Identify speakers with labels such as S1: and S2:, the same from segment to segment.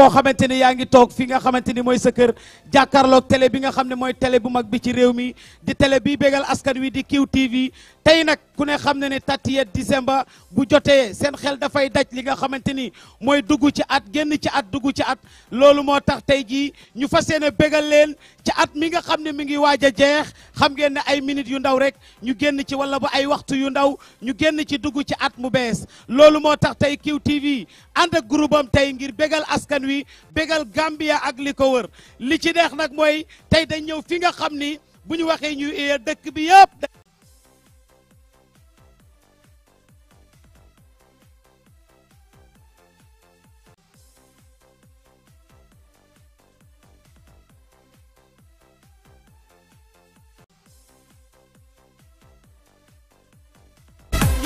S1: koo xamante ni yaa ngi toog fi nga xamante ni mooy sa kër jàkkaarloog télé bi nga xam ne mooy télé bu mag bi ci réew mi di télé bi bégal askan wi di QTV tey nag ku ne xam na ne tatiyet décembre bu jotee seen xel dafay daj li nga xamante ni mooy dugg ci at génn ci at dugg ci at loolu moo tax tey jii ñu fas yéene bégal leen ci at mi nga xam ne mi ngi waaj a jeex xam ngeen ne ay minutes yu ndaw rek ñu génn ci wala ba ay waxtu yu ndaw ñu génn ci dugg ci at mu bees loolu moo tax tey QTV ànd ak groupe am tey ngir bégal askan wi bégal Gambia ak li ko wër li ci neex nag mooy tey dañ ñëw fi nga xam ni bu ñu waxee ñu dëkk bi yëpp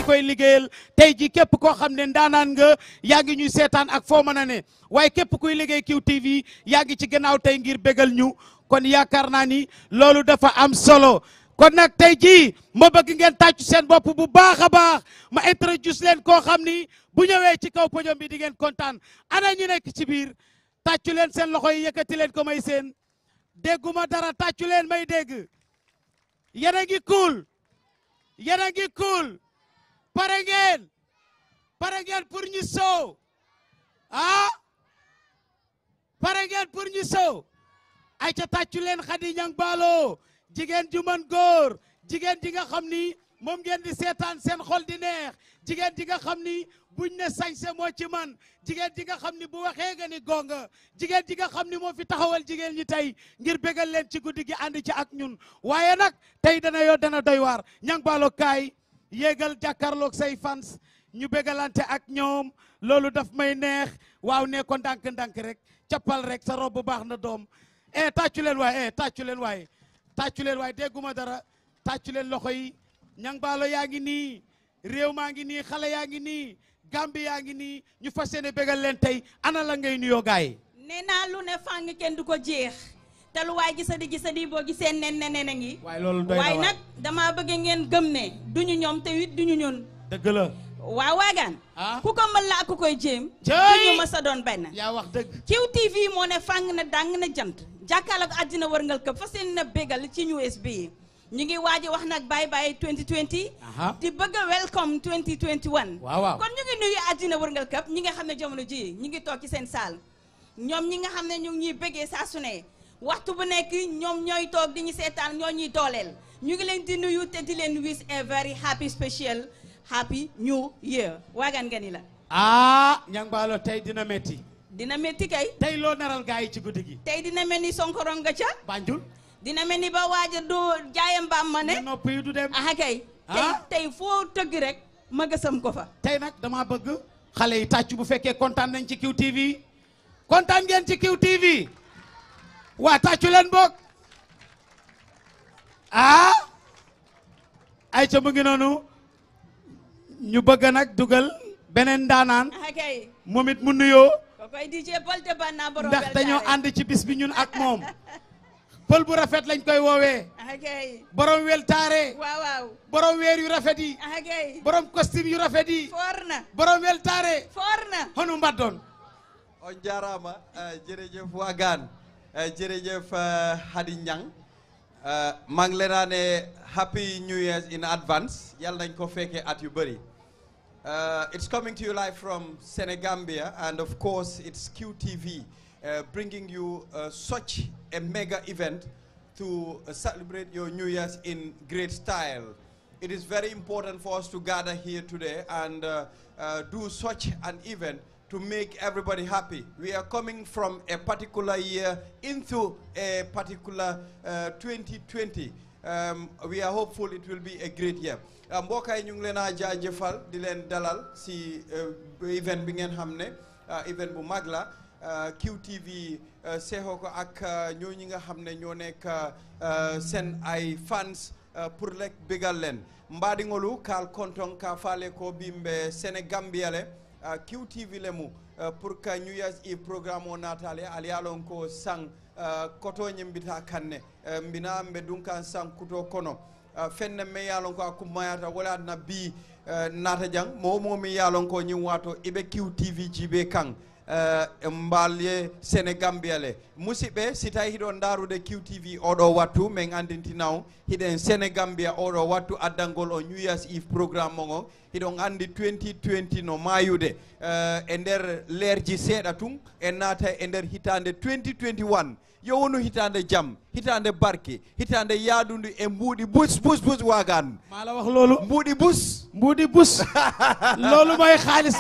S1: koy liggéeyal tey ji képp koo xam ne ndaanaan nga yaa ngi ñuy seetaan ak foo mën a ne waaye képp kuy liggéey QTV yaa ngi ci gannaaw tey ngir bégal ñu kon yaakaar naa ni loolu dafa am solo kon nag tey ji ma bëgg ngeen tàccu seen bopp bu baax a baax ma introduce leen koo xam ni bu ñëwee ci kaw podium bi di ngeen kontaan ana ñu nekk ci biir tàccu leen seen loxo yi yëkkati leen ko may seen dégguma dara tàccu leen may dégg yéen a ngi cool
S2: yéen a ngi cool parangel parangel pour ñu sow ah parangel pour ñu sow
S1: ay ca taccu len balo, Niang Ballo jigéen ju man khomni, jigen ji nga xamni mom ngeen di setan sen xol di neex jigen ji nga xamni buñ ne sañse mo ci man jigen ji nga xamni bu waxe ga ni gonga jigen ji nga xamni mo fi taxawal jigen ñi tay ngir begal len ci guddigi and ci ak ñun waye nak tay dana yo dana doy war ñang balo kay yégal jàkkaarloog say fans ñu bégalante ak ñoom loolu daf may neex waaw ne ko ndànk-ndànk rek cappal rek sa rob baax na doom e tàccu leen waaye e eh, tàccu leen waaye tàccu leen waaye dégguma dara tàccu leen loxo yi ñang baalo yaa ngi nii réew maa ngi nii xale yaa ngi nii gambi yaa ngi nii ñu fas yéene bégal leen tey ana la ngay nuyoo gaay
S3: nee naa lu ne fàng kenn du ko jeex te lu waay gisadi gisadi boo gisee nen ne nen a ngi waaye loolu doy na nag damaa bëgg ngeen gëm ne du ñu ñoom te du ñu ñoon dëgg la waaw waagaan ah? ku ko mën la ak ku koy jéem duñu ma sa doon benn yaa wax dëgg QTV moo ne fàng na dàng na jant jàkkaarloo ko àddina wërngal këpp fas yéene na bégal ci USB yi ñu ngi waaj wax nag bye bye 2020. di bëgg a welcome 2021. waaw waaw kon ñu ngi nuyu àddina wërngal këpp ñi nga xam ne jamono ji ñu ngi toog ci seen saal ñoom ñi nga xam ne ñu ñuy bëggee saa su ne waxtu bu nek ñom ñoy tok di ñu seetaan ñoy ñi dolel ñu ngi leen di nuyu te di leen wish a very happy special happy new year wagan gani la
S1: ah
S3: ñang balo tay dina metti dina metti kay tay lo naral gaay ci guddigi tay dina melni ni sonkorong nga ca banjul dina melni ba waja do jaayam ba ma ne du dem ah kay tay fo teug rek ma gësam ko fa tay nak dama bëgg xalé yi taccu bu
S1: fekke contane nañ ci QTV contane ngeen ci QTV waa tàccu leen boog ah ay ca mu noonu ñu bëgg nag dugal beneen daanaan ah, moom mu nuyoo ndax dañoo ànd ci bis bi ñun ak moom pël bu rafet lañ koy woowee
S3: ah, borom wel
S1: borom weer yu rafet yi ah,
S3: borom costume yu rafet yi foor na
S1: borom wel taare mbaddoon
S4: on jaaraama eh, jërëjëf waagaan Eh, jërëjëf Khady eh, Niang eh, ne happy new year in advance yàlla nañ ko at yu it's coming to you live from Senegambia and of course it's QTV uh, bringing you uh, such a mega event to uh, celebrate your new year's in great style. It is very important for us to gather here today and do such an event to make everybody happy. We are coming from a particular year into a particular uh, 2020. Um, we are hopeful it will be a great year. Um, mbokkaay ñu ngi leen a dalal si uh, event bingen hamne uh, event bu uh, QTV sehoko ko ak ñoo ñi nga ay fans pour lek bégal leen konton ka ko bimbe Sénégambia le Uh, QTV le uh, pour que New Year's Eve programme o natale ali alon ko sang uh, koto nyimbita kanne uh, mbina mbe dunkan sang kuto kono fenne me yalon ko akumayata wala na bi nata jang mo mo mi yalon ko wato ibe QTV jibe kang Eh, mbaalye sénégambiale musidɓe si tawi ɗon darude qtv oɗo wattu min andintinaw hiɗen sénégambia oɗo wattu addangol o newyas if programme o hiɗon andi 2020 no mayude eh, e nder leerji seeɗa tun en naata e nder hitande 2021 yo wonu hitande jam hitande barke hitande yaadudu e mbuuɗi bus bus bus wagan wax
S1: loolu mbuuɗi bus mbuuɗi bus loolu mooy xaalis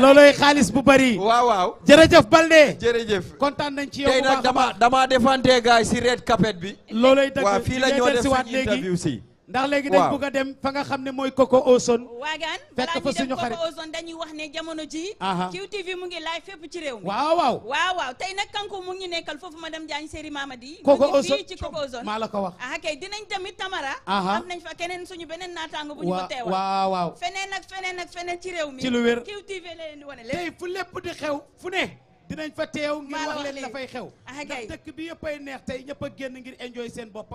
S1: looloy xaalis bu bari waaw waaw jërëjëf Balde jërëjëf kontaan nañ ci yow bu baax a baax tey nag dama defante gaay si red carpet bi looloy dëgg waaw fii la ñoo def interview si ndax léegi dañ bugg dem fa nga xam ne mooy Coco Ozone.
S3: waagaan fekk fa suñu xarit Coco wax ne jamono ji QTV mu ngi live fépp ci réew mi. waaw waaw waaw waaw tey nag kanku mu ngi nekkal foofu madame Diagne Séri Mamadi. Coco Ozone ci Coco Ozone maa la ko wax. ah kay dinañ tamit Tamara. am nañ fa keneen suñu beneen naataango bu ñu ko teewal. waaw feneen ak feneen ak feneen ci réew mi. ci lu wér QTV la leen di wane lépp. tey fu lépp di xew fu ne. dinañ fa teew ngir wax leen dafay xew.
S1: ndax dëkk bi yëpp ay neex tey ñëpp a génn ngir enjoy seen bopp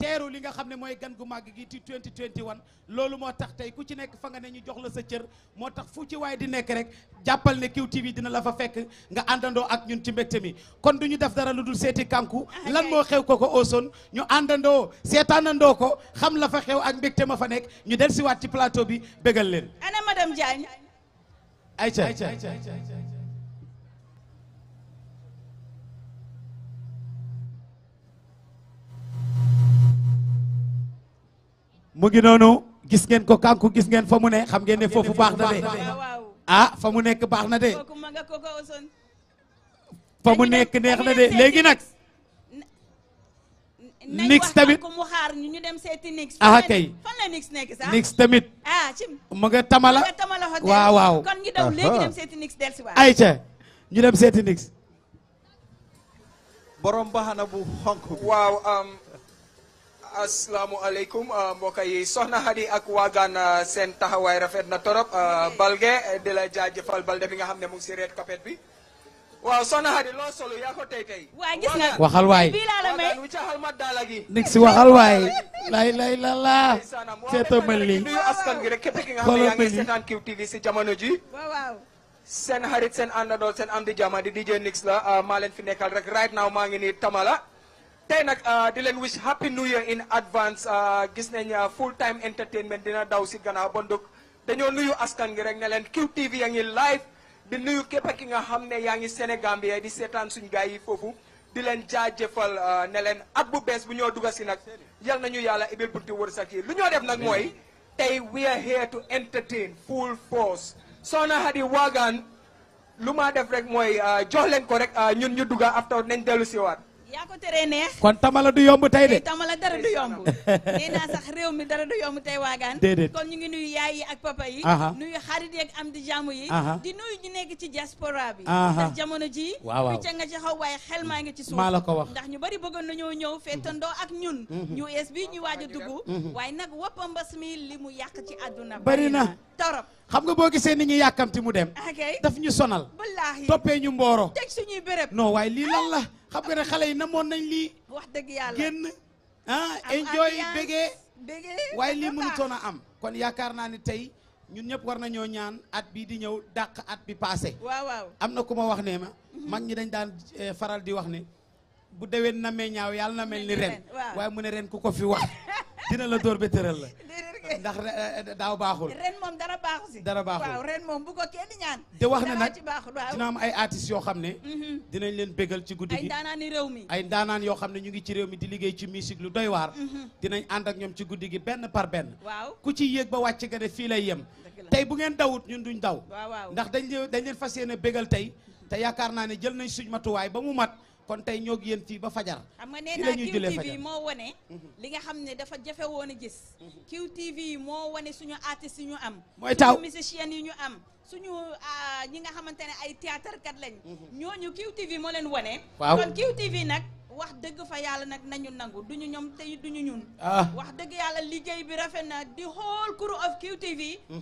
S1: teeru li nga xam ne mooy gan gu màgg gi ti 2021 loolu moo tax tey ku ci nekk fa nga ne ñu jox la sa cër moo tax fu ci waaye di nekk rek jàppal ne QTV dina la fa fekk nga àndandoo ak ñun ci mbégte mi kon du ñu def dara lu dul seeti kanku ah, lan moo xew ko ko Auson ñu àndandoo seetaanandoo ko xam la fa xew ak mbégte ma fa nekk ñu dellusiwaat ci plateau bi bégal leen.
S3: ana madame Diagne. ayca ayca ayca.
S1: mu ngi noonu gis ngeen ko kànku gis ngeen fa mu ne xam ngeen ne foofu baax na de ah fa mu nekk baax na de fa mu nekk neex na de léegi nag
S3: nix tamit ah kay nix tamit mu nga tamala waaw waaw
S5: ayca
S1: ñu dem seeti nix
S5: borom baxana bu xonk waaw am assalamualaikum uh, eh, yi sohna Hadi ak uh, eh, sen taxaway rafet na torop eh, balge de la jaajëfal Balde bi nga xamne mo ci ret capet bi waaw sohna Hadi lo solo ya ko tay tay wa gis nga waxal way bi la la may nekk ci waxal way lay lay la la
S1: ceto melni lii. nuyu
S5: askan gi rek képp nga xamne ya nga setan seetaan QTV si jamono ji. waaw sen xarit sen andado sen am di jama di DJ Nix la maa leen fi nekkal rek right now ma ngi ni Tamala tay nak ah, di len wish happy new year in advance ah, gis nañ ah, full time entertainment dina daw ci gannaaw ba dañu nuyu askan gi rek ne len QTV ya ngi live di nuyu kep ki nga xamne ya ngi senegal bi di setan suñu gaay yi fofu di jaajeufal uh, ne len at bu bes bu ñoo dugasi nak yal nañu yalla ibil bunti wërsëg yi lu ñoo def nag moy tay we are here to entertain full force sona Hadi Wagan Luma def rek mooy jox len ko rek ñun ñu duga after nañ delu ci wat
S3: yaa ko teree neex. kon tamala du yomb tey de. tamala dara du yomb. nee sax réew mi dara du yomb tey waagaan. déedéet kon ñu ngi nuyu yaay yi ak papa yi. nuyu xarit yeeg am di jàmm yi. di nuyu ñu nekk ci diaspora bi. ndax jamono ji waaw ca nga ci xaw waaye xel maa ngi ci suuf. maa la ko wax ndax ñu bari bëggoon nañoo ñëw feetandoo ak ñun. ñu mhm. es bi ñu waaj a dugg. Mhm. waaye nag woppa mbas mi li mu yàq ci àdduna. bari na torop
S1: xam nga boo gisee ni ñu yàkkamti mu dem. Ah, daf ñu sonal. wallaahi toppee ñu mbooro.
S3: teg suñuy béréb.
S1: non waaye lii lan ah. la xam nga ne xale yi namoon nañ lii.
S3: wax dëgg yàlla génn ah enjoy bégee. bégee waaye lii mënutoon a am.
S1: kon yaakaar naa ne tey ñun ñëpp war nañoo ñaan at bii di ñëw dàq at bi passé. waaw am na ku ma wax ne ma. Mhm. mag ñi dañ daan eh, faral di wax ne. bu dewen na mee ñaaw yàlla na mel ni ren. waaye mu ne ren ku ko fi wax dina la dóor ba la.
S3: ndax eh, eh, daaw baaxul. ren moom dara baaxu si. dara baaxul waaw ren moom bu ko kenn ñaan. te wax na nag dina am ay artistes yoo xam ne. Mhm.
S1: dinañ leen bégal ci guddi gi ay ndaanaan réew mi. ay ndaanaan yoo xam ne ñu ngi ci réew mi di liggéey ci musique lu doy waar. Mhm. dinañ ànd ak ñoom ci guddi gi benn par benn. waaw ku ci yéeg ba wàcc nga ne fii lay yem. tey bu ngeen dawut ñun duñ daw. ndax dañ leen dañ fas yéene bégal tey. te yaakaar naa ne jël nañ suñ matuwaay ba mu mat kon tey ñoo yéen fii ba fajar. xam nga nee naa QTV
S3: moo wane. Mhm. li nga xam ne dafa jafe woon a gis. Mhm. QTV moo wane suñu artistes yi ñu am. mooy taw suñu musiciens yu ñu am. suñu ah, ñi nga xamante ne ay théâtre kat lañ. Mhm. ñooñu QTV moo leen wane. waaw kon QTV nag. wax dëgg fa yàlla nag nañu nangu duñu ñoom tey duñu ñun ah. wax dëgg yàlla liggéey bi rafet na di whole crew of QTV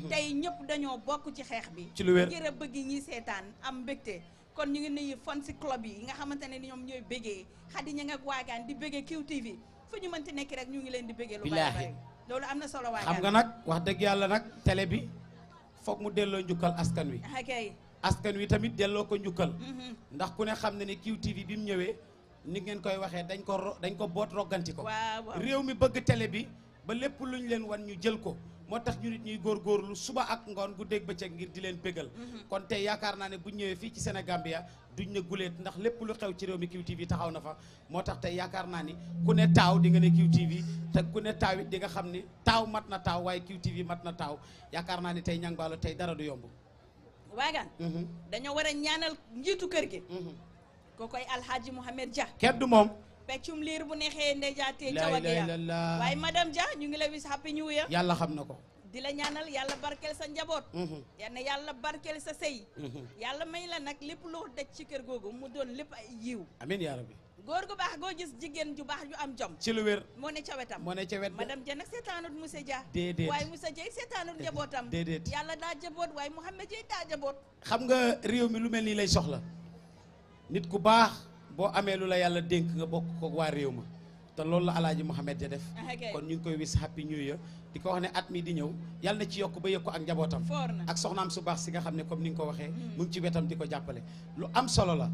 S3: tey ñëpp dañoo bokk ci xeex bi ci lu wér ngir a bëgg ñi seetaan am mbégte kon ñu ngi nuyu fan ci club yi nga xamantene ni ñom ñoy bëggé xadi ña ak waagaan di bëggé Q TV fu ñu mënti nekk rek ñu ngi leen di bëggé lu bari loolu am na solo waagaan xam
S1: nga nak wax dëgg yalla nak télé bi fokk mu délo njukkal askan wi askan wi tamit délo ko njukkal mhm. ndax ku ne xam ne ni TV bi mu ñëwé ni ngeen koy waxé dañ ko dañ ko bot rogganti ko réew mi bëgg télé bi ba lepp luñ leen wan ñu jël ko moo tax ñu góor góor lu suba ak ngoon gu dégg bëccëg ngir di leen bégal mhm. kon tey yaakaar naa ne bu ñëwee fii ci bi duñ ne guleet ndax lépp lu xew ci réew mi QTV taxaw na fa moo tax tey yaakaar naa ni ku ne di nga ne QTV te ku taaw it di nga xam ni taaw mat na taaw waaye QTV mat na taaw yaakaar naa ni tey ñang baalo tey dara du yomb waagaan mhm.
S3: dañoo war ñaanal njiitu kër gi mhm. koo koy alhaaji Mouhamed Dia kenn du moom peccum liir bu neexee ndey jaatee cawage ya waaye madame Dia ñu ngi la wis happy new year yàlla xam na ko di la ñaanal yàlla barkeel sa njaboot mhm. yal na yàlla barkeel sa sëy mhm. yàlla may la nag lépp loo daj ci kër googu mu doon lépp ay yiw amiin yaa rabbi góor gu baax goo gis jigéen ju baax ju am jom ci lu wér moo ne ca wetam moo ne ca wet madame Dia nag seetaanut monsieur Dia déedéet waaye monsieur Dia seetaanut njabootam déedéet yàlla daa jaboot waaye Mouhamed Dia daa jaboot
S1: xam nga réew mi lu mel nii lay soxla nit ku baax boo amee lu la yàlla dénk nga bokk ko waa réew ma te loolu la alaaji Mouhamed ja def kon ñu ngi koy wis happy new year di ko wax ne at mi di ñëw yàlla na ci yokk ba yëg ak njabootam ak soxnaam su baax si nga xam ne comme ni ko waxee mm. mu ngi ci wetam di ko jàppale lu am solo la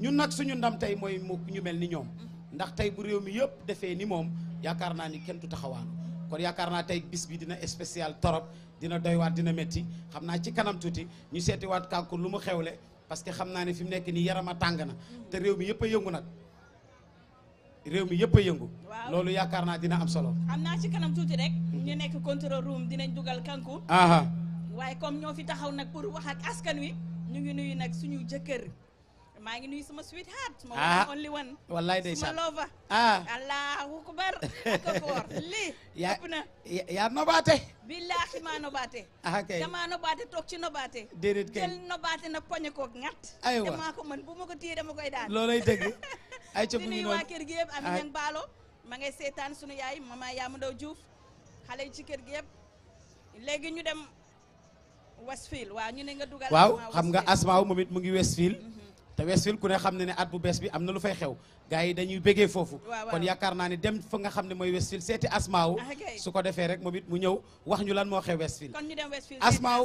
S1: ñun nag suñu ndam tey mooy mu ñu mel ni ñoom mm. ndax tey bu réew mi yëpp defee ni moom yaakaar naa ni kenn du taxawaanu kon yaakaar naa tey bis bi dina spécial torop dina doy waat dina métti xam naa ci kanam tuuti ñu seeti kànku lu mu xewle parce que xam naa ne fi mu nekk nii yaram tàng na te réew mi yëpp yëngu nag réew mi yëpp a yëngu. loolu yaakaar naa dina am solo.
S3: xam naa ci kanam tuuti rek. ñu nekk control room dinañ dugal kanku. waaye comme ñoo fi taxaw nag pour wax ak askan wi ñu ngi nuyu nag suñu jëkkër. maa ngi nuyu sama sweetheart. ah ma only one. wallaay ndeysaan sama lover. ah allahu akbar ak boor lii. ëpp na
S1: yaa yaa nobaate.
S3: billaahi maa nobaate. ah nobaate toog ci nobaate. déedéet kay jël nobaate na poñe ko ŋat. aywa damaa bu ma ko téye dama koy daan. loolay dëgg
S1: ay ca mu waa kër
S3: gi yëpp Ami Niang ah. Baalo. ma ngay seetaan sunu yaay mama Yamu Ndaw Diouf xale ci kër gi yëpp léegi ñu dem Westfield waaw ñu ne nga dugal. waaw xam nga
S1: Asmaaw moom Westfield. Mhm. te Westfield ku ne xam ne ne at bu bees bi am na lu fay xew gars yi dañuy bëggee foofu kon yaakaar naa ne dem fa nga xam ne mooy Westfield seeti Asmaaw ah, su ko defee rek moom it mu ñëw wax ñu lan moo xew Westfield
S3: Asmaaw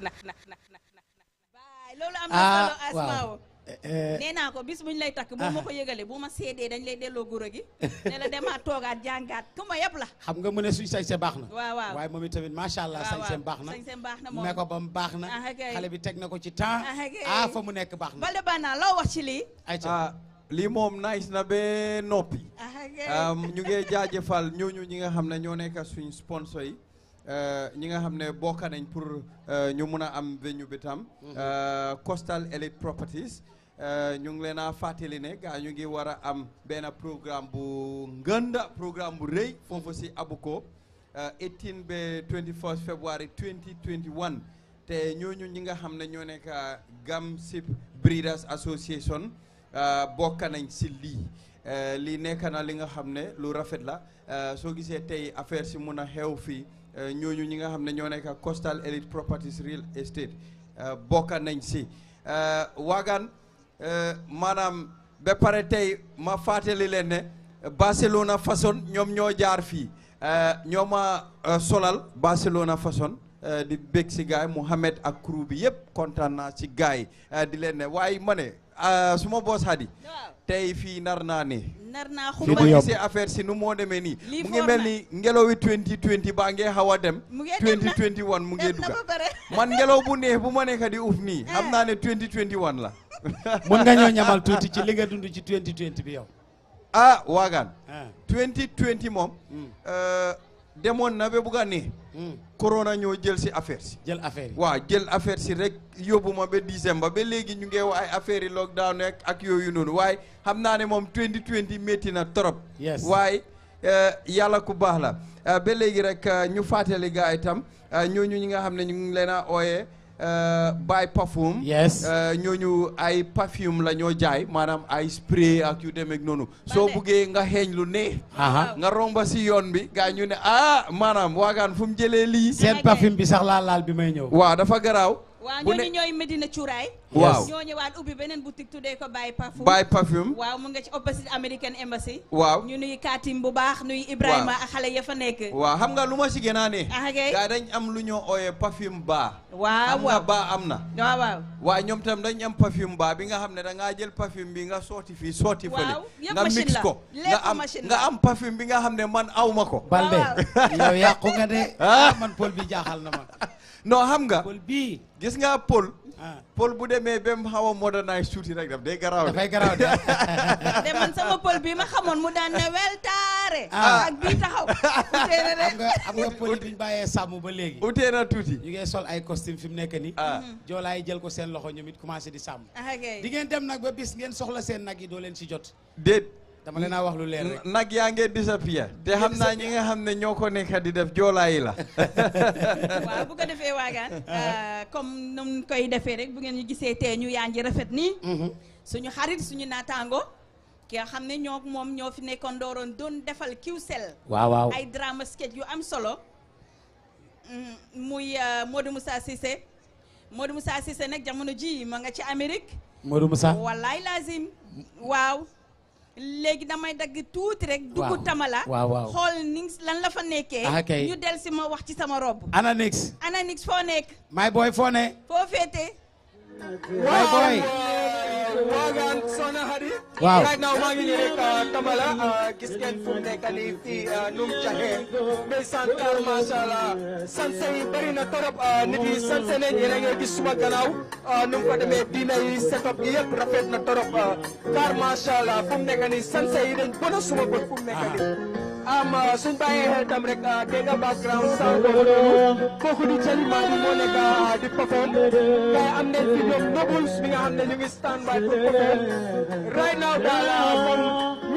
S3: Nah, nah, nah, nah, nah. Bye. Lola, I'm ah, wow. Eh, eh. nee naa ko bis buñ lay takk bu ma ah. ko yëgalee bu ma seedee dañ lay delloo guro gi ne demaat toogaat jàngaat ku ma yëpp la
S1: xam nga mu ne suñ sañse baax na waaw waaw waaye moom itamit macha allah sañseem baax na sañseem baax na moom ko ba mu baax na ah, xale bi teg na ko ci temps ah, ah fa mu nekk baax na
S3: Balde Bana loo wax ci ay
S1: ayca
S4: lii moom nice na be noppi ñu ngi jaajëfal ñooñu ñi nga xam ne ñoo nekk suñ sponsor yi eh, ñi nga xam ne bokk nañ pour ñu mun a am venue bi tam mm-hmm. Coastal Elite Properties Euh, ñu ngi leen a fàttali ne gaa ñu ngi war a am benn programme bu ngënda programme bu rëy foofu si Abuko 18 euh, ba 21 février 2021 te ñooñu ñi nga xam ne ñoo nekk euh, Gamcib Breeders Association bokk nañ si lii lii nekk na li nga xam ne lu rafet la soo gisee tey affaire si mun a xew fii ñooñu ñi nga xam ne ñoo nekk Coastal Elite Properties Real Estate bokk nañ si waagaan Euh, maanaam ba pare tey ma fàttali leen ne Barcelona façon ñoom ñoo jaar fii euh, ñoo ma euh, solal Barcelona façon di bég si gaay Mouhamed ak crew bi yëpp kontaan naa si gaay di leen ne waaye ma ne suma boos Hadi tey fii nar naa ne
S3: nar naa xuma ma gisee
S4: affaire si nu moo demee nii mu ngi mel ni ngelawi 2020 baa ngee xaw a dem 2021 mu ngee dugga man ngelaw bu neex bu ma nekk uf nii am naa ne 2021 la mën nga ñoo ñamal tuuti ci li nga dund ci 2020 bi yow. a ah, waagaan. 2020 ah. moom. Hmm. Euh, demoon na ba bugg a ne. Hmm. corona ñoo jël si affaire si. jël affaire yi jël affaire si rek yóbbu ma ba décembre ba léegi ñu ngi wax ay affaire yi lockdown rek ak yooyu noonu waaye xam naa ne moom 2020 métti na trop. yes waaye euh, yàlla ku baax la euh, ba léegi rek ñu fàttali gaa itam ñooñu ñi nga xam ne ñu ngi leen a ooyee. Euh, buy perfume. yes euh, ñooñu ay perfume la ñoo jaay maanaam ay spray ak yu demee noonu. soo buggee nga xeeñ lu neex. nga romba si yoon bi gaa ñu ne ah maanaam waagaan fu mu jëlee lii. seen perfume bi sax laa laal bi may ñëw. waa dafa garaaw.
S3: waaw ñooñu ñooy Medina Cuuraay. waaw ñoo ñëwaat ubbi beneen boutique tuddee ko Baye Parfum. Baye Parfum. waaw mu nga ci opposite American Embassy. waaw ñu nuy Katim bu baax nuy Ibrahima ak xale ya fa nekk. waaw xam nga lu
S4: ma si gënaa ne. ah kay gaa
S3: dañ am lu ñoo ooyee
S4: Parfum Ba. waaw am na Ba am waaw waaw. waaye ñoom tam dañ am Parfum baax bi nga xam ne da ngaa jël Parfum bi nga sooti fii sooti fële. waaw yëpp machine la lépp nga mix ko nga am nga bi nga xam ne man aw ko. Balde yow yàqu nga de. Ah. Ah, man pol bi jaaxal na ma non xam nga. pôl bii gis nga pôl. Ah. pôl bu demee bem mu xaw a modernize tuuti rek
S1: daf day garaaw de. dafay garaaw de.
S3: de man sama pôl bii ma xamoon mu daan ne weltaare. Ah. ak bii taxaw. utee na rek
S1: am nga bi ñu bàyyee sàmm ba léegi. utee na tuuti. ñu ngi sol ay costume fi mu nekk nii. Ah. Mhm. joolaa yi jël ko seen loxo ñoom it commencé di sàmm. di ngeen dem nag ba bis ngeen soxla seen nag yi doo leen si jot. déet. dama leen a wax lu leer rek nag yaa disappear
S4: te xam ñi nga xam ne nekk di def joolaay la
S1: waaw bu ko defee
S3: waagaan euh, comme num koy defee rek bu ngeen ñu gisee tee ñu yaa ngi rafet nii mhm. suñu xarit suñu naataango ki nga xam ne ñoo moom fi nekkoon dooroon doon defal Qcell waaw waaw ay drama sketch yu am solo mm, muy euh, Modou Moussa Cissé Modou Moussa Cissé nag jamono ji ma nga ci Amérique Modou Moussa wallaay lazim Wow. léegi damay dagg tuuti rek. waaw dugg tamala. xool ni lan la fa nekkee. Ah, ñu del si ma wax ci sama rob Ananix. Ananix
S5: foo nekk.
S1: my boy foo ne.
S5: foo féete. my boy. waagaan soxna Xadi waaw right now maa ngi nii rek Tambala ah, ah, gis ngeen fu mu nekk nii fii ah, num jaxe ndeysaan torop nit yi sanse nañ a ngi gis suma gannaaw nu mu ko demee diina yi setup yi na torop taal macha allah fu mu nekk nii sanse yi bon a suma bët am suñ bàyyee xel tam rek dégg nga background sound boobu noonu kooku di Thierry Madi moo nekk di perform kay am nañ video Nobles bi nga xam ne ñu ngi stand by
S6: right now daal kon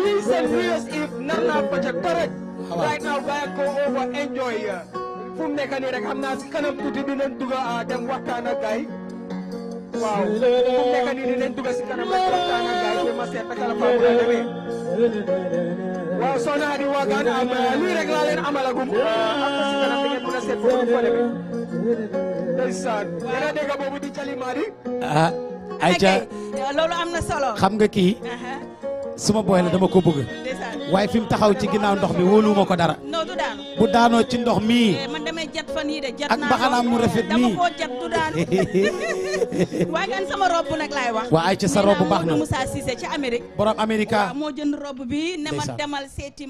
S6: recent previous eve nar naa fa
S5: ca correct right now gars ko over enjoy fu mu nekk nii rek xam ah, naa si kanam tuuti dinañ dugg dem waxtaan ak gars waaw fu mu nekk nii dinañ dugg si kanam rek waxtaan ak gars yi ma seet naka la faa mën a
S7: demee waaw soxna Adi
S5: am
S6: loolu am
S1: na solo xam nga kii uh-huh. suma booy la dama ko bëgg waaye fi mu taxaw ci ginnaaw ndox mi wóoluwuma ko dara
S3: non du daanu bu daanoo ci ndox mii eh, man damay jat fan yii de ak mbaxanaam mu rafet nii dama koo jat du waaye gan sama rob nag laay wax. waa ay ci sa rob baax na Moussa Cissé ci Amérique. borom Amérique waaw moo jënd rob bi. ne ma demal seeti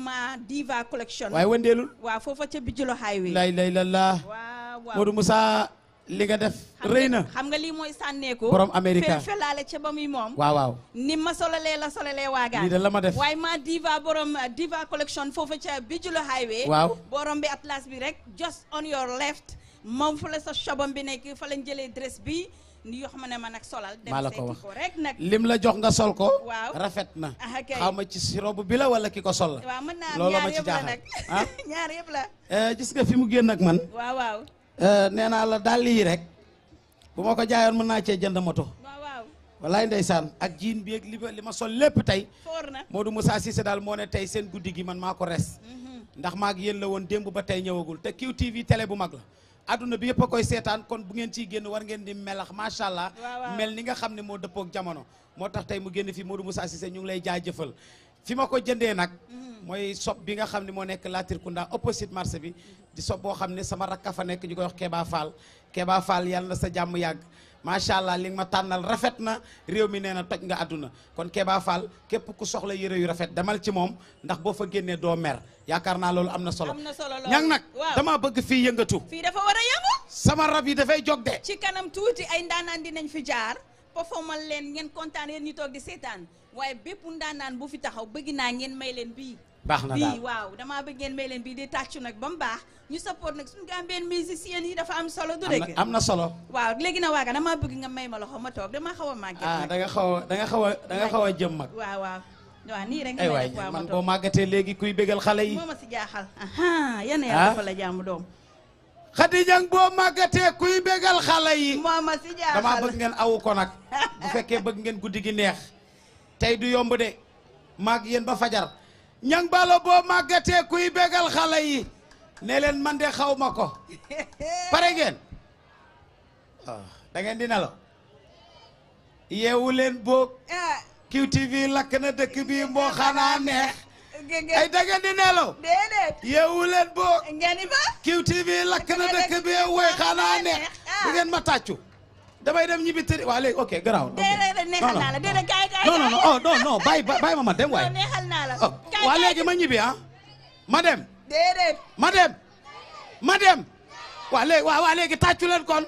S3: Diva collection. waaye wëndeelul. waaw foofa ca Bijilo highway. lay
S1: lay la la. waaw Modou Moussa. li nga def rëy na
S3: xam nga lii mooy sànneeku borom Amérique felaale ca ba muy moom waaw waaw ni ma solalee la solalee waagaan lii de la ma def waaye ma diva borom diva collection foofu ca Bijulo highway waaw borom bi atlas bi rek just on your left moom fu la sa shobam bi nekk fa lañ jëlee dress bi yoo xam ne ma nag solal. maa la ko wax rek nag. lim la jox nga sol ko. waaw rafet na. xaw ma
S1: ci si bi la wala ki ko sol la.
S3: waaw mën naa ah? ñaar yëpp la nag ñaar yëpp la.
S1: gis nga fi mu génn ak man. waaw waaw. Eh, nee naa la dàll yi rek. bu ma ko jaayoon mën naa cee jënd moto. wallaay ndeysaan ak jiin bi ak li li ma sol lépp tey moo Modou Moussa Cissé daal moo ne tey seen guddi gi man maa ko res mhm. ndax maa ak yéen la woon démb ba tey ñëwagul te QTV télé bu mag la adduna bi yëpp a koy seetaan kon bu ngeen ciy génn war ngeen di melax macha allah. mel ni nga xam ne moo dëppook jamono. moo tax tey mu génn fi Modou Moussa Cissé ñu ngi lay jëfal fi ma ko jëndee nag. Mm-hmm. mooy sob bi nga xam ne moo nekk Latrikunda opposite marché bi. di sob boo xam ne sama rakk fa nekk ñu koy wax Keba Fall Keba Fall yàlla na sa jàmm yàgg. macha allah li ma tànnal rafet na réew mi nee na toj nga àdduna kon Keba Fall képp ku soxla yére yu rafet demal ci moom ndax boo fa génnee doo mer yaakaar naa loolu am na solo. am na solo lool ñang nag dama bëgg fii yëngatu.
S3: fii dafa war yëngu. sama
S1: rab yi dafay jog de.
S3: ci kanam tuuti ay ndaanaan dinañ fi jaar. performal leen ngeen kontaan yéen ñu toog seetaan waaye bépp ndaanaan bu fi taxaw bëgg naa ngeen may leen bii. baax na daal bii waaw damaa bëgg ngeen may leen bii di tàccu nag ba mu baax ñu support nag suñu si musiciens yi dafa am solo. du dëgg am na solo. waaw léegi na waaga damaa bëgg nga may ma loxo ma toog dama xaw a màgget. ah
S1: xaw a da xaw a da xaw a jëm mag.
S3: waaw waaw nii rek nga may def waaw boo
S1: màggatee léegi kuy bégal xale yi. moo
S3: ma si jaaxal. yan a ah? dafa la jaamu doom.
S1: Xadijang boo màggatee kuy bégal xale yi. moo ma si jaaxal damaa bëgg ngeen awu ko nag bu fekkee bëgg ngeen guddi gi neex tey du yomb de maag yéen ba fajar ñang balo boo màggatee kuy bégal xale yi ne leen man de xaw ma ko pare ngeen ah, da di nelaw yeewu leen boog ah. QTV lakk na dëkk bi mboo xanaa neex ay da ngeen di nelaw déedéet yeewu leen boog
S3: QTV lakk na dëkk bi woy xanaa neex
S1: bu ah. ngeen ma tàccu damay dem ñibbi tëri waa léegi ok garaaw. ok déedéet
S3: neexal naa la déedéet kaay
S1: kaay non non non oh, non non bàyyi bàyyi ma ma dem waaye. neexal naa la oh, waa léegi ma ñibbi ah. ma dem. déedéet. ma dem. ma dem. waa léegi waa waa léegi tàccu leen kon.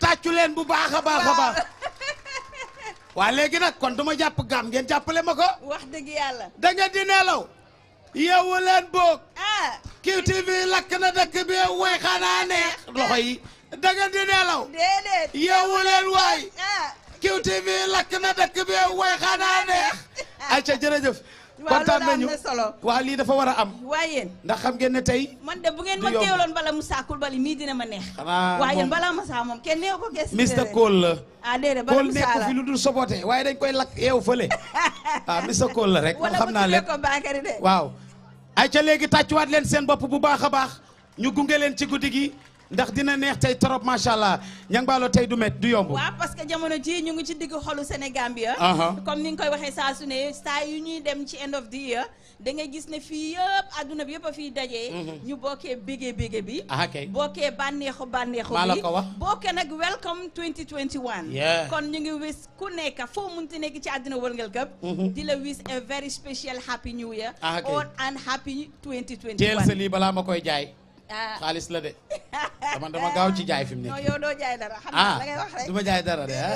S1: tàccu bu baax a baax a waa léegi nag kon duma jàpp gaam ngeen jàppale ma ko. wax dëgg yàlla. da ngeen di nelaw. yeewu leen boog. Ah. QTV lakk na dëkk bi way da ngeen di nelaw.
S6: déedéet yeewu leen waay.
S1: Ah. QTV lakk na dëkk bi
S3: way xanaa neex.
S1: ayca jërëjëf. kontaan nañu waaw lii dafa war a am.
S3: waaye ndax xam ngeen ne tey. man de bu ngeen ma teewloon bala Moussa Coulibaly mii dina ma neex. xanaa waaye balaa Moussa moom kenn neew ko gis. Mr Cole la. ah déedéet bala Moussa la Cole nekk fi
S1: lu dul sobote waaye dañ koy lakk yeewu fële. ah la rek. xam naa leen wala mu waaw. ayca léegi tàccuwaat leen seen bopp bu baax a baax ñu gunge leen ci guddi ndax dina neex tey trop macha allah ñang baalo tey du met du yomb. waaw
S3: parce que jamono ji ñu ngi ci digg xolu Sénégal bi comme ni nga koy waxee saa su ne saa yu ñuy dem ci end of the year da ngay gis ne fii yëpp adduna bi yëpp a fiy dajee. Mhm. ñu bokkee bégee bégee bi. ah ok bokkee bànneexu bànneexu bi maa la ko wax bokkee nag welcome 2021. kon ñu ngi wis ku nekk foo munti nekk ci adduna wërngal këpp. Mhm. di la wis a very special happy new year. ah ok all and happy 2021.
S1: lii balaa ma koy jaay.
S3: Ah. xaalis la de dama dama gaaw ci jaay fi nii nekk. non doo jaay dara. xam ah, naa da du ma jaay dara de ah.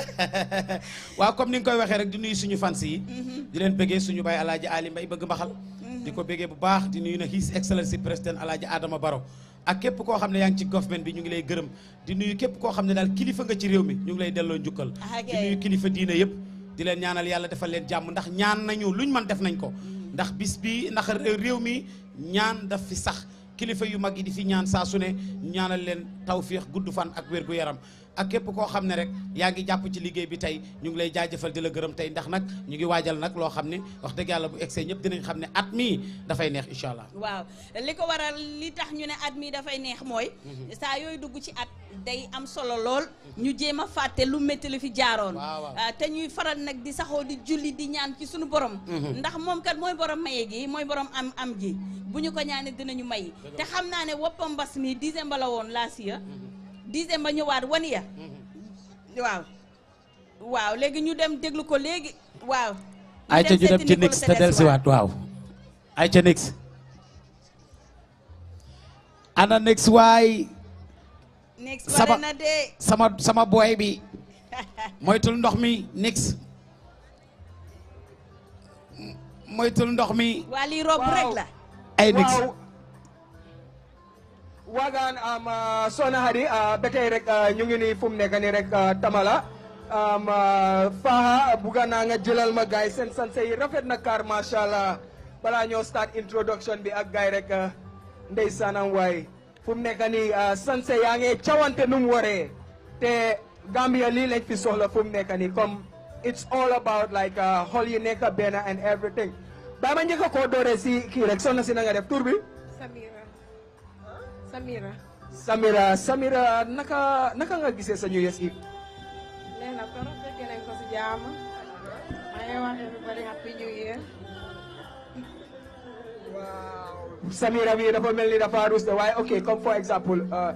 S1: waaw comme ni nga koy waxee rek di nuyu suñu fans yi. Mhm. di leen bëggee suñu baay alaaji Ali Mbay bëgg mbaxal mhm. di ko bëggee bu baax di nuyu na his excellency président alaaji Adama Barrow ak képp koo xam ne yaa ngi ci government bi ñu ngi lay gërëm di nuyu képp koo xam ne daal kilifa nga ci réew mi ñu ngi lay delloo njukkal. Ah, di nuyu kilifa diine yëpp. di leen ñaanal yàlla defal leen jàmm ndax ñaan nañu luñ man def nañ ko. Mhm. ndax bis bi ndax réew mi ñaan daf fi sax kilifa yu mag yi di fi ñaan saa su ne ñaanal leen tawfiix gudd fan ak wér gu yaram ak képp koo xam ne rek yaa ngi jàpp ci liggéey bi tey ñu ngi lay jaajëfal di la gërëm tey ndax nag ñu ngi waajal nag loo xam ne wax dëgg bu egsee ñëpp dinañ xam ne at mii dafay neex incha allah.
S3: waaw li ko waral li tax ñu ne at mii dafay neex mooy. Mhm. saa yooyu dugg ci at day am solo lool. ñu jéem a fàtte lu métti la fi jaaroon. Ah, te ñuy faral nag di saxoo di julli di ñaan ci suñu borom. Mhm. ndax moom kat mooy borom maye gi mooy borom am am gi bu ñu ko ñaanee dinañu may. te xam naa ne woppam mbas mi décembre la woon laa siya mhm. dixième ba ñëwaat wan mm-hmm. waaw waaw léegi ñu dem déglu ko léegi waaw ay ca ñu dem ci
S1: waaw ay nix ana nix waay sama sama booy bi moytul ndox mi nix
S5: moytul ndox mi waa lii rob rek ay nix waagaan am ah, soxna Hadi ah, ba tey rek ah, ñu ngi nii fu mu nekk nii rek Tamala am Faha bugga naa nga jëlal ma gaay seen sanse yi rafet na kaar macha allah balaa ñoo start introduction bi ak gaay rek ndeysaanam waay fu mu nekk nii sanse yaa ngi cawante nu mu waree te Gambia lii lañ fi soxla fu mu nekk nii comme it's all about like xol yi nekk benn and everything ba ma njëkk koo dooree si kii rek si na nga def bi. Samira. Samira Samira naka naka nga gisee sa New Year's Eve.
S8: nee new year. waaw
S5: Samira bi dafa ni dafa ruus de waaye ok comme for example uh,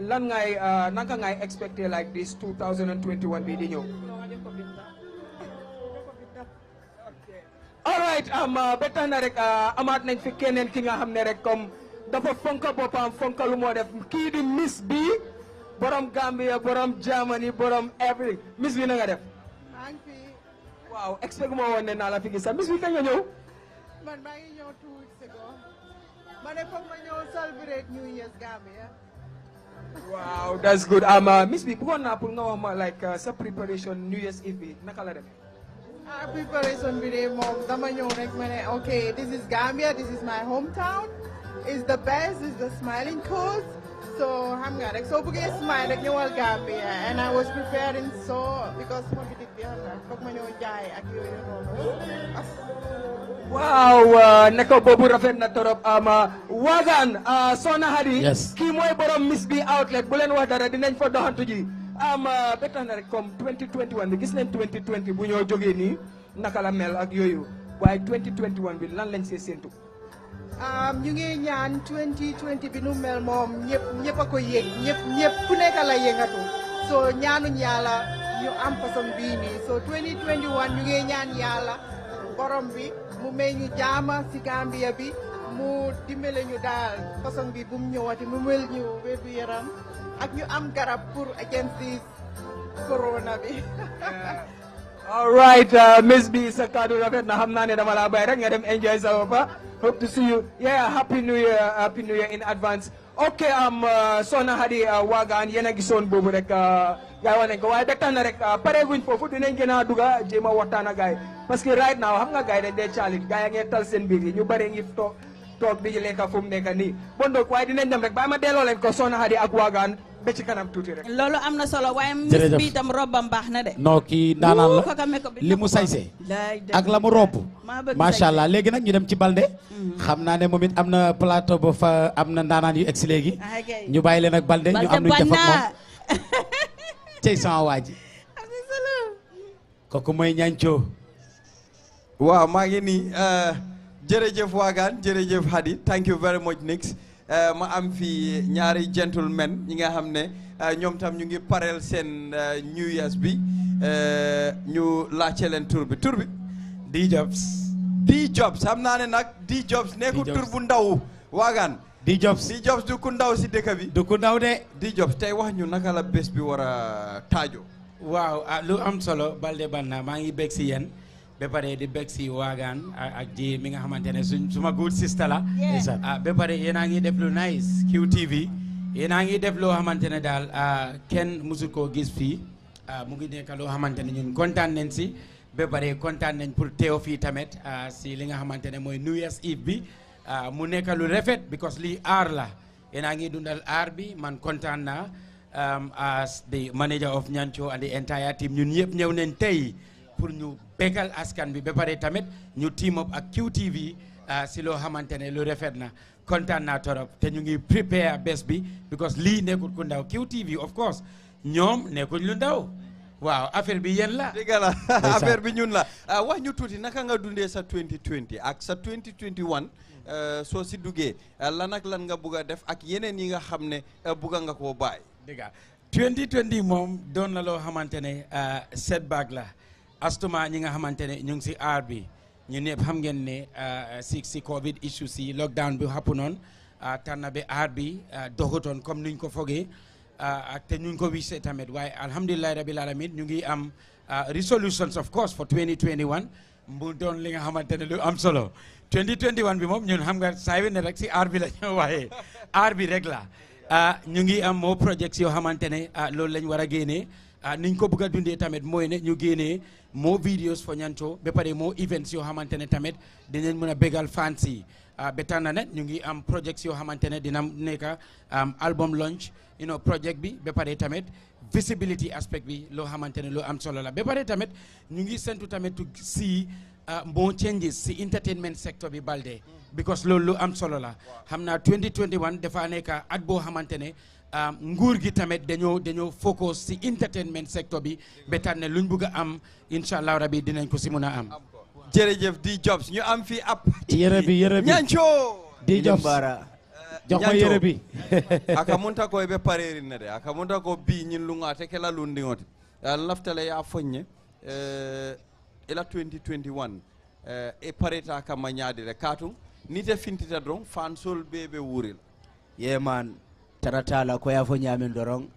S5: lan ngay uh, naka ngay expecté like this 2021 bi di ñëw. all right am um, uh, ba tax amaat nañ fi keneen ki nga xam ne rek comme. dafa fonka boppam fonka lu def kii di miss bi borom Gambia borom Germany borom every miss bi na nga def. maa wow expect moo woon ne naa la fi gis miss bi kañ nga ñëw.
S9: man maa ngi ñëw two weeks ago ma I foog ma ñëw celebrate New Year's Gambia.
S5: wow that's good ama um, uh, miss bi bëggoon naa pour nga wax ma like uh, sa préparation New Year's Eve bi naka la demee.
S10: ah préparation bi de moom dama ñëw rek ma ok this is Gambia this is my hometown. is the best is the smiling xam nga soo bëggee smile rek ñëwal Gambia and I was preparing so because sama bitik bi xam ma ñëw jaay ak yooyu
S5: waaw neko boobu rafet na torop ama uh, waagaan uh, Sohna Hadi kii mooy borom Miss bi outlet bu leen wax dara dinañ fa doxantu ji am uh, tax na rek comme 2021 bi gis nañ 2020 bu ñoo jógee nii naka la mel ak yooyu waaye 2021 bi lan lañ see séentu
S9: ñu ngi
S10: ñaan 2020 bi nu mel moom ñëpp ñëpp ko yëg ñëpp ñëpp ku nekk la yëngatu soo ñaanuñ yàlla ñu am façon bii soo ñu ngi ñaan yàlla borom bi mu may ñu jaama si Gambia bi mu dimbale ñu daal façon bi bu mu ñëwati mu mel ñu wébu yaram ak ñu am garab pour
S5: against corona bi. all right uh, miss bi sa kaddu rafet na xam naa ne dama laa bay rek nga dem enjoy sa ba hope to see you yeah happy new year happy new year in advance ok am uh, Soxna Hadi uh, Waagaan yéen a gisoon boobu rek gaay wax nañ ko waaye bektaan na rek pare guñ foofu dinañ gën a duga jéem a waxtaan ak gaay parce que right now xam nga gaay dañ dee caalit gaay a ngeen tal seen biir ñu bare ngi toog toog di lekka fu mu nekk nii bon donc waaye dinañ dem rek bàyyi ma delloo leen ko Soxna Hadi ak ci kanam tuuti rek. loolu
S3: am na solo waaye. jërëjëf miss bi itam robam baax na de.
S1: non kii daanaan la li mu saysee
S3: ak la mu macha
S1: allah léegi nag ñu dem ci Balde. Mm-hmm. xam naa ne moom it am na plateau ba fa am na ndaanaan yu egg si léegi. Ah, ñu bàyyi leen ak Balde ñu am lu ñu def ak moom. tey sama waa ji. kooku mooy ñancoo
S4: waaw maa ngi nii euh, jërëjëf Wagan jërëjëf Hadi thank you very much Nix. Euh, ma am fi ñaari gentlemen ñi nga xam ne euh, ñoom tam ñu ngi pareel seen euh, New Year's bi ñu laajte leen tur bi tur bi. D Jobs. xam naa ne nag D Jobs. nekkul tur bu ndaw waagaan. D Jobs D Jobs ndaw si dëkk bi. du ku ndaw de. D Jobs tey wax ñu naka la bés
S11: bi war a taajo. waaw ah, lu am solo Balde Banna maa ngi bég si yéen. ba pare di bég si waagaan ak ji mi nga xamante ne suñ suma good sister la. ah ba yéen a ngi def lu nice QTV. yéen a ngi def loo xamante ne daal ah, kenn musul koo gis fii ah, mu ngi nekk loo xamante ne ñun kontaan nañ si. ba kontaan nañ pour teew fii tamit ah, si li nga xamante ne mooy New Year's Eve bi mu nekka lu rafet because lii aar la yéen ngi dundal aar bi man kontaan na um, as the manager of Nyancho and the entire team ñun ñëpp ñëw nañ tey. pour ñu bégal askan bi ba pare tamit ñu team up ak QTV ah, si loo xamante ne lu rafet na kontaan naa torop te ñu ngi prepare bés bi because lii nekkul ku ndaw QTV of course ñoom nekkuñ lu ndaw waaw affaire bi yéen la. dëgg la affaire bi ñun la ah,
S4: wax ñu tuuti naka nga dundee sa 2020 ak sa 2021. Hmm. Eh, soo si duggee eh, lan ak lan nga bugg a def ak yeneen yi nga xam ne eh, bugg nga koo bàyyi. dëgg
S11: moom doon na loo xamante ne setback la. astuma ñi nga xamante ne ñu ngi si aar bi ñu ñëpp xam ngeen ne euh, euh, si si Covid issue si lockdown bi xapp noon euh, tànna bi aar bi doxutoon comme nuñ ko fogee ak te ñu ko wise tamit waaye alhamdulilahi rabil alamin ñu ngi am resolutions of course for 2021 mu doon li nga xamante ne lu am solo 2021 bi moom ñun xam nga saa yu rek si aar bi la ñu waaye aar bi rek la ñu ngi am moo projects yoo xamante ne loolu lañ war a génnee ah niñ ko bëgg a dundee tamit mooy ne ñu génnee moo videos fo ñanto ba pare moo events yoo xamante ne tamit dinañ mën a bégal fans yi ah, ba tax na ne ñu ngi am projects yoo xamante ne dina nekk album launch you know project bi ba pare tamit visibility aspect bi loo xamante ne loo am solo la ba pare tamit ñu ngi sentu tamit si ah, moo changes si entertainment sector bi balde because loolu am solo la xam naa 2021 dafa nekk at boo xamante ne Um, nguur gi tamit dañoo dañoo focus si entertainment sector bi ba tax ne luñ bugg a am incha allah rabi dinañ ko si mun a am. jërëjëf di Jobs ñu am fi ab. yére bi yére bi ñancoo
S5: di Jobs jox ma yére bi.
S4: aka munta koy be pareeri na de aka munta ko bii ñin lu ngaate ke la lundi ngote laftale ya foññe eh, ila 2021 eh, e pareta kama ñaadire kaatum nite fintita don fan sol
S10: be wuuril yeman yeah, taratala tala ko yafo ñamin doron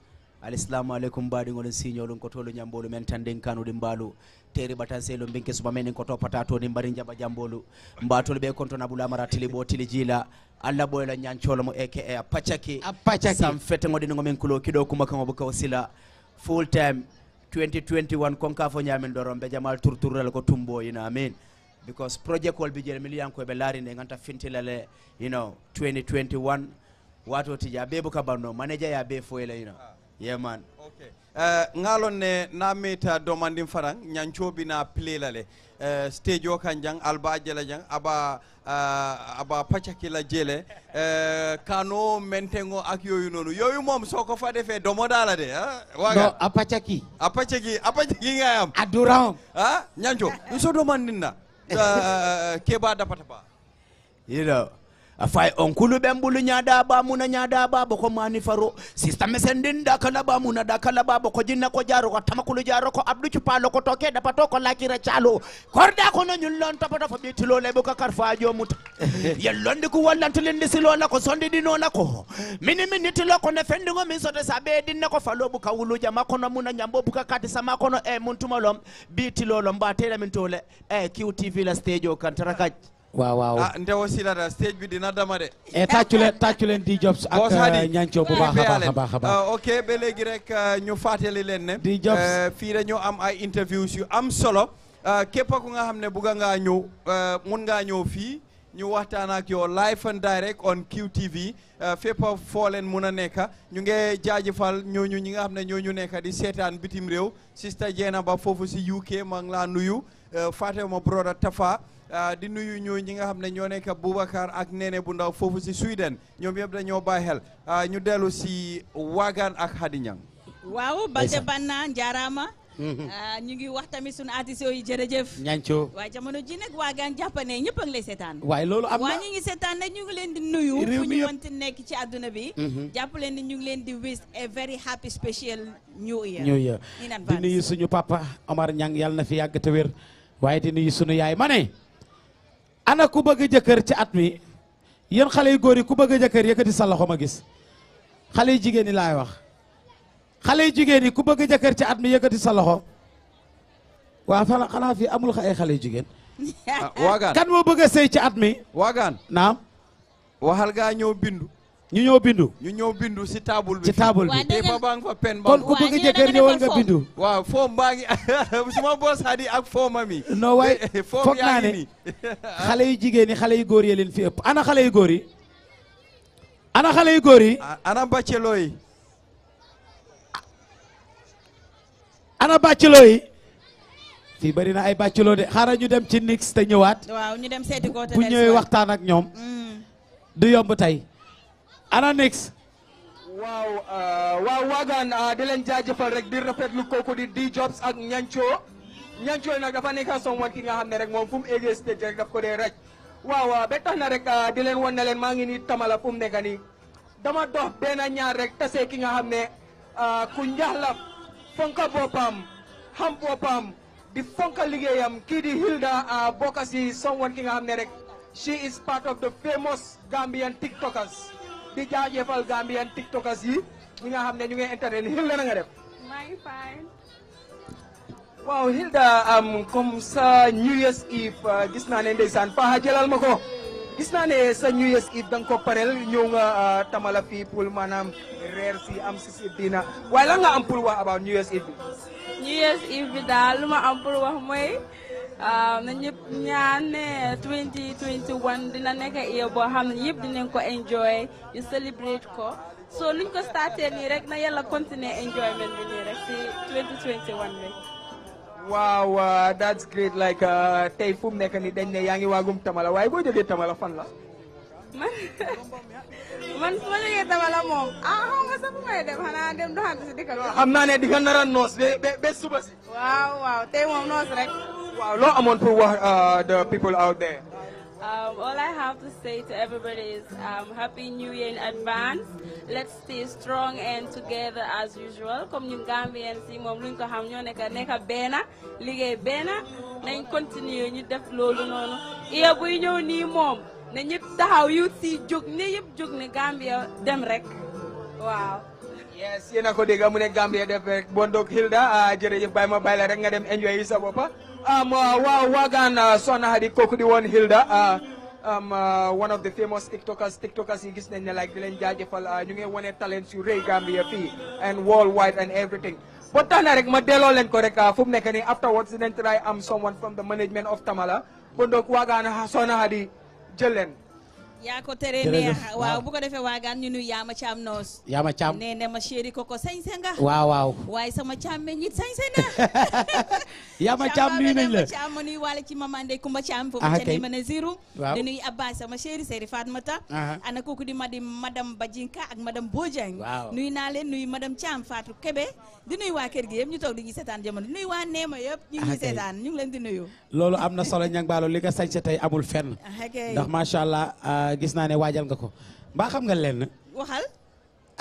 S10: alislamu aleykum mbaɗigoɗen signolum ko tolu ñambolu men tan nden kanuɗi mbaalu teri batan binke suba menen ko toppata to ni mbari jaɓa jambolu mbatol ɓe kontona boulamara tili ɓo tili jiila allah ɓoyla ñancolo mo eke e a paccaki sam fete goɗinogo kulo kiɗo kuma kan obo kaw sila full time 2021 konka fo ñamin doron ɓe jamal tourtourrel ko ina amin because projet kol bijel miliyankoɓe laari nde ganta fintilale you know 2021 watu otija buka banno manager yabe foyla yino ah. yeah man
S7: okay
S4: uh, ngalon ne namita domandin faran nyanchobi na play lale uh, stage o kan alba jela jang aba uh, aba pacakila jele uh, kano mentengo ak yoyu nonu yoyu mom soko fade fe domodala de ha uh, waga no apacaki apacaki apacaki ngayam aduram ha uh, nyancho nso domandin na uh, uh, uh, keba dapata ba
S10: you know afai onkulu bembulu nyada muna nyada ba boko mani faro sista mesendin da kala muna da kala ba boko jinna ko jaro ko tamakulu jaro ko abdu palo ko toke da pato ko lakira chalo korda ko no lon tapata fa bitilo lebo ka karfa jomuta yellondi ku silo silola ko sondidinola ko mini minitilo ko ne fendigo min sote sabe ne ko falo jama ko no muna nyambo buka kati sama kono e eh, muntumalom bitilolom ba tela min tole e eh, qtv la stage o kantara kaj
S1: waaw waaw ah
S10: Ndewo Silata stage bi dina dama de. e
S1: leen tàccu leen di Jobs ak eh, ñaanco bu baax a baax a baax. Ah,
S4: ok be léegi rek eh, ñu fàttali leen ne. di Jobs fii dañoo am ay interviews yu am solo. képp ku nga xam ne bugg ngaa ñëw mun ngaa ñëw fii ñu waxtaan ak yow live and direct on QTV fépp foo leen mun a nekk ñu ngi jaajëfal ñooñu ñi nga xam ne ñu nekk di seetaan bitim réew. sista Jeena ba foofu si UK maa ngi laa nuyu Fatima Broda Tafa. Ah, di nuyu ñu ñi nga xam ne ñoo nekk Boubacar ak Nene bu ndaw foofu si Sweden ñoom yëpp dañoo bàyyi xel ah, ñu dellu si waagaan ak Hadi Ñang
S3: waaw Balde Banna njaaraama mm-hmm. ah, ñu ngi wax tamit sunu artistes yi jërëjëf. ñancoo waaye jamono ji nag waagaan jàppane ñëpp a ngi lay waaye loolu am na ñu ngi seetaan nag ñu ngi leen di nuyu. réew mi fu ñu nekk ci àdduna bi. Mm-hmm. jàpp leen ñu ngi leen di wish a very happy special new
S1: suñu papa Omar Niang yàlla na fi yàgg te wér waaye di nuyu suñu yaay ma ana ku bëgg jëkkër ci at mi yéen xale yu góor yi ku bëgg jëkkër yëkkati sa loxo ma gis xale yu jigéen ñi laay wax xale yu jigéen ñi ku bëgg jëkkër ci at mi yëkkati sa loxo waa fan xanaa fii amul ay xale yu jigéen. Ah, waagaan kan moo bëgg a sëy ci at mi. waagaan naam. waxal gaa ñëw bindu. ñu ñëw bindu. ñu ñëw bindu si taabul bi. si taabul bi te
S4: ba baa nga fa kon ku bëgg
S12: jëkkër ñëwoon nga bindu.
S1: waaw foom baa ngi suma boos hadi ak foomam yi. non waaye foog naa xale yu jigéen ñi xale yu góor yi leen fi ëpp ana xale yu góor yi. ana xale yu góor yi. ana bàcceloo yi. ana bàcceloo fii bari na ay bàcceloo de xaaral ñu dem ci nix te ñëwaat.
S3: waaw ñu dem seeti ko waxtaan
S1: ak ñoom. Mm. du yomb tey.
S5: ana next wow uh, waaw waagaan uh, di len jajeufal rek di lu koku di di jobs ak ñancoo ñancoo nag dafa nekk kan, someone ki nga xamne rek mom fum mu stage rek daf ko dee raj waaw be tax na rek uh, di len wan ne leen maa ngi ni tamala kan fum mu nekk dama dox ben ñaar rek tase ki nga xamne ku njaxlaf fonka bopam ham bopam di fonka ligeyam ki di Hilda bokasi si someone ki nga xamne rek she is part of the famous Gambian tiktokers di jaajëfal Gambian tiktokers yi ñi nga xam ne ñu ngi internet Hilda na nga def. maa ngi waaw Hilda am comme sa New Year's Eve ah, gis naa ne ndeysaan Paa jëlal ma ko. gis naa ne sa New Year's Eve da nga ko ñëw nga ah, tamala fii pour maanaam reer si am si si dina waaye lan nga am pour wax about New Year's Eve
S3: bi. daal ma am pour wax mooy. Ah, na ñëpp ñaan ne 2021 dina nekk year boo xam ne yëpp dinañ ko enjoy ñu celebrate ko so luñ ko starté nii rek na yàlla continuer enjoyment bi nii rek si 2021 bi.
S5: waaw ah, that's great like ah, tey fu mu nekk nii dañ ne yaa ngi waagum Tamala waaye boo jógee Tamala fan la. man
S3: man su ma jógee Tamala moom ah xaw ma sax may dem xanaa dem doxantu si dëkk bi. xam naa ne di nga nar a
S5: noos ba suba si.
S3: waaw waaw tey moom noos rek. waaw
S5: lot of pour uh the people out there.
S3: Um, all I have to say to everybody is um, Happy New Year in advance. Let's stay strong and together as usual. Come to Gambians and see luñ ko xam ñoo nekk nekk benn liggéey benn nañ continuer ñu def loolu No, Iya buy ñëw nii moom ne ñëpp taxaw yu si jóg ne yëpp jóg ne Gambia dem rek waaw. yes
S5: yéen a ko dégg mu ne Gambia def Hilda uh, jërëjëf bàyyi ma bàyyi la rek nga dem enjoy yi um, uh, Wagan uh, Sona had the one Hilda. Uh, um, uh, one of the famous TikTokers, TikTokers in gis nañ ne like di leen jaajëfal ñu uh, one wane talents yu rëy Gambia and worldwide and everything But then na rek ma and Koreka, Fum rek uh, fu mu nekk nii afterwards dinañ try am someone from the management of Tamala ba ndoog waagaan Sona Hadi Jelen.
S3: yaa ko tere neex ah, waaw bu ko defee waagaan ñu nuy yaama caam noos yaama caam nee na ma ko koko sañse nga waaw waaw waaye sama caam me ñit sañse na
S1: yaama caam nuyu nañ la caam
S3: ma nuy waale ci mama ndey kumba caam foofu ah, ca ne ma ne ziru di nuy abbas sama chéri séri fatmata ana kooku di madi madame bajinka ak madame bojang nuy naa leen nuy madame caam fatou kebe di nuy waa kër gi yëpp ñu toog di ñu seetaan jamono di nuy waa neema yëpp ñu ah, ngi seetaan ñu leen di nuyu
S1: loolu am na solo ñang baalo li amul fenn ndax a gis naa ne waajal nga ko mbaa xam nga lenn. waxal.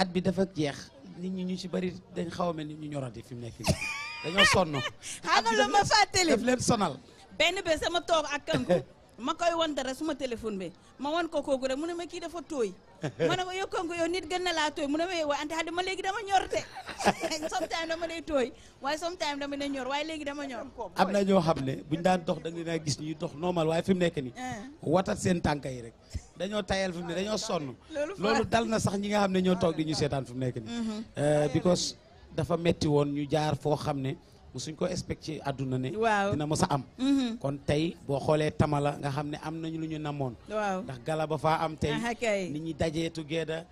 S1: at bi dafa jeex nit ñi ñu ci bari dañ xaw a mel ni ñu ñorati fi mu nekk nii dañoo sonn. xaaral ma fàttali daf leen
S3: sonal. benn bés sama toog ak kanku ma koy wan dara suma téléphone ma wan ko kooku rek mu ne ma kii dafa tooy ma a ko yokkoon ko yow nit gën na laa tooy mu ne ma waaye ante ma léegi dama ñor te sometime dama day tooy waaye sometime dama ne ñor waaye léegi dama ñor am
S1: na ñoo xam ne buñ daan dox da nga naa gis ñuy dox normal waaye fi mu nekk ni eh. watat seen tànka yi rek dañoo tayal fi mu ne dañoo sonn loolu dal na sax ñi nga xam ne ñoo toog di ñu seetaan fi mu nekk ni mm-hmm. eh, because dafa metti woon ñu jaar foo xam ne suñ ko expect ci àdduna ne dina mos a am mm-hmm. kon tey boo xoolee tamala nga xam ne am nañu lu ñu namoon ndax gala ba faa am tey ah, nit ñi dajee together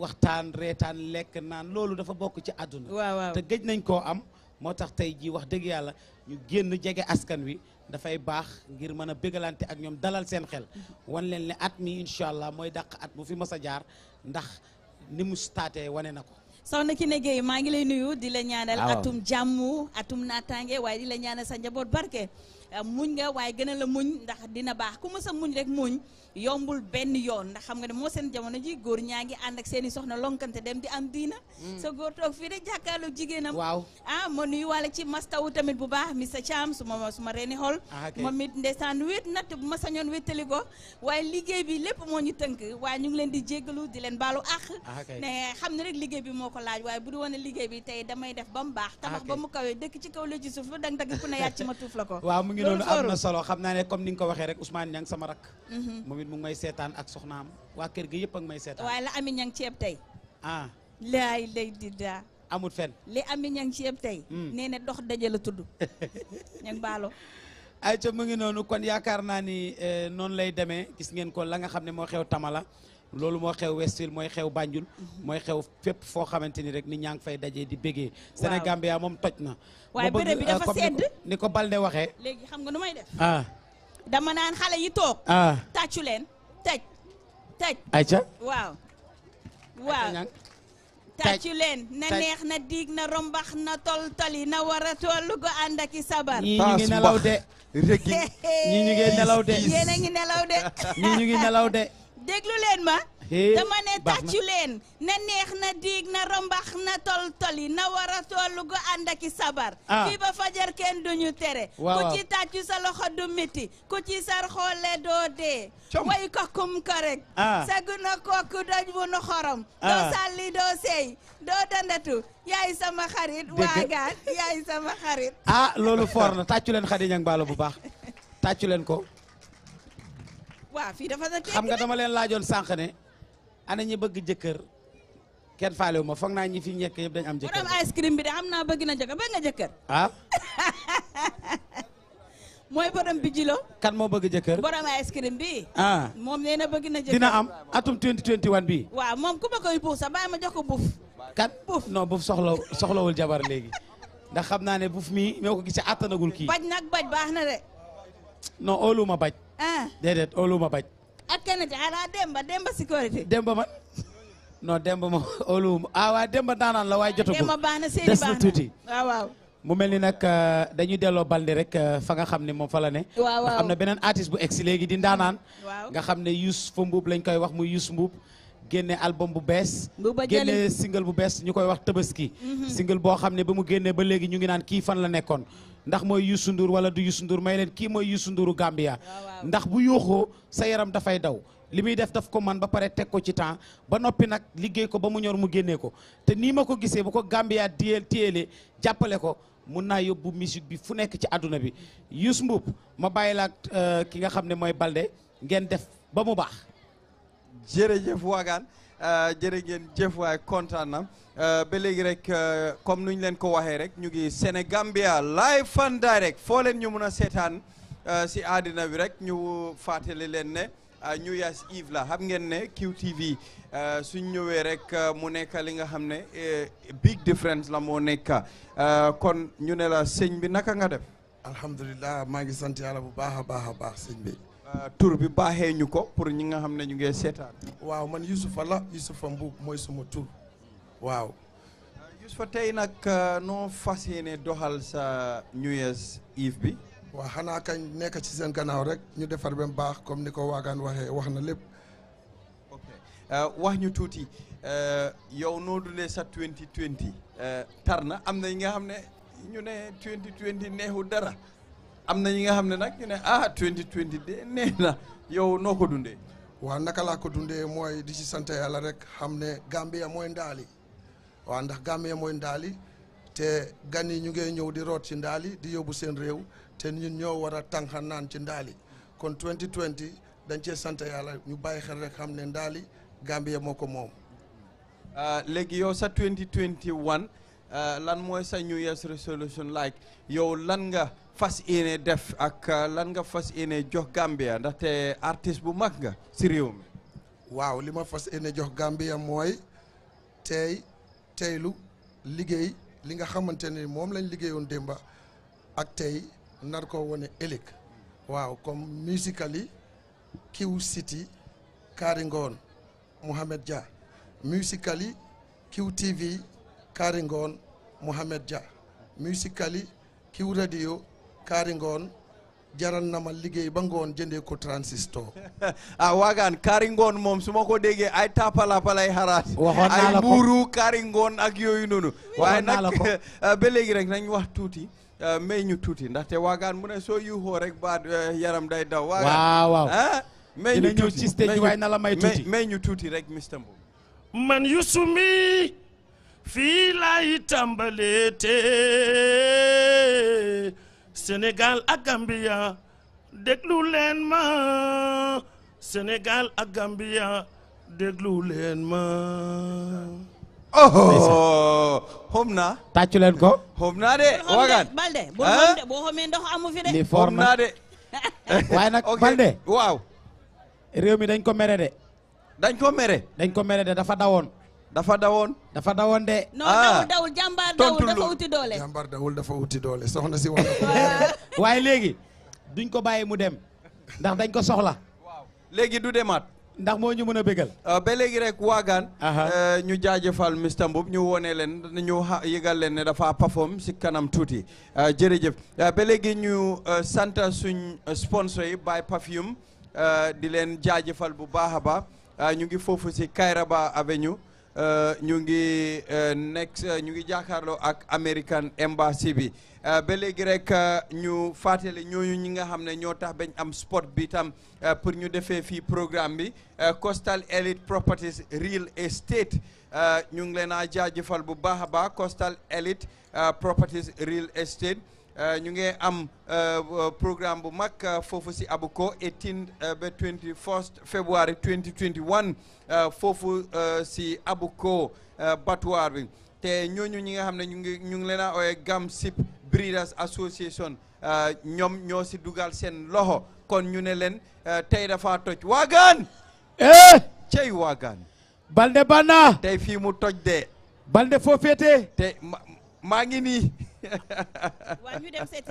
S1: waxtaan reetaan lekk naan loolu dafa bokk ci àdduna te gëj nañ koo am moo tax tey jii wax dëgg yàlla ñu génn jege askan wi dafay baax ngir mën a bégalante ak ñoom dalal seen xel mm-hmm. wan leen ne at mi incha allah mooy dàq at mu fi mos a
S3: jaar ndax ni mu staatee wane na ko soxna Kiné Gueye maa ngi lay nuyu di la ñaanal atum jàmm atum naataange waaye di la ñaanal sa njaboot barke muñ nga waaye gën a la muñ ndax dina baax ku mës muñ rek muñ yombul benn yoon ndax xam nga ne moo seen jamono ji góor ñaa ngi ànd ak seen i soxna lonkante dem di am diina mm. sa góor toog fii de jàkkaarloo jigéenam waaw ah ma nuyu waale ci mastawu tamit bu baax Mr Thiam su ma su ma reeni xool ah, moom it ndeysaan na bu ma sañoon wéttali ko waaye liggéey bi lépp moo ñu tënk waaye ñu ngi leen di jéggalu di leen baalu àq ah, ne xam ne rek liggéey bi moo ko laaj waaye bu du woon liggéey bi tey damay def ba mu baax ah, tabax ba mu kawee dëkk ci kaw la ci suuf dang dang ku ne yàcc ma tuuf la ko waaw mu ngi noonu am na
S1: solo xam naa ne comme ni nga ko waxee rek Ousmane Niang sama rak mm-hmm. tamit mu ngi may seetaan ak soxnaam waa kër gi yëpp a ngi may
S3: seetaan. waaye la Ami Ñang ceeb tey. ah. laay lay dida amut fen li Ami Ñang ceeb tey. Hmm. nee na dox daje la tudd. ñang baalo. ay ca mu ngi noonu
S1: kon yaakaar naa ni eh, noonu lay demee gis ngeen ko la nga xam ne moo xew Tamala. loolu moo xew Westfield mooy xew Banjul mhm. mooy xew fépp foo xamante ni rek nit ñaa ngi fay dajee di bégee Sénégambia moom toj na waaye bërëb bi dafa eh, sedd ni ko Balde waxee
S3: léegi xam nga nu may def ah dama naan xale yi toog. ah tàccu leen tëj tëj. ayca waaw. waaw tàccu leen na neex na diig na rombax na tol toli na war a tollu ko ànd ak sabar. ñii ñu nelaw de. ñii ñu ngi nelaw de. yéen a nelaw de. ñii leen ma. Eh, dama ne tàccu leen na neex na diig na rombax na tol na war a gu ànd aki sabar ah. fii ba fajar kenn duñu tere ku ci tàccu sa loxo du miti ku ci sar xoole doo dee way kokkum ko rek ah. sagu na kooku doj bu nu xorom ah. doo sàlli doo seey doo dandatu yaay sama xarit waagaan yaay sama xarit
S1: ah loolu foor na tàccu leen Khady Niang Ballo bu baax tàccu leen ko
S3: waaw fii dafa xam
S1: nga dama leen laajoon sànq ne ana ñi bëgg jëkkër kenn faalewu ma foog naa ñi fi ñekk yëpp dañ am jëkkër borom
S3: ice cream bi de xam naa bëgg na jëkkër bëgg nga jëkkër ah mooy bi jilo
S1: kan moo bëgg jëkkër
S3: borom ice cream bi ah moom nee na bëgg na jëkkër dina am
S1: atum 2021 bi
S3: waaw moom ku ma koy buuf sax bàyyi ma jox buuf
S1: kan buuf non buuf soxla soxlawul jabar léegi ndax xam naa ne buuf mi ñoo ko gisee attanagul kii
S3: baj nag baj baax na de
S1: non óolu ma baj ah. déedéet óolu ma baj
S3: ak kenn ci ala Demba Demba sécurité. Demba ma
S1: non Demba ma óoluwuma ah waaw Demba daanaan la waay ah, jotagul Demba baax
S3: na seeni na des na tuuti waaw waaw.
S1: mu mel ni nag euh, dañuy delloo balde rek euh, fa nga xam ne moom fa la ne. am na beneen artiste bu egsi léegi di ndaanaan. nga xam ne Youssou Mbuub lañ koy wax muy Youssou Mbuub. génne album bu bees génne single bu bees ñu koy wax Tabaski mhm. single boo xam ne ba mu génnee ba léegi ñu ngi naan kii fan la nekoon ndax mooy Youssou Ndour wala du Youssou Ndour may leen kii mooy Youssou Ndouru Gambia ndax bu yuuxoo sa yaram dafay daw li muy def daf ko man ba pare teg ko ci temps ba noppi nag liggéey ko ba mu ñor mu génnee ko te nii ma ko gisee bu ko Gambia diyeel téyelee jàppale ko mun naa yóbbu musique bi fu nekk ci àdduna bi Youssou Mboup ma bàyyi la ak euh, ki nga xam ne mooy Balde ngeen def ba mu baax jërëjëf waagaan
S4: euh, jërë ngeen jëf waay kontaan Euh, ba léegi rek euh, comme nuñ leen ko waxee rek ñu ngi Senegambia live fan direct foo leen ñu mun a seetaan euh, si àddina bi rek ñu fàttali leen ne New Year's Eve la xam ngeen ne QTV suñ ñëwee rek mu nekk li nga xam ne big difference la moo nekk kon ñu ne la sëñ bi naka nga def. alhamdulilah maa ngi sant yàlla bu baax a baax a baax sëñ bi. tur bi baaxee ñu ko pour ñi nga xam ne ñu ngi seetaan.
S13: waaw man Youssoupha
S4: la Youssoupha Mbuub mooy suma tur. waaw fa tey nag euh, no
S13: fas yéene doxal sa New Year's Eve bi waaw xanaa kañ nekk ci seen gannaaw rek ñu defar ba mu baax comme ni ko waagaan waxee wax na lépp euh,
S4: wax ñu tuuti euh, yow noo dundee sa 2020 tar na am na ñi nga xam ne ñu ne 2020 neexu
S13: dara am na ñi nga xam ne nag ñu ne ah 2020 de neex na yow noo ko dundee waaw naka laa ko dundee mooy di ci sant yàlla rek xam ne Gambia mooy ndaali waaw ndax Gambie mooy ndaali te gan yi ñu ngey ñëw di root ci ndaali di yóbbu seen réew te ñun ñoo war a tànqa naan ci ndaali kon 2020 dañ cee sant yàlla ñu bàyyi xel rek xam ne ndaali Gambie moo ko moom. Ah, léegi yow sa 2021 ah, lan mooy sa
S4: New Year's resolution like yow lan nga fas yéene def ak ah, lan nga fas
S13: yéene jox Gambia ndaxte artiste bu mag nga si réew mi. waaw li ma fas yéene jox Gambia mooy tey. teylu liggéey li nga xamante ni moom lañ liggéeyoon démba ak tey nar ko wane ëllëg waaw comme musical yi Kiw siti Kaari Ngoon Mouhamed Dia musical yi Kiw TV Kaari Ngoon Mouhamed Dia musical yi Kiw radio Kaari Ngoon jaral na ma liggéey ba ngoon jëndee ko transistor. a ah, waagaan kaari ngoon moom su ma ko déggee ay
S4: tapalapalay xaraat. waxoon naa la ko ay mbuuru kaari ngoon ak yooyu noonu. waaye nag ah, ba léegi rek nañ wax tuuti. Ah, may ñu tuuti ndaxte waagaan mu ne soo yuuxoo rek ba eh, yaram
S2: day daw. waaw waaw ah. may ñu tuuti ci na la may tuuti may ñu tuuti rek mista Mbow. man yusumi fii laay tàmbalee Sénégal ak Gambia déglu leen Sénégal ak Gambia déglu leen ma. oh. oh
S1: leen ko. xom naa de. wagan
S3: boo ah? xomee ndox amu fi de. li for na de.
S1: waaye nag Balde. waaw. réew mi dañ ko mere de. dañ ko mere. dañ ko mere dafa dawoon. dafa dawoon. dafa dawoon de. non dawul ah.
S3: dawul jàmbaar dawul dafa uti doole.
S1: jàmbaar
S13: dawul dafa uti doole soxna si wax
S1: waaye léegi duñ ko bàyyi mu dem ndax dañ ko soxla. léegi du demaat. ndax moo ñu mun a bégal. Ah, ba léegi rek
S4: waagaan. Eh, ñu jaajëfal mista Mboup ñu wone leen ñu yëgal leen ne dafa pafoom si kanam tuuti ah, jërëjëf ba léegi ñu eh, sant suñ eh, sponsor yi by Perfume di leen jaajëfal bu baax a baax ñu ngi foofu si Kairaba Avenue. Euh, ñu ngi euh, nekk euh, ñu ngi jàkkaarloo ak American Embassy bi ba léegi rek ñu fàttali ñooñu ñi nga xam ne ñoo tax bañ am spot bi tam pour ñu defee fii programme bi Coastal Elite Properties Real Estate ñu ngi leen a jaajëfal bu baax a baax Coastal Elite Properties Real Estate. Eh, ñu ngi am eh, eh, programme bu mag foofu si Abuko 18 ba 21st February 2021 foofu si Abuko batwaar bi te ñooñu ñi nga xam ne ñu ngi ñu ngi leen a ooyee Gamsip Breeders Association ñoom ñoo si dugal seen loxo kon ñu ne leen tey dafa toj waagaan. eh. cey waagaan. Balde Banna. tey fii mu toj de. Balde foo féetee. te maa ngi nii.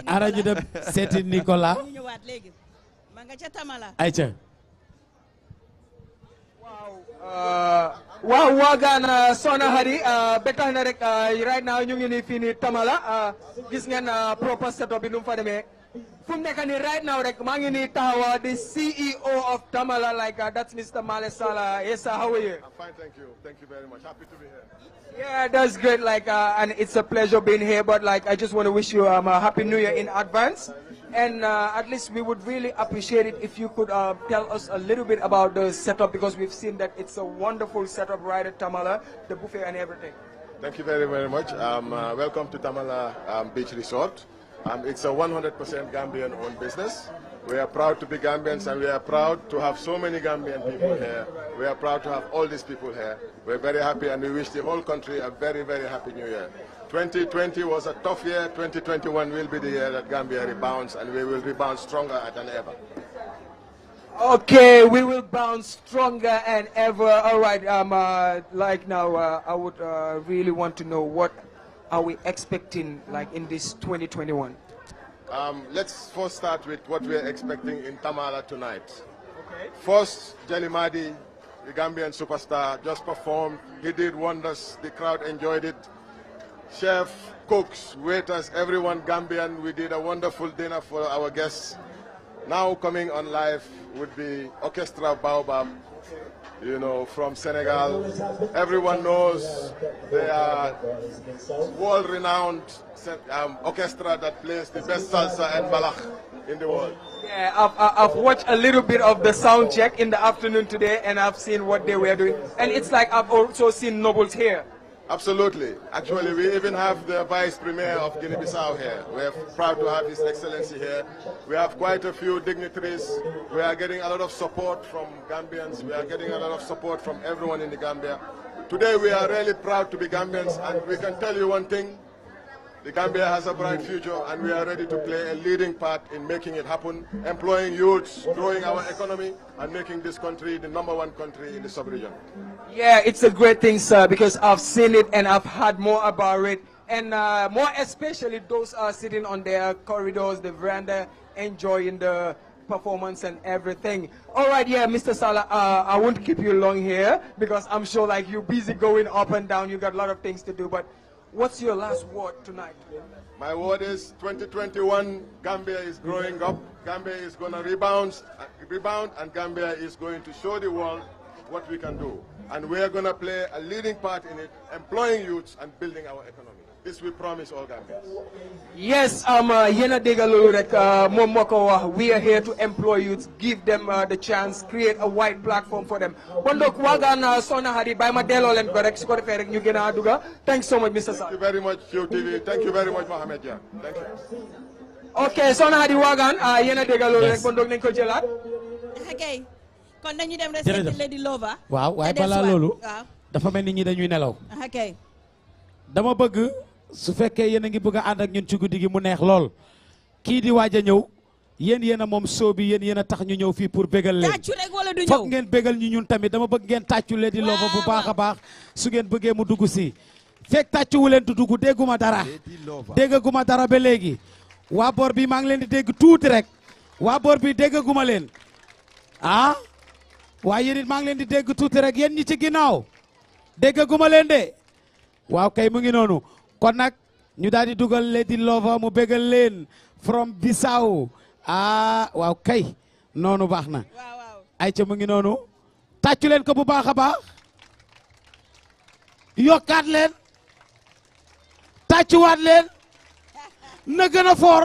S3: ara ñu dem
S1: seeti Nicolas ñu
S9: ñëwaat léegi
S3: ma nga ca Tamala
S1: ayca
S5: waaw uh, waaw waagaan Sohna sona hari uh, tax na rek uh, right now ñu ngi ni fini Tamala gis ngeen proposed setup bi num fa demee fu nekk right now rek ma ngi ni tawa the CEO of Tamala like that's Mr. Malesala.
S14: Sala yes how are you? I'm fine thank you thank you very much happy to be here.
S5: Yeah, that's great. Like, uh, and it's a pleasure being here. But like, I just want to wish you um, a happy New Year in advance. And uh, at least we would really appreciate it if you could uh, tell us a little bit about the setup because we've seen that it's a wonderful setup right at Tamala, the buffet and everything.
S14: Thank you very, very much. Um, uh, welcome to Tamala um, Beach Resort. Um, it's a 100% Gambian-owned business. We are proud to be Gambians and we are proud to have so many Gambian people here. We are proud to have all these people here. We're very happy and we wish the whole country a very, very happy new year. 2020 was a tough year. 2021 will be the year that Gambia rebounds and we will rebound stronger than ever.
S5: Okay, we will bounce stronger and ever. All right, um, uh, like now, uh, I would uh, really want to know what are we expecting like in this 2021?
S14: Um, let's first start with what we're expecting in Tamala tonight. Okay. First, Madi, the Gambian superstar, just performed. He did wonders. The crowd enjoyed it. Chef, cooks, waiters, everyone Gambian, we did a wonderful dinner for our guests. Now coming on live would be Orchestra Baobab, you know, from Senegal. Everyone knows they are world-renowned um, orchestra that plays the best salsa and balach in the world.
S15: Yeah, I've,
S5: I've watched a little bit of the sound check in the afternoon today and I've seen what they were doing. And it's
S14: like I've also seen Nobles here. Absolutely. Actually, we even have the Vice Premier of Guinea-Bissau here. We're proud to have His Excellency here. We have quite a few dignitaries. We are getting a lot of support from Gambians. We are getting a lot of support from everyone in the Gambia. Today, we are really proud to be Gambians, and we can tell you one thing, the Gambia has a bright future and we are ready to play a leading part in making it happen, employing youths, growing our economy and making this country the number one country in the sub-region. Yeah,
S5: it's a great thing, sir, because I've seen it and I've heard more about it. And uh, more especially those are sitting on their corridors, the veranda, enjoying the performance and everything. All right, yeah, Mr. Salah, uh, I won't keep you long here because I'm
S14: sure like you're busy going up and down. You got a lot of things to do, but What's your last word tonight? My word is 2021, Gambia is growing up, Gambia is going to rebound, rebound, and Gambia is going to show the world what we can do. And we are going to play a leading part in it, employing youths and building our economy. This we promise all Gambians.
S5: Yes, um, uh, Yena Degalurek, uh, Momokowa, we are here to employ youth, give them uh, the chance, create a wide platform for them. Bondok Wagana uh, Sona Hari, by Madelo and Berek, Skoreferek, Nugena Aduga. Thanks so much, Mr. Sir. Thank you very much,
S14: QTV. Thank you very much, Mohamed Yeah, Thank you. Okay, Sona Hari Wagan, uh, Yena Degalurek, Bondok Ninko
S5: Jelat.
S3: Okay. kon dañu dem respecté Lady Lova.
S1: waaw waaye balaa Wow. dafa mel ni ñi dañuy nelaw. dama bëgg. su fekke yéen ngi bëgg and ak ñun ci guddigi mu neex lool ki di waja ñew ñëw yéen mom a moom soo bi tax ñu ñew fi pour bëggal leen tàccu rek wala du ngeen bëggal ñu ñun tamit dama bëgg ngeen taccu leen di lofa bu baaxa baax su ngeen bëgge mu dugg fek taccu wu leen du dugg deguma dara deguma dara ba legi wa bor bi ma ngi leen di deg tuuti rek wa bor bi deguma leen ah wa yéen ma ngi leen di deg tuuti rek yéen ñi ci ginaaw deguma leen de waaw kay mu ngi nonu kon nak ñu daal duggal Lady Lova mu bégal leen from bisaw ah waaw kay noonu baax waaw ay ci mu ngi nonu taccu leen ko bu baaxa baax yokkat leen wat leen na gëna for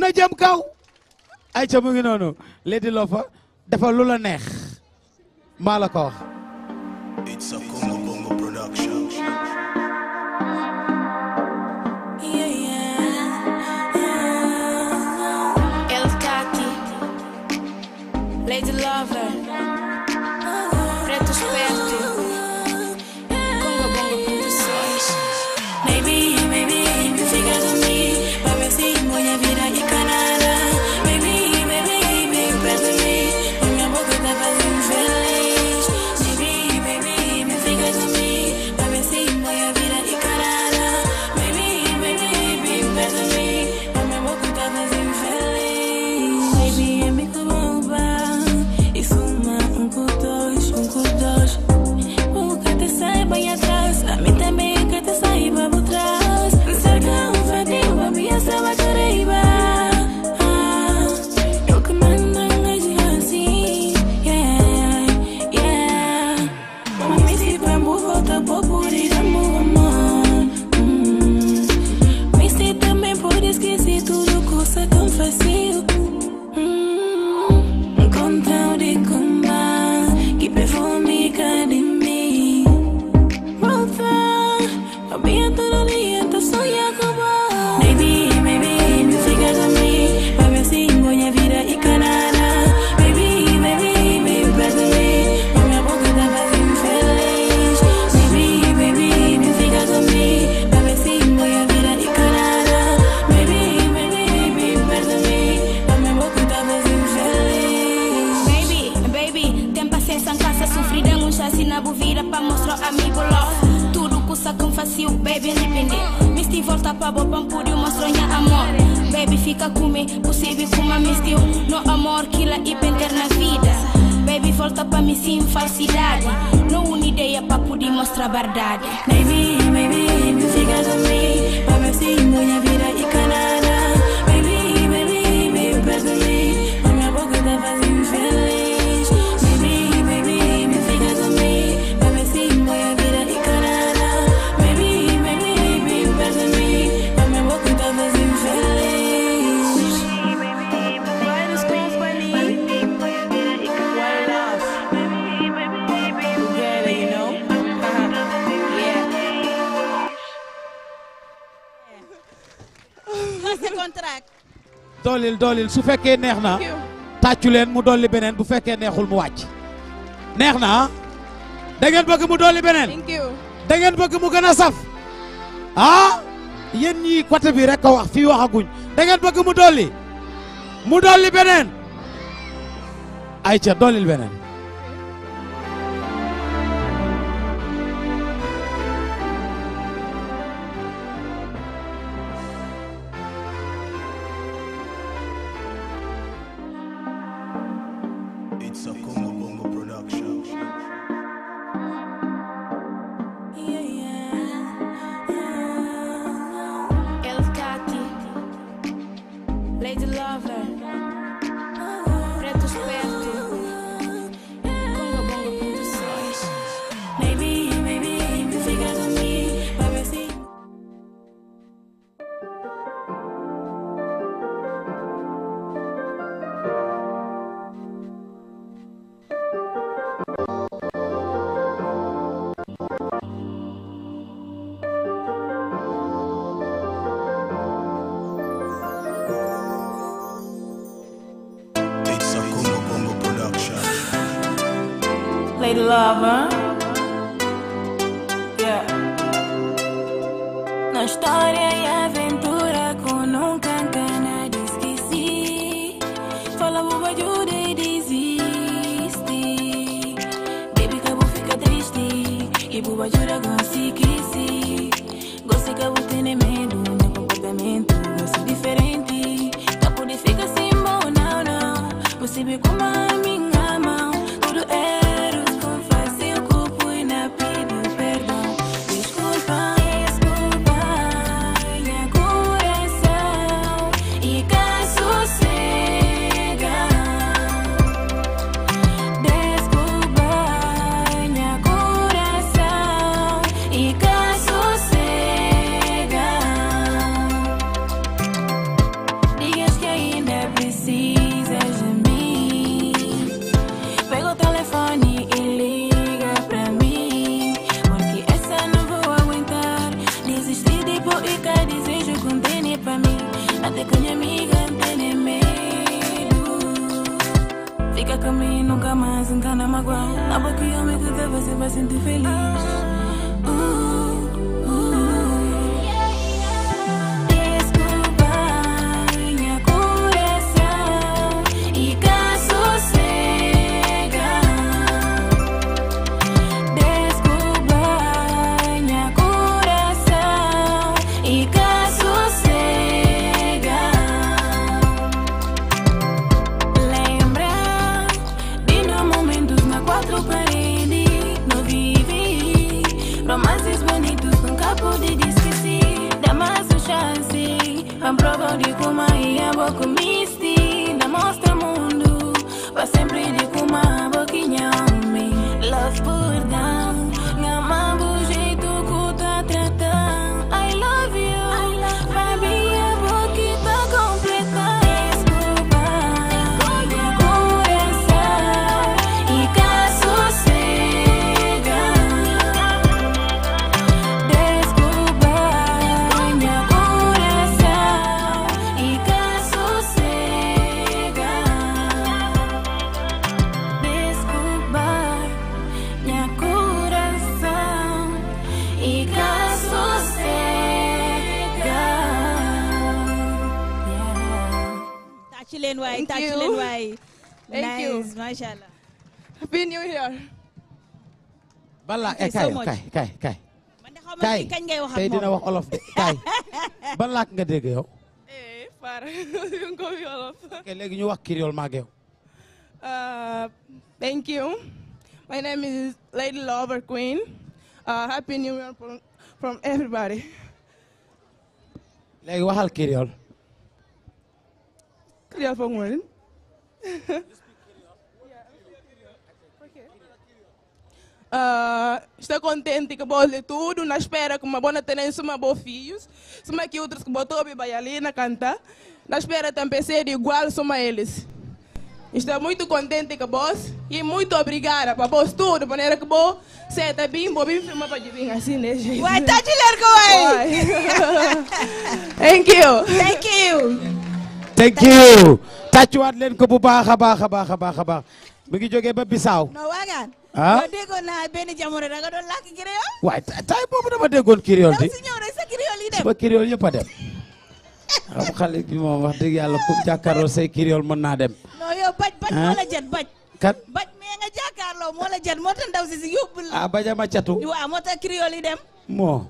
S1: na jëm kaw ay ci mu ngi noonu Lady Lova dafa lula neex maa ko wax it's a Congo Bongo
S7: production
S16: Lady Lover, preto esperto. se assim, o baby, lipping it. Misty volta pra bobam por uma sonha amor. Baby, fica comigo, possível como a misty. No amor, que lá e bender na vida. Baby, volta pra mim sim, falsidade. Não uma ideia pra poder mostrar verdade. Baby, baby, me siga a Pra me sim, minha vida
S1: dolil dolil su fekke neexna tàccu len mu dolli benen bu fekke neexul mu wàcc neexna da ngeen bëgg mu dolli beneen da ngeen bëgg mu gëna saf ha yéen ñi côté bi rek ko wax fi wax aguñ da ngeen bëgg mu dolli mu dolli benen ay ca dolil benen you eh, so much. Kaay kaay eh, ok
S17: uh, thank you. My name is Lady Lover Queen. Uh, happy New Year from, everybody.
S1: Like, wahal Kiriol.
S17: Kiriol from when? Uh, ah, está contente que bole tudo, na espera que uma boa tenência, uma boa filhos, soma aqui outros que botou e baialina canta, na espera também ser igual, soma eles. Estou muito contente com vós e muito obrigada para vós tudo, maneira que vou ser tá bem, vou bem filmar para vir assim, né, gente? Uai, tá de largo, uai!
S1: Thank you! Thank you! Thank you! Tá de largo, barra, barra, barra, barra, barra. Bigi jogue para Bissau.
S3: Não, agora. ah déggoon naa benn jamono da doon làkk
S1: créole. waaye taay boobu dama déggoon créole di. si
S3: ñëw rek sa créole yi dem ba
S1: créole yëpp dem. xam xale bi moom wax dëgg yàlla ku jàkkaarloo say créole mën naa dem.
S3: non yow baj baj ah? moo la jat jat moo ndaw si si yóbbu la.
S1: ah bajama catu.
S3: waaw moo tax yi dem.
S1: moo.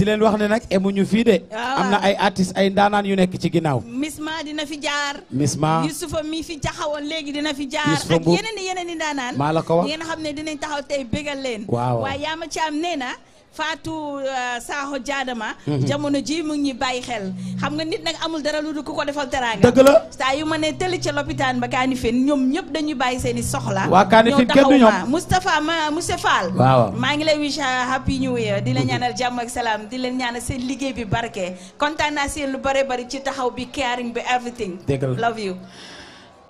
S1: di leen wax ne nag emuñu fii de. Ah. am na ay artistes ay ndaanaan yu nekk ci ginnaaw.
S3: Misma dina fi jaar. Misma Yusufa mi fi taxawoon léegi dina fi jaar. Yusufa ak yeneen i yeneen i maa la ko wax na xam ne dinañ taxaw tey bégal leen. waaw waaye yaa ma ci am nee na. Fatou euh, Sakho Diadama. Mhm. jamono jii mu ngi bàyyi xel. xam nga nit nag amul dara lu dul ku ko defal teraanga. saa yu ma ne tëli ca lopitaan ba kaani Kanifing ñoom ñëpp dañuy bàyyi seen i soxla. waa Kanifing kenn du ma Monsieur Fall. maa ngi lay wish uh, happy new year di la ñaanal jàmm ak salaam di leen ñaanal seen liggéey bi barke kontaan naa seen lu bare bari ci taxaw bi caring bi everything. dëgg love you.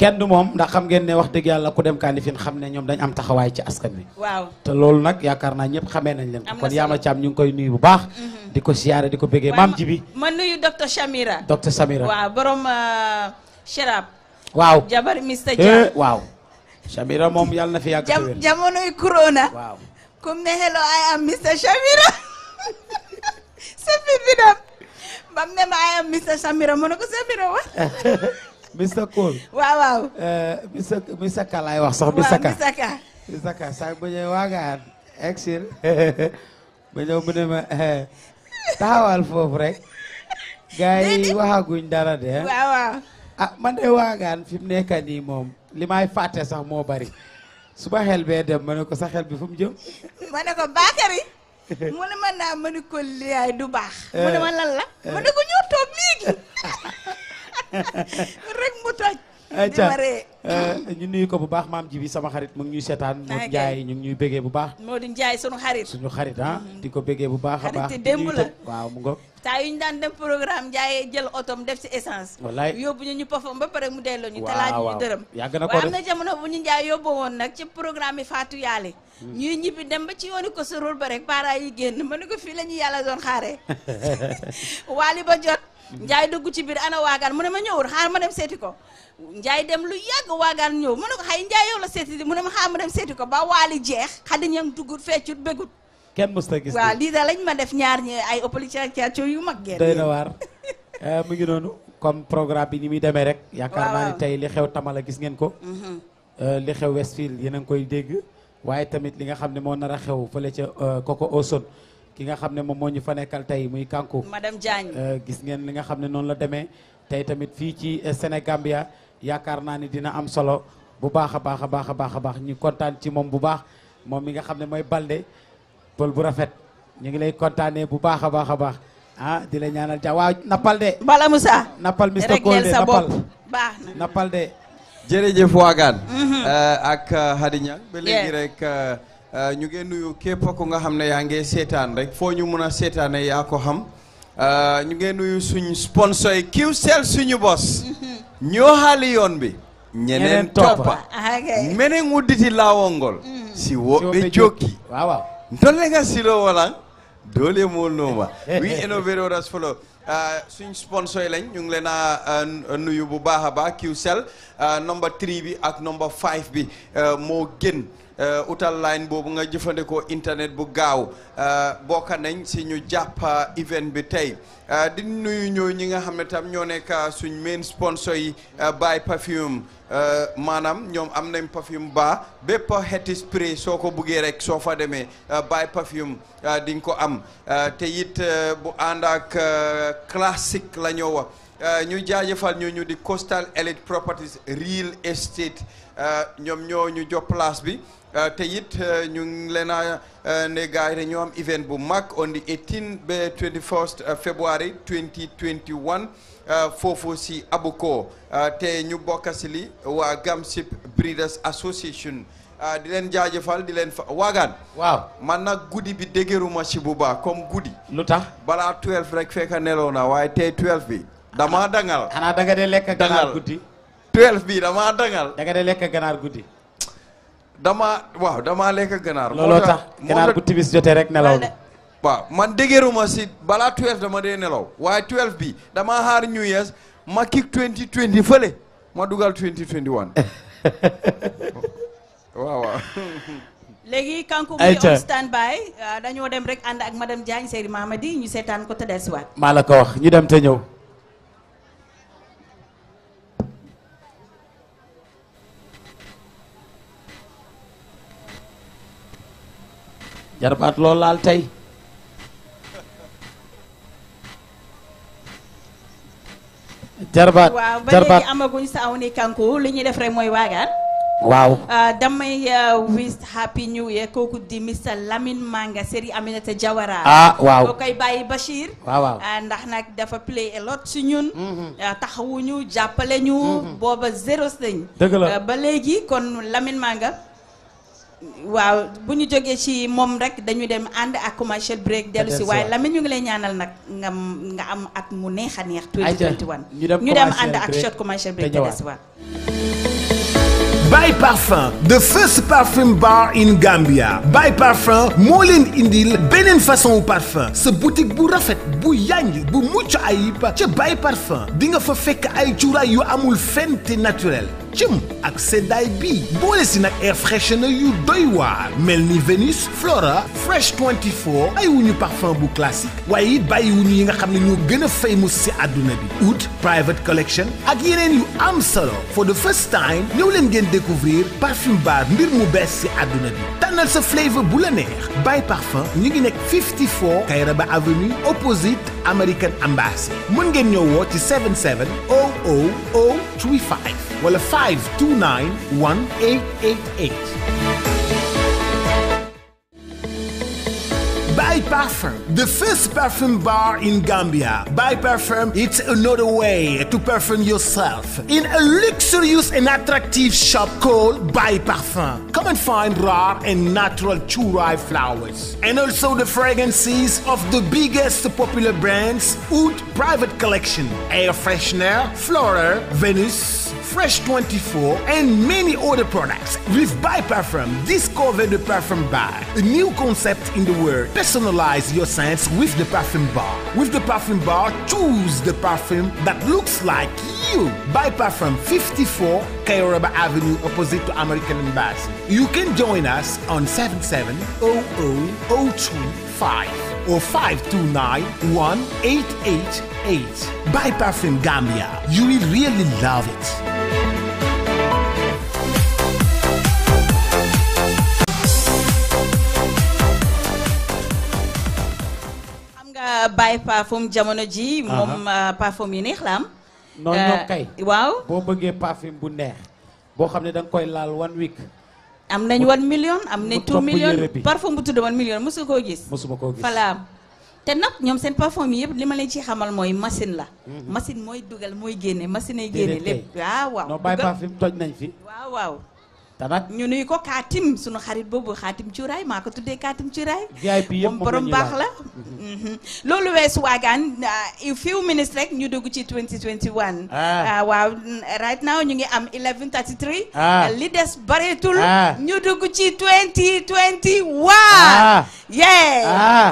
S1: kenn du mom ndax xam ngeen ne wax deug yalla ku dem kanifin xam ne ñom dañ am taxaway ci askan bi waaw te lool nak yaakar na ñepp xamé nañ leen. kon yama cham ñu koy nuyu bu baax. Mhm. diko ziaré diko bëggé mam bëggee ji bi.
S3: ma nuyu docteur shamira docteur shamira waaw borom euh, Cherab. waaw jabar Mister jabar eh,
S1: waaw. shamira mom yalla na fi yàgg.
S3: jam yi corona. waaw kum ne hello I am Mister Shamira. sa fi bi dem. bam ne ma I am Mister Shamira, mu ne ko wa. Mr Kool. waaw waaw.
S1: Eh, Mr Mr wax sax. Mr Ka waaw Mr Ka. Mr Ka sax bu ñëwee waagaan. exil ba mu ne ma eh, taxawal rek. gars yi waxaguñ dara de. Eh. waaw waaw. Ah, waagaan fi mu moom li may fàtte sax moo bari. su ma xel bee dem ma ko sa xel bi fu jëm.
S3: ma ko Bakary. mu ne ma naa ma ko liyaay du baax. mu ne ma lan la. ko ñoo toog léegi. rek mu toj. Euh,
S1: ñu nuyu ko bu baax maam ji bi sama xarit mu ñuy seetaan Modou Ndiaye ñu ngi ñuy béggee bu baax
S3: Modou Ndiaye suñu xarit
S1: suñu xarit ah mm-hmm. di ko béggee bu baax a baax xarit démb waaw mu ngo
S3: taa yu ñu daan dem programme Ndiaye jël otom def ci essence wallaay yóbbu ñu ñu ba pare mu delloo ñu talaaj ñu dërëm
S2: yàgg na ko am na
S3: jamono ñu Ndiaye yóbbu woon nag ci programme yi Fatou Yale mm. ñuy ñibbi dem ba ci yooni ko sorol ba rek para yi génn ma ko fii la ñu yàlla doon xaaree waali ba jot njaay dugg ci biir ana waagaan mu ne ma ñëwul xaar ma dem seeti ko njaay dem lu yàgg waagaan ñëw mu ne ko xay njaay yow la seeti li mu ne ma xaar ma dem seeti ko ba waali jeex xadi ñang duggut feccut bégut
S1: kenn mës ta gis waaw
S3: lii da lañ ma def ñaar ñi ay ëppalicaacoo yu mag geen doy na waar
S1: eh, mu ngi noonu comme programme bi ni muy demee rek yaakaar naa tey li xew tamala gis ngeen ko mhm. eh, li xew Westfield yéen a ngi koy dégg waaye tamit li nga xam ne moo nar a xew fële ca koko eh, Oson ki nga xam ne moom moo ñu fa nekkal tey muy Kankou
S3: madame Diagne
S1: euh, gis ngeen li nga xam ne noonu la demee tey tamit fii ci euh, Sénégambia yaakaar naa ni dina am solo bu baax a baax a baax ñu kontaan ci moom bu baax moom mi nga xam ne Balde pël bu rafet ñu ngi lay kontaanee bu baax a baax ah di la ñaanal ja waaw nappal
S3: de bala Moussa nappal Mr Gold de nappal
S1: baax na nappal de jërëjëf
S4: waagaan mhm. euh, ak Hadi Niang ba léegi rek Eh, ñu ngeen nuyu képp ku nga xam ne yaa ngi seetaan rek foo ñu mun a seetaanee yaa ko xam eh, ñu ngeen nuyu suñ sponsor yi Qcell suñu bos. Mm-hmm. ñoo xaali yoon bi. ñeneen toppa ah, mene ngudditi laawongol mm-hmm. si woɓɓe jokki dollega silo wala dole molnoma wi innovéroras folo eh, suñ sponsor lañ ñu ngi leen a nuyu bu baax a baax Qcell number 3 bi ak number 5 bi moo gën Euh, utal line boobu nga jëfandikoo internet bu gaaw euh, bokk nañ si ñu jàpp euh, event bi tey di nuyu ñoo ñi nga xam ne tam ñoo nekk suñ main sponsor yi by perfume maanaam ñoom am nañ perfume ba bépp xeeti spray soo ko buggee rek soo fa demee by perfume di nga ko am te it bu ànd ak classique la ñoo wax ñu jaajëfal ñu ñu di Coastal Elite Properties Real Estate ñoom ñoo ñu jox place bi Euh, te it euh, ñu ngi leen a euh, ne gars yi dañoo am event bu mag on the 18 ba 21st February 2021 foofu si Abuko te ñu bokk si li waa Gamsip Breeders Association di leen jaajëfal di leen fa waagaan. waaw man nag guddi bi déggeeruma si bu baax comme guddi. lu tax balaa 12 rek fekk neloo na waaye tey 12 bi. damaa dangal xanaa danga de lekk ganaar guddi. 12 bi dama dangal. danga de lekk ganaar guddi. damaa waaw damaa lekk ganaar. looloo tax ganaar bu
S1: tibis jotee rek nelaw bi.
S4: waaw man déggeeruma si balaa 12 dama dee nelaw waaye 12 bi dama xaar New Year's ma kick 2020 fële ma dugal 2021. waaw waaw.
S3: léegi kanku muy on stand by euh, dañoo dem rek ànd ak madame Diagne Seri Mamadi ñu seetaan ko te desiwaat.
S1: maa la ko wax ñu dem te ñëw. jarbaat lool laal tey jarbaat waaw ba léegi
S3: amaguñ sa aw ni kanku li ñuy def rek mooy waagaan waaw ah, damay ah, wish happy new year kooku di Mr Lamine Manga Seri Aminata Jawara ah boo koy bàyyi Bachir ah, ndax nag dafa play a lot ñun mhm. taxawuñu jàppale ñu mhm. booba zéro sëñ ba léegi kon Lamine Manga waaw bu ñu jógee ci mom rek dañu dem and ak commercial break delu ci waaye Lamine ñu ngi lay ñaanal nak nga nga am at mu neex neex 2021 ñu dem and ak shot commercial break delu ci waat
S18: Parfum the first parfum bar in Gambia Bay Parfum moo indil Benin façon ou parfum Ce boutique bu rafet bu yànj bu mucc ayib ca By Parfum Dinga nga fa ay yu amul fente naturel cëm ak seddaay bii boole si nag air freshener yu doy waar mel ni Vénus Flora Fresh 24 ay wuñu parfum bu classique waaye it bàyyi wuñu yi nga xam ne ñoo gën a famous si àdduna bi oud private collection ak yeneen yu am solo for de first time ñëw leen ngeen découvrir parfum bar mbir mu bees si àdduna bi tànnal sa flavor bu la neex bay parfum ñu ngi nekk 54 Kayraba avenue opposite American Embassy mën ngeen ñëw woo ci 77 000 529 1888. Buy Parfum, the first perfume bar in Gambia. Buy Parfum, it's another way to perfume yourself in a luxurious and attractive shop called Buy Parfum. Come and find rare and natural churai flowers and also the fragrances of the biggest popular brands Oud Private Collection, Air Freshener, Flora, Venus, Fresh 24, and many other products. With Buy Parfum, discover the Parfum Bar, a new concept in the world. Personalize your scents with the Parfum Bar. With the Parfum Bar, choose the perfume that looks like you. Buy Parfum 54, Kayoraba Avenue, opposite to American Embassy. You can join us on 7700002 or 529-1888. Buy Parfum Gambia. You will really love it.
S3: nga bàyyi parfum jamono ji moom ah, parfum yu neex la am. non ñoo euh, kay. waaw boo bëggee parfum bu neex boo xam ne da koy laal one week. am nañ one million am nañ two million parfum bu tudd one million mosu koo gis.
S1: mosuma koo gis falaam
S3: te nag ñoom seen parfum yi yëpp li ma leen ci xamal mooy machine la. Mhm. machine mooy dugal mooy génne machine ay génne lépp. waaw ah, waaw non bàyyi parfum toj nañ fi. waaw waaw. tabaat ñu nuyu ko khatim sunu xarit boobu Kaatim Cuuraay mako tuddé khatim Kaatim Cuuraay.
S1: VIP yëpp borom bax la.
S3: Mhm. wess wagan waagaan ah, few minutes rek ñu dugg ci 2021. Ah. ah waaw right now ñu ngi am 11:33. Ah. li dess bareetul. ñu dugg ci 2021. Yeah,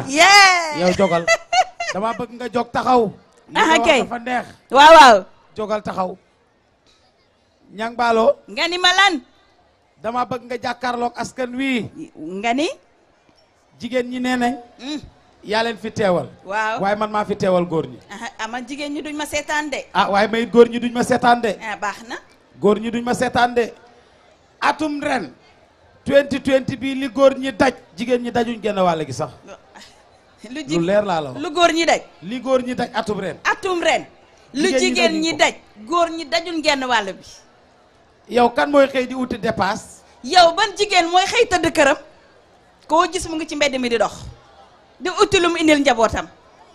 S3: yeah. yow jogal dama bëgg nga jog taxaw. ah kay dafa
S1: neex. waaw waaw. jogal taxaw. ñang balo
S3: ngani malan
S1: dama bëgg nga jàkkaarloog askan wi. nga ni. jigéen ñi nee nañ. Hmm. yaa leen fi teewal. waaw waaye man maa fi teewal góor ñi.
S3: ah jigéen ñi duñ ma seetaan de.
S1: ah waaye may góor ñi duñ ma seetaan de. ah baax na. góor ñi duñ ma seetaan atum ren. 2020 bii li góor ñi daj. jigéen ñi dajuñ genn wàll gi
S3: sax. Ah, lu ji leer laa la lu góor ñi daj. li góor ñi daj atum ren. atum ren. lu jigéen ñi daj góor ñi dajul genn wàll bi. yow kan mooy xëy di wuti dépasse. yow ban jigéen mooy xëy tëdd këram. koo gis mu ngi ci mbedd mi di dox. di uti lu mu indil njabootam.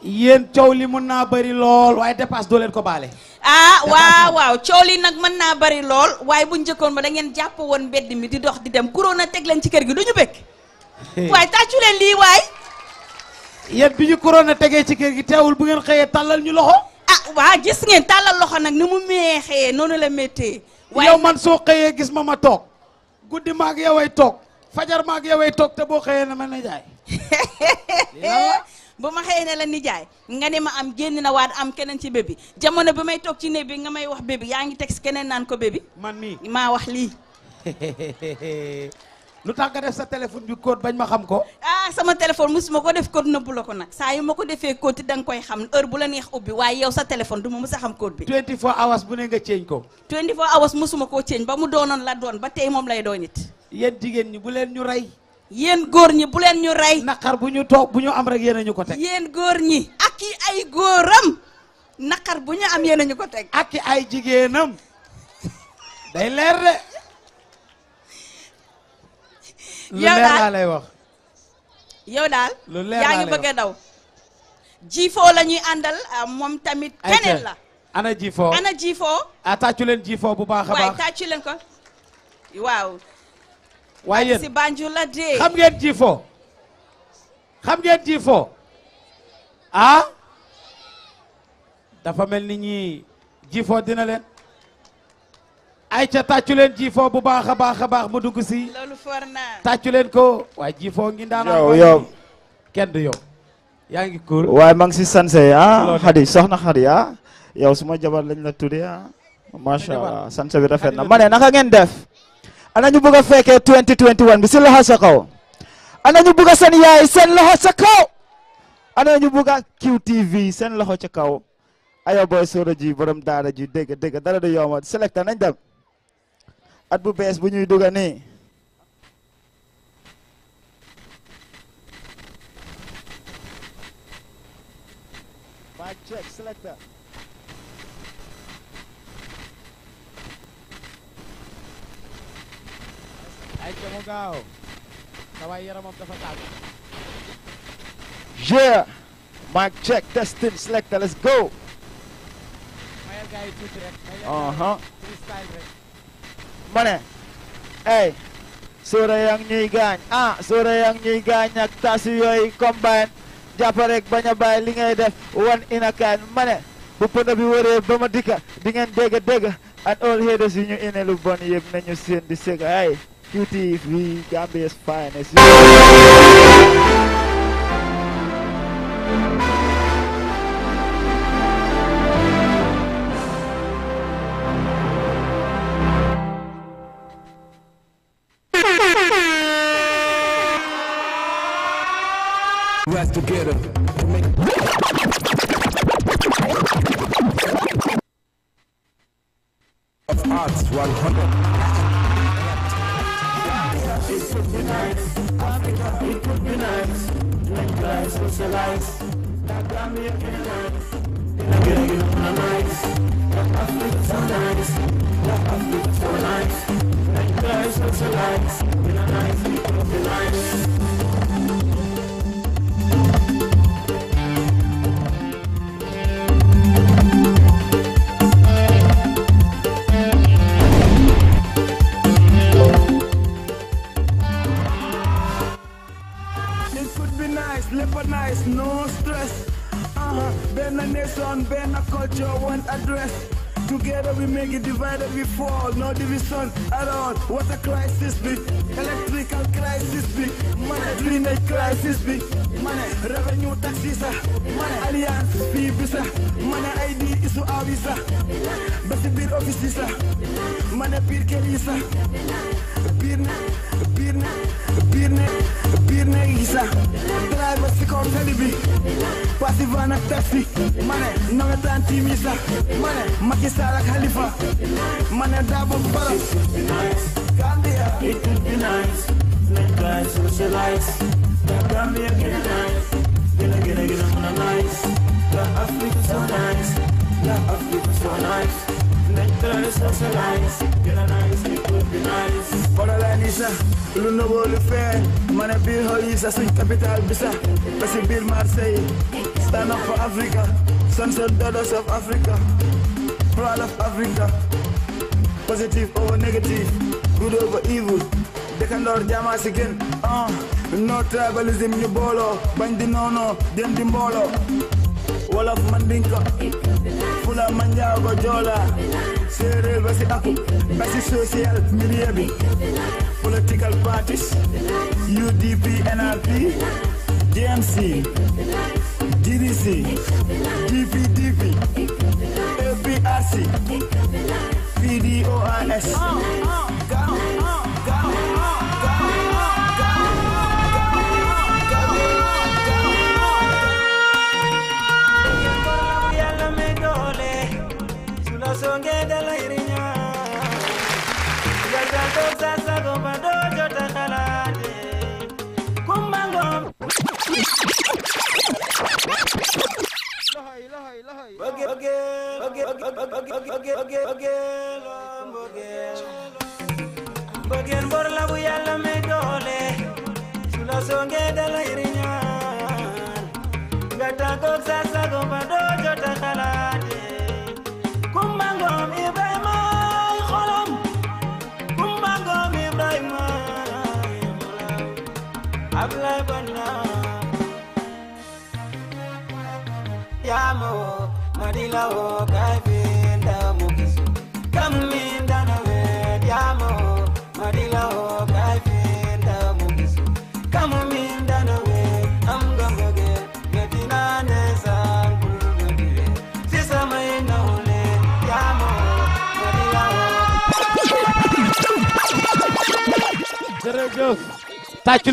S3: yéen coow li mën naa bari lool waaye dépasse doo leen ko baale. ah waaw waaw coow li nag mën naa bari lool waaye bu njëkkoon ba da ngeen jàpp woon mbedd mi di dox di dem kuróon a teg leen ci kër gi du ñu bëgg. waaye tàccu leen lii waay. yéen bi ñu kuróon tegee ci kër gi teewul bu ngeen xëyee tàllal ñu loxo. ah waa gis ngeen tàllal loxo nag ni mu meexee noonu la méttee. yow man soo xëyee gis ma ma toog guddi maag yoway toog fajar maag yoway toog te boo xëyee ne ma nijaay bu ma xëyee ne la nijaay nga ne ma am génn na waat am keneen ci bébi jamono bi may toog ci néeg bi nga may wax bébi yaa ngi teg si keneen naan ko bébi man mii maa wax lii lu tax nga def sa téléphone bi code bañ ma xam ko. ah sama téléphone musuma ko def code nëbbu la ko nag saa yu ma ko defee code da nga koy xam heure bu la neex ubbi waaye yow sa téléphone du ma a xam code bi. 24 hours bu ne nga ceeñ ko. 24 hours musuma koo ceeñ ba mu doonoon la doon ba tey moom lay doon it. yéen jigéen ñi bu leen ñu rey. yéen góor ñi bu leen ñu rey. naqar bu ñu toog bu ñu am rek yéen a ñu ko teg. yéen góor ñi. ak i ay góoram. naqar bu ñu am yéen a ñu ko teg. ak i ay jigéenam. day lu leer lay wax yow daal lu leer yaa ngi bëgg daw jiifoo la àndal ah, moom tamit keneen la
S1: ana jiifoo ana jiifoo a ah, tàccu leen jiifoo bu baax a baax
S3: waaye waaw waaye si Banjul la dee xam
S1: ngeen jiifoo xam ngeen jiifoo ah dafa mel ni ñi jiifoo dina leen ay ca len ji jifoo bu baakha baakha baax mu dugg si. lolou forna naa. len ko waaye jifoo ngi daan. yow yow kenn du yow. yaangi
S12: ngi way mang ci ngi si sanse ah xadi soxna hadi ha ah. yow suma jabar lañ la ha ma sha allah sanse bi rafet na mané naka ngeen def. ana ñu bëgg féké 2021 bi si loxo sa kaw. ana ñu bëgg sen yaay sen la sa kaw. ana ñu bëgg QTV seen loxo ca kaw. ayo boy sóora ji borom daara ji deg deg dara do yomat selecta nañ dem at bu bees bu ñuy duga ni mic check selector
S1: ay kamu kau. gaaw samay yaramam dafa
S12: yeah mic check testing selector let's go
S1: mayal
S12: Mane, hey, ey eh, sóora yaa ah sóora yaa ngi ñuy gaañ ak combine Japarek rek bañ li ngay def one in a kind ma ne bu pënd bi wëree ba ma dikka di ngeen dégg and all haters yi ñu ine lu bon yëpp nañu seen di sëgg ay QTV Gambia's finest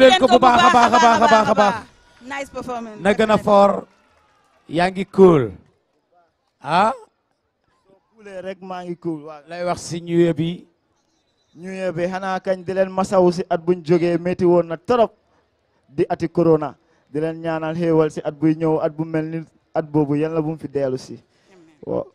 S1: leen ko bu baakha baakha baakha baakha baax
S12: nice performance
S1: na gëna for yaangi cool
S12: ah kuulee rek maa ngi cool waaw lay wax ci New Year bi New Year bi xanaa kañ di leen massaw ci at buñ joggé metti won na torop di ati corona di leen ñaanal heewal si at buy ñew at bu melni at bobu yalla bu mu fi dellu si waaw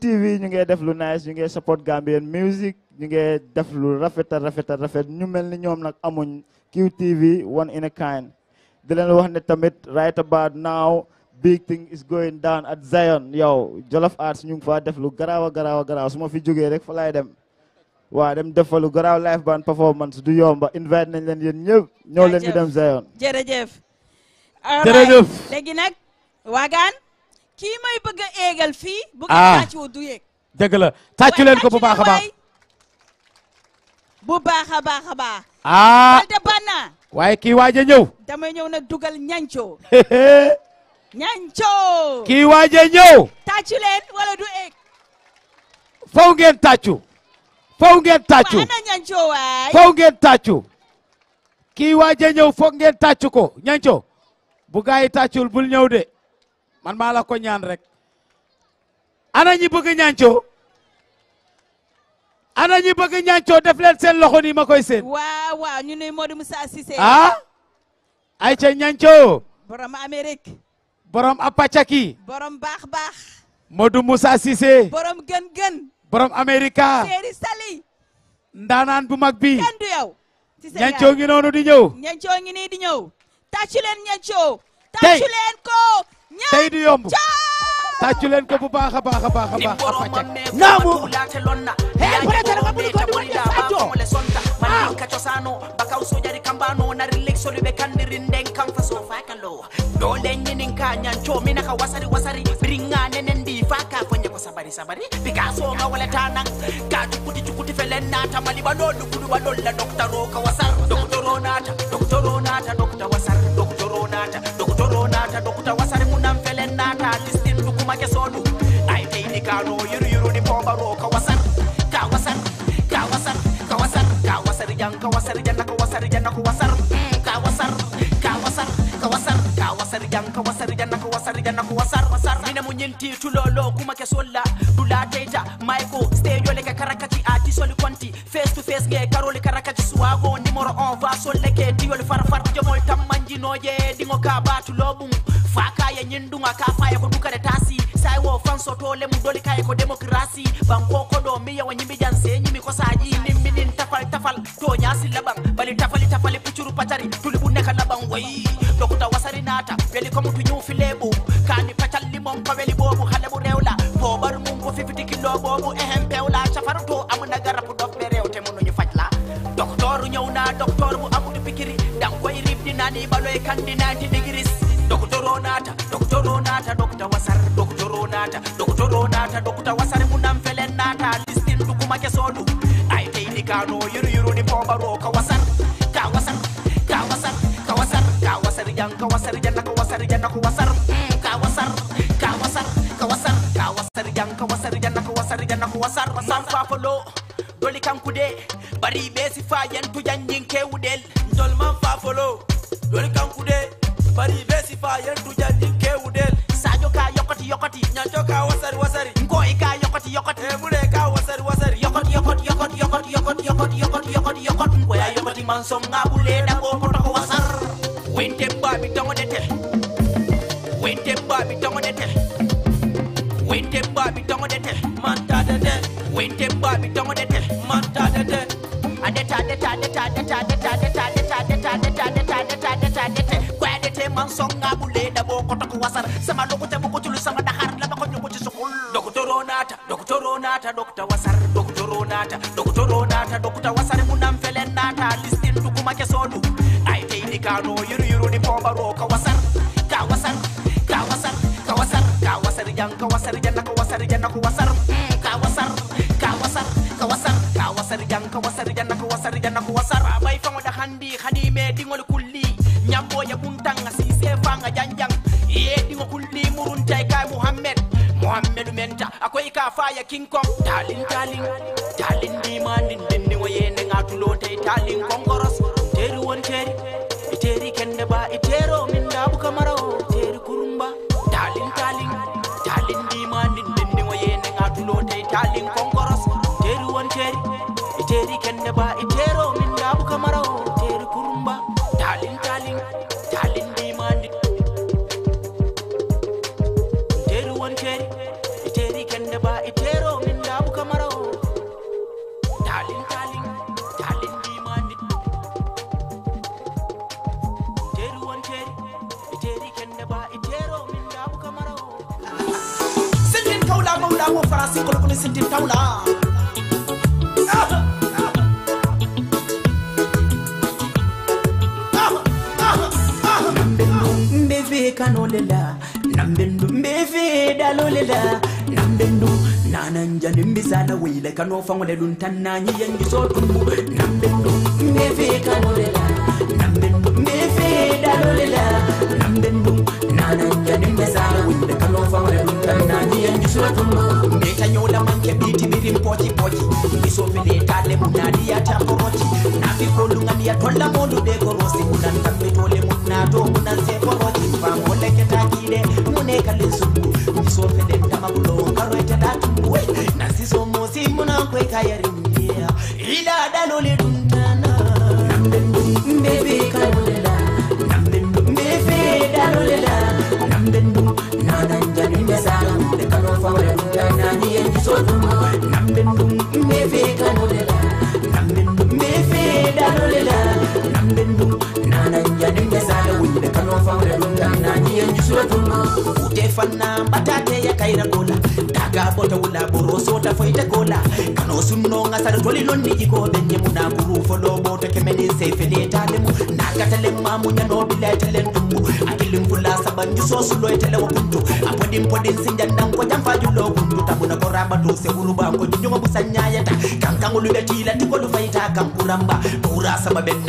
S12: TV ñu ngi def lu nice ñu ngi support Gambian music ñu ngi def lu rafet a rafet rafet ñu melni ñom nak amuñ QTV one in a kind di leen wax ne tamit right about now big thing is going down at Zion Yo, Jollof Arts ñu ngi fa def lu garaaw a garaaw a fi juge rek fa laay dem Wa dem def fa live band performance du yomba invite nañ leen yéen ñëpp ñëw leen ñu Zion
S3: jërëjëf jërëjëf léegi nag waagaan kii may bëgg a éegal fii bu ko ah. tàccu du yéeg
S1: dëgg la tàccu leen ko bu baax
S3: bu baax a baax a
S1: ah. waaye kii waaj a ñëw.
S3: damay ñëw nag dugal ñañco. ñañco. kii waaj a ñëw. wala du egg.
S1: faw ngeen tàccu. faw ngeen tàccu. kii waaj a ñëw foog ngeen tàccu ko ñañco. bu gaa yi bul ñëw de man maa ko ñaan rek. ana ñi bëgg ñañco. ana ñi bëgg ñancoo def leen seen loxo nii ma koy seen.
S3: waaw waaw ñu ne Modou Moussa Cissé. ah.
S1: ay ca ñancoo.
S3: borom Amérique.
S1: borom Apachaki.
S3: borom baax baax.
S1: Modou Moussa Cissé. borom
S3: gën gën. borom Amérique. Séeri Sali.
S1: ndaanaan bu mag bi.
S3: kenn du ngi noonu di ñëw. ñancoo ngi nii di ñëw. tàccu leen ñancoo. tàccu leen ko.
S1: ñancoo yomb. tàccu leen ko bu baax a baax a baax a baax a pacak naamu
S10: hee paretara ka buri ko ni wonde sacco manni ka cosano bakaw sojari kambano nari leksolu ɓe kandirin nden kam fa so fa ka lowa dole ñinin e ka ñanco mina ka wasari wasari biringa nenen ndi fa ka foñe ko sabari sabari picasso nga walata nan ka cukuti cukuti felen nata maliɓano lukuɗuɓa ɗolla docteur o ka wasar docteur o nata docteur o nata docteur wasar docteur o nata docteur o nata docteur make ke so du ai dai ni ka no yuru yuru ni pomba ro ka wasar ka wasar ka wasar ka ka wasar yang ka wasar yang ka wasar yang ka wasar ka wasar ka wasar ka wasar ka wasar yang ka wasar yang ka wasar yang ka wasar wasar mina munyinti tulolo kuma ke solla dula teja maiko stage ole ka karakati ati soli konti face to face ge karole karakati suago nimoro on va solle ke diol far far jomol tamma banjinoje ɗigo ka batuloɓum fakaya ñinduga ka faya ko dukade tasi sai wo fanso tole mum doli kaye ko démocratie banko koɗo miyawa ñimi jan se ji kosaji nimmiɗin tafal tafal to ñasi laɓan bali tafali tafali puccuru patari tulibu neka ka laɓan wayi dokuta wasari nata weli komo to nyu filebu kani pacalli mon ko weli bobu hale ɓu rewla boɓaru mum ko fifiti killo ɓoɓu ehen pewla cafaru to amuna garapu ɗofɓe rewte mum noñu fajla docteur ñawna docteur mo amudu pikiri nani balwe kandi 90 degrees doctoro Ronata, doctoro Ronata, docta wasar doctoro Ronata, doctoro Ronata, dokuta wasar muna mfele nata listindu kuma kesodu ay teyni kano yuru yuru ni ka wasar kawasar, kawasar, kawasar, kawasar, kawasar, yang kawasar, wasar kawasar, ka wasar kawasar, kawasar, wasar kawasar, yang wasar ka wasar ka kawasar, ka wasar wasar wasar janna ka wasar wasar wasar fafalo doli kankude bari be sifa yantu janjin kewudel dol man follow kude bari be sifa yantu jandi kewudel sadio ka yokati, yokoti nyanto ka wasari wasari ngoy ka yokati yokati, e mure ka wasari wasari Yokati yokati yokati yokati yokati yokati yokati yokati yokoti ngoy yokoti mansom ngabule da ko poto ko wasar wente babi dete. wente babi dete. wente babi dete. manta de de wente babi dete. man songa bule da bo ko tako wasar sama loko te ko tulu sama dahar la ko nyugo ci sukul doktoro nata doktoro nata dokta wasar doktoro nata doktoro nata dokta wasar munam felen nata listin duguma ke sodu ay tey ni kano yuru yuru ni pomba ro fire king kong darling darling darling demanding dinni wo yende ngatulo tay darling konkoros teri won teri e teri kende ba e tero min dabu kamara o kurumba darling darling darling demanding dinni wo yende ngatulo tay darling konkoros teri won teri cherry, teri kende ba e tero la si kolo kolo sinti taula mbefe kanolela nambendu mbefe dalolela nambendu nananjani mbisala wile kanofangole luntananyi yengisotumbu nambendu mbefe kanolela nambendu mbefe dalolela nambendu nananjani mbisala wile kanofangole luntananyi yengisotumbu lebiti miri mpojipoji isofiletaale munadiya tamporoji nafikolungania tolla molude korosi kunan kamɓe tole munnatomu sunno ngasar doli londi ko be nyemu na kuru folo moto ke meni sefe de talemu na gatale mamu nyano bila talen dumbu akilim fula saban ju so sulo tele wo kuntu apodin podin sinjan dan ko jam faju lo kuntu tabuna ko raba do se uru ba la ti fayta kan kuramba tura sama ben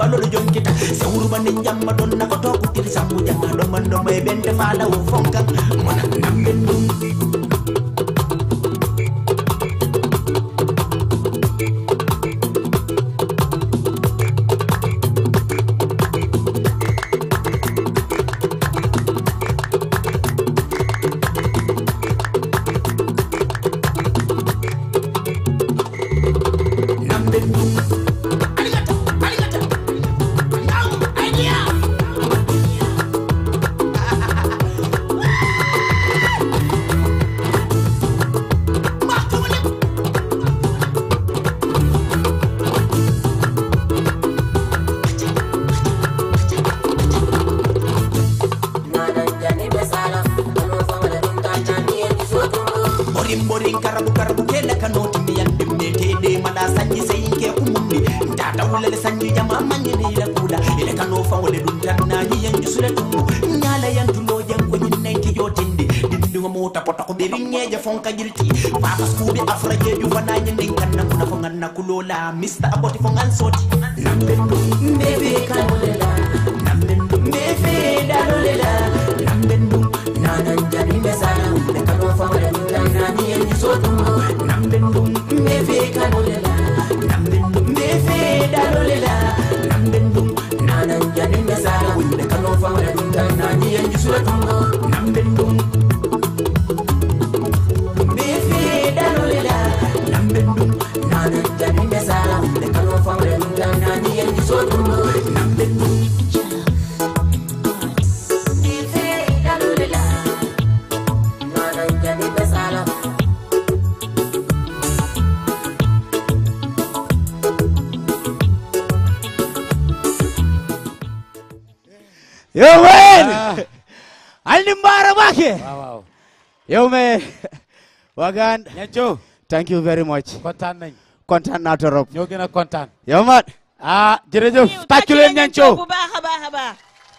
S10: balolu jonkita se uru don na koto to kutil sambu jamma do man do fala wo
S1: Magane. Niacho. thank you very much. kontaan nañ. ñoo gën a kontaan. yow mat ah, jërëjëf. tàccu leen Niacho a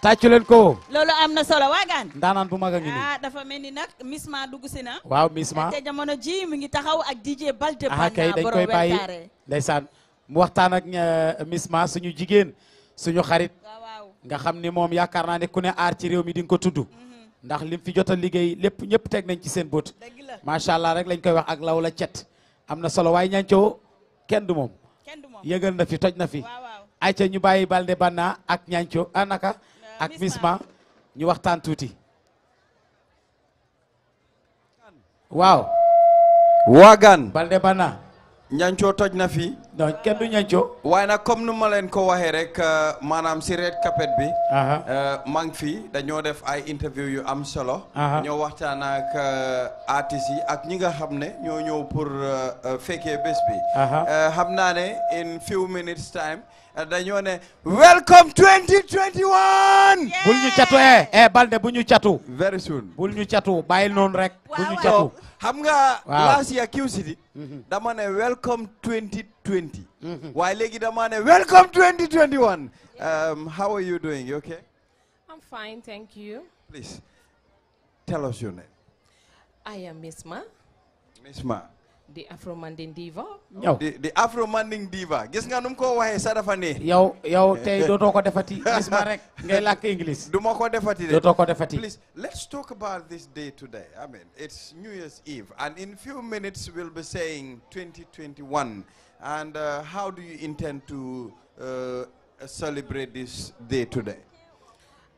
S1: baax leen ko.
S3: loolu am na solo waagaan.
S1: ndaanaan bu mag a ngi nii. ah
S3: dafa mel ni nag Miss Ma dugg si na. waaw Miss Ma te jamono ji mi ngi taxaw ak DJ Balde. ah kay dañ koy bàyyi
S1: ndeysaan mu waxtaan ak eh, Miss Ma suñu jigéen suñu xarit. nga xam ni moom yaakaar naa ne ku ne aar ci réew mi di nga ko tudd. ndax lim fi jot a liggéey lépp ñëpp teg nañ ci seen boot macha allah rek lañ koy wax ak law la cet am na solo waaye ñancoo kenn du moom yëgal na fi toj na fi ayca ñu bàyyi balde banna ak ñancoo anaka ah, euh, ak misma ñu waxtaan tuuti waaw waagaan balde banna ñancoo toj na fi non kenn du ñancoo waaye
S4: nag comme nu ma leen ko waxee rek euh, maanaam si red carpet bi
S11: euh,
S4: maa ngi fi dañoo def ay interview yu am solo ñoo waxtaan ak euh, artistes yi ak ñi nga xam ne ñoo ñëw pour fekkee bés bi xam naa ne in few minutes time dañoo ne
S1: welcome 2021 bul ñu catu eh, eh Balde bu ñu catu very soon bul ñu catu bàyyil noonu rek bu ñu catu
S4: xam nga last year QCD mm-hmm. welcome 20. Mm -hmm. Wiley Gidamane, welcome 2021. Yeah. Um, how are you doing? You okay?
S19: I'm fine, thank you.
S4: Please, tell us your name.
S19: I am Miss Ma. Miss Ma. The Afro-Manding Diva. Yow.
S4: The, the Afro-Manding Diva. Gis nga num ko
S1: waxe sa dafa ne. Yow yow tay ko defati. Miss Ma rek ngay lak English. Duma ko defati de. Doto ko defati. Please,
S4: let's talk about this day today. I mean, it's New Year's Eve and in few minutes we'll be saying 2021. And uh, how do you intend to uh, celebrate this day today?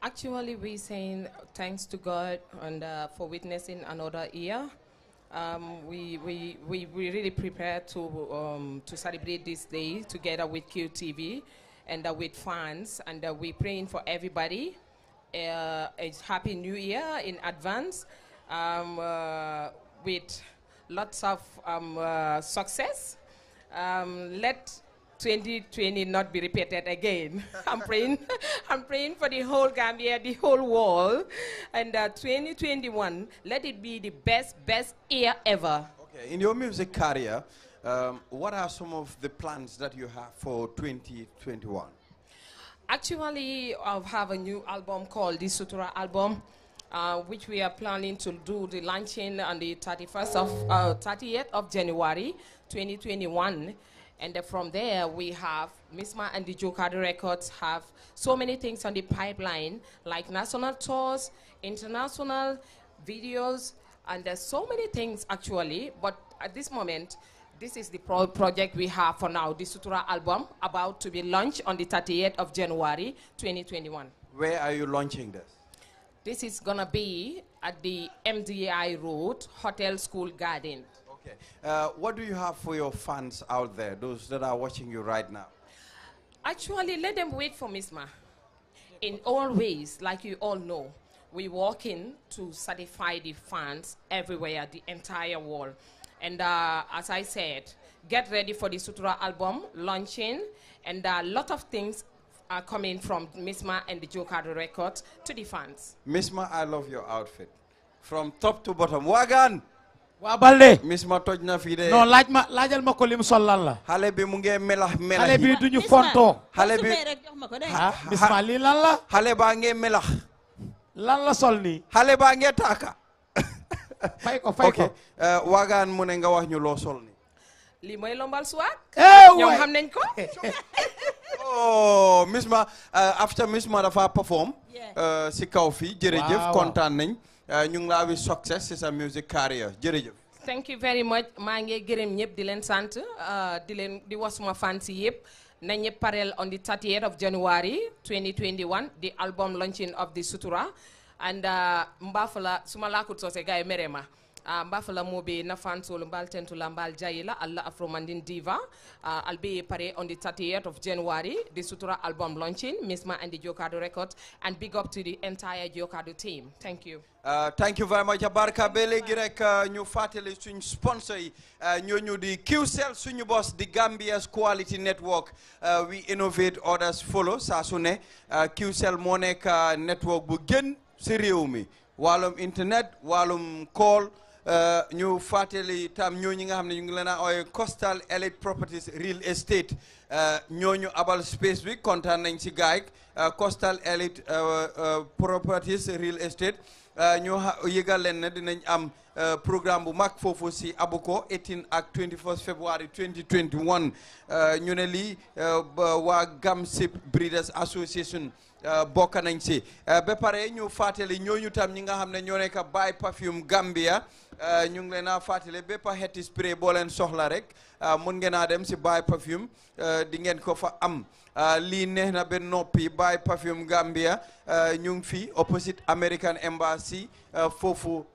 S19: Actually, we're saying thanks to God and uh, for witnessing another year. Um, we, we, we, we really prepare to, um, to celebrate this day together with QTV and uh, with fans. And uh, we're praying for everybody uh, a happy new year in advance um, with lots of um, success um, let 2020 not be repeated again. I'm praying, I'm praying for the whole Gambia, the whole world, and uh, 2021 let it be the best, best year ever.
S4: Okay, in your music career, um, what are some of the plans that you have for 2021?
S19: Actually, I have a new album called the Sutura album. Uh, which we are planning to do the launching on the 31st of uh, 30th of January. 2021. And from there, we have Misma and the Joker. Records have so many things on the pipeline, like national tours, international videos, and there's so many things actually. But at this moment, this is the pro project we have for now, the Sutura album, about to be launched on the 38th of January 2021.
S4: Where are you launching this?
S19: This is going to be at the MDI Road Hotel School Garden.
S4: Okay. Uh, what do you have for your fans out there, those that are watching you right now?
S19: Actually, let them wait for Miss Ma. In all ways, like you all know, we walk in to satisfy the fans everywhere, the entire world. And uh, as I said, get ready for the sutra album launching, and a uh, lot of things are coming from Misma and the Joker Records record to the fans.
S4: Misma, I love your outfit. From top to bottom. Wagan! waa Balde. Miss ma toj na fii de. laaj
S1: ma laajal ma ko lim sol lan la.
S4: xale bi mu ngi melax melax. xale bi
S1: duñu
S3: fontoo.
S4: xale bi ah
S1: Miss ma lii lan la. xale baa ngi melax.
S4: lan la sol nii. xale baa ngi taaka. fay ok eh, waagaan mu ne nga wax ñu loo sol ni
S19: lii mooy lombal suwaat. Eh, ñoom xam nañ ko.
S4: oh Miss ma eh, after Miss ma dafa perform. si kaw fii jërëjëf kontaan nañ. Uh, ñu ngi wi success si sa music career jërëjëf.
S19: thank you very much maa ngi gërëm ñëpp di leen sant uh, di leen di wax suma fans yëpp na ñëpp on the 30th of January 2021 the album launching of the Sutura and uh, Mbafala suma laakut soose gars uh, ah, mbafala mobe nafan sol mbal tentula mbal jayila alla afromandin diva uh, ah, albe pare on the 30th of january the sutura album launching misma and the jokado record and big up to the entire jokado team thank you
S4: Uh, thank you very much Barka bele léegi rek ñu fàttali suñ sponsor yi ñooñu di QCell suñu boss di Gambia's Quality Network we innovate others follow saa su ne QCell moo nekk network bu gën si réew mi wàllum internet wàllum call Euh, ñu fàttali tam ñi nga xam ne ñu ngi leen a ooye Coastal Elite Properties Real Estate euh, ñu abal space bi kontaan nañ ci gaay euh, Coastal Elite Properties Real Estate ñu yëgal leen ne dinañ am programme bu mag foofu si Abuko 18 ak 21 février 2021 ñu ne lii waa Gamsip Breeders Association Euh, bokk nañ si euh, ba pare ñu fàttali ñooñu tam ñi nga xam ne ñoo nekk Buy Perfume Gambia euh, ñu ngi leen a fàttali bépp xeeti spray boo leen soxla rek mun ngeen a dem si Buy Perfume di ngeen ko fa am lii neex na ba noppi Buy Perfume Gambia ñu ngi fi opposite American Embassy foofu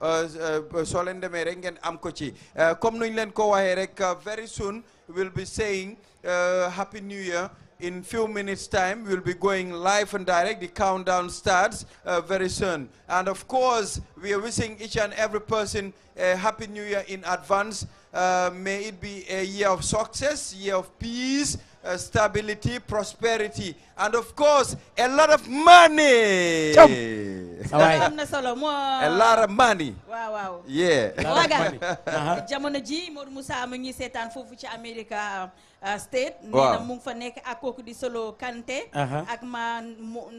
S4: soo leen demee rek ngeen am ko ci comme nuñ leen ko waxee rek very soon will be saying happy new year in few minutes time we'll be going live and direct the countdown starts uh, very soon and of course we are wishing each and every person a happy new year in advance uh, may it be a year of success year of peace uh, stability prosperity and of course a lot of money a lot of money Wow, wow. yeah a lot
S3: of money uh-huh. Euh, state nee na mu ngi fa nekk ak kooku di Solo Kanté ak ma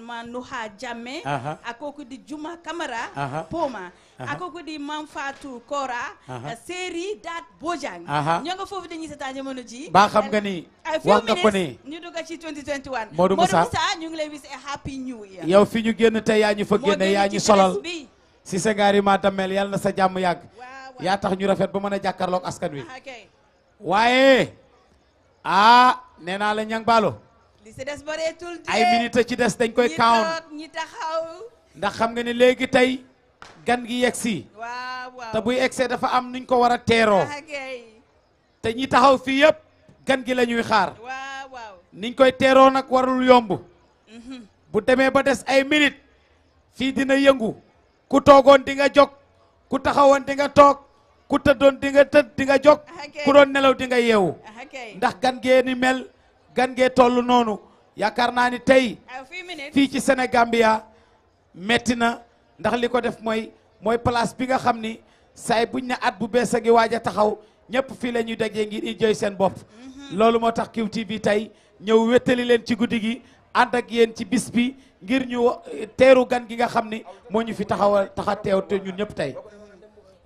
S3: ma Nuha Jammeh ak kooku di Juma Kamara Poma ak kooku di Mam Fatou Kora euh, Seri boo Bojang ñoo nga foofu dañuy seetaan jamono ji ba xam nga ni euh, wax nga ko ni ñu dugg ci 2021 Modou Moussa ñu ngi lay wis a happy new year
S1: yow fi ñu génn te yaa ñu fa génne yaa ñu solal si sa ngaari maa damel yal na sa jàmm yàgg yaa tax ñu rafet ba mën a jàkkaarloog askan wi ah, waaye ah nena naa la ñang baalo
S3: li si des tul di ay minute ci des dañ koy count ñi taxaw
S1: ndax xam nga ni legui tay gan gi yexi waaw waaw ta buy exé dafa am nuñ ko wara téro te ñi taxaw fi yëpp gan gi lañuy xaar waaw waaw niñ koy téro nak warul yomb mhm. bu démé ba des ay minute fi dina yëngu ku togon di nga jog ku taxawon di nga tok ku tëddoon di nga tëdd di nga jog ku don nelaw di nga yew ndax gan gee ni mel gan ge tollu nonu yakarna ni tay fi ci senegambia metti na ndax liko def moy moy place bi nga xamni say buñ ne at bu bes mm-hmm. ak waja taxaw ñepp fi lañu dajje ngir i joy sen bop lolu motax tax QTV tay ñew wetali len ci guddigi and ak yeen ci bis bi ngir ñu teru gan gi nga xamni moñu fi taxawal taxatew te ñun ñepp tay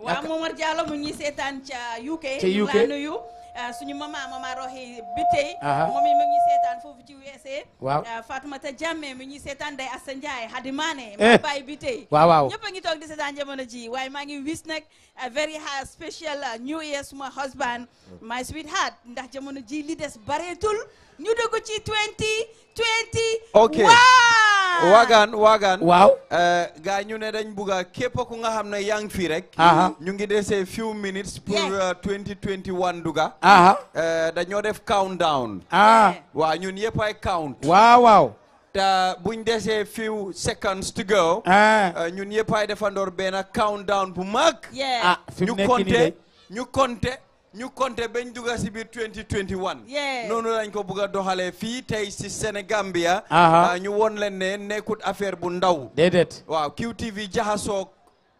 S3: waaw Momar Diallo mu ñuy seetaan ca UK ca UK laa nuyu ah, suñu mama mama roxi bi mu ngi seetaan foofu ci USA waaw ah, Fatoumata Jammeh mu ngi seetaan day Assa Ndiaye Hadi Mané eh. ma bàyyi bi tey waaw waaw ñëpp a ngi di seetaan jamono ji waaye maa ngi wis nag very high special uh, new year suma husband mm. my sweetheart ndax jamono ji li des bareetul ñu dugg ci 20 20 ok waagaan
S4: waagaan waaw eh, gaa ñu ne dañ bugga képp ku nga xam ne yaa fii rek ñu ngi desee few minutes pour 2021 eh, duga eh, dañoo def countdown ah. waaw ñun yëpp ay count
S11: waaw
S4: buñ desee few seconds to go ah. ñun yëpp ay defandoor benn countdown bu mag ah, ñu konte ñu compter bañ dugg si biir 2021. yee noonu lañ ko bugg a doxalee fii tey si Sénégambia. Ah, ñu won leen ne nekkut affaire bu ndaw. déedéet waaw QTV jaxasoo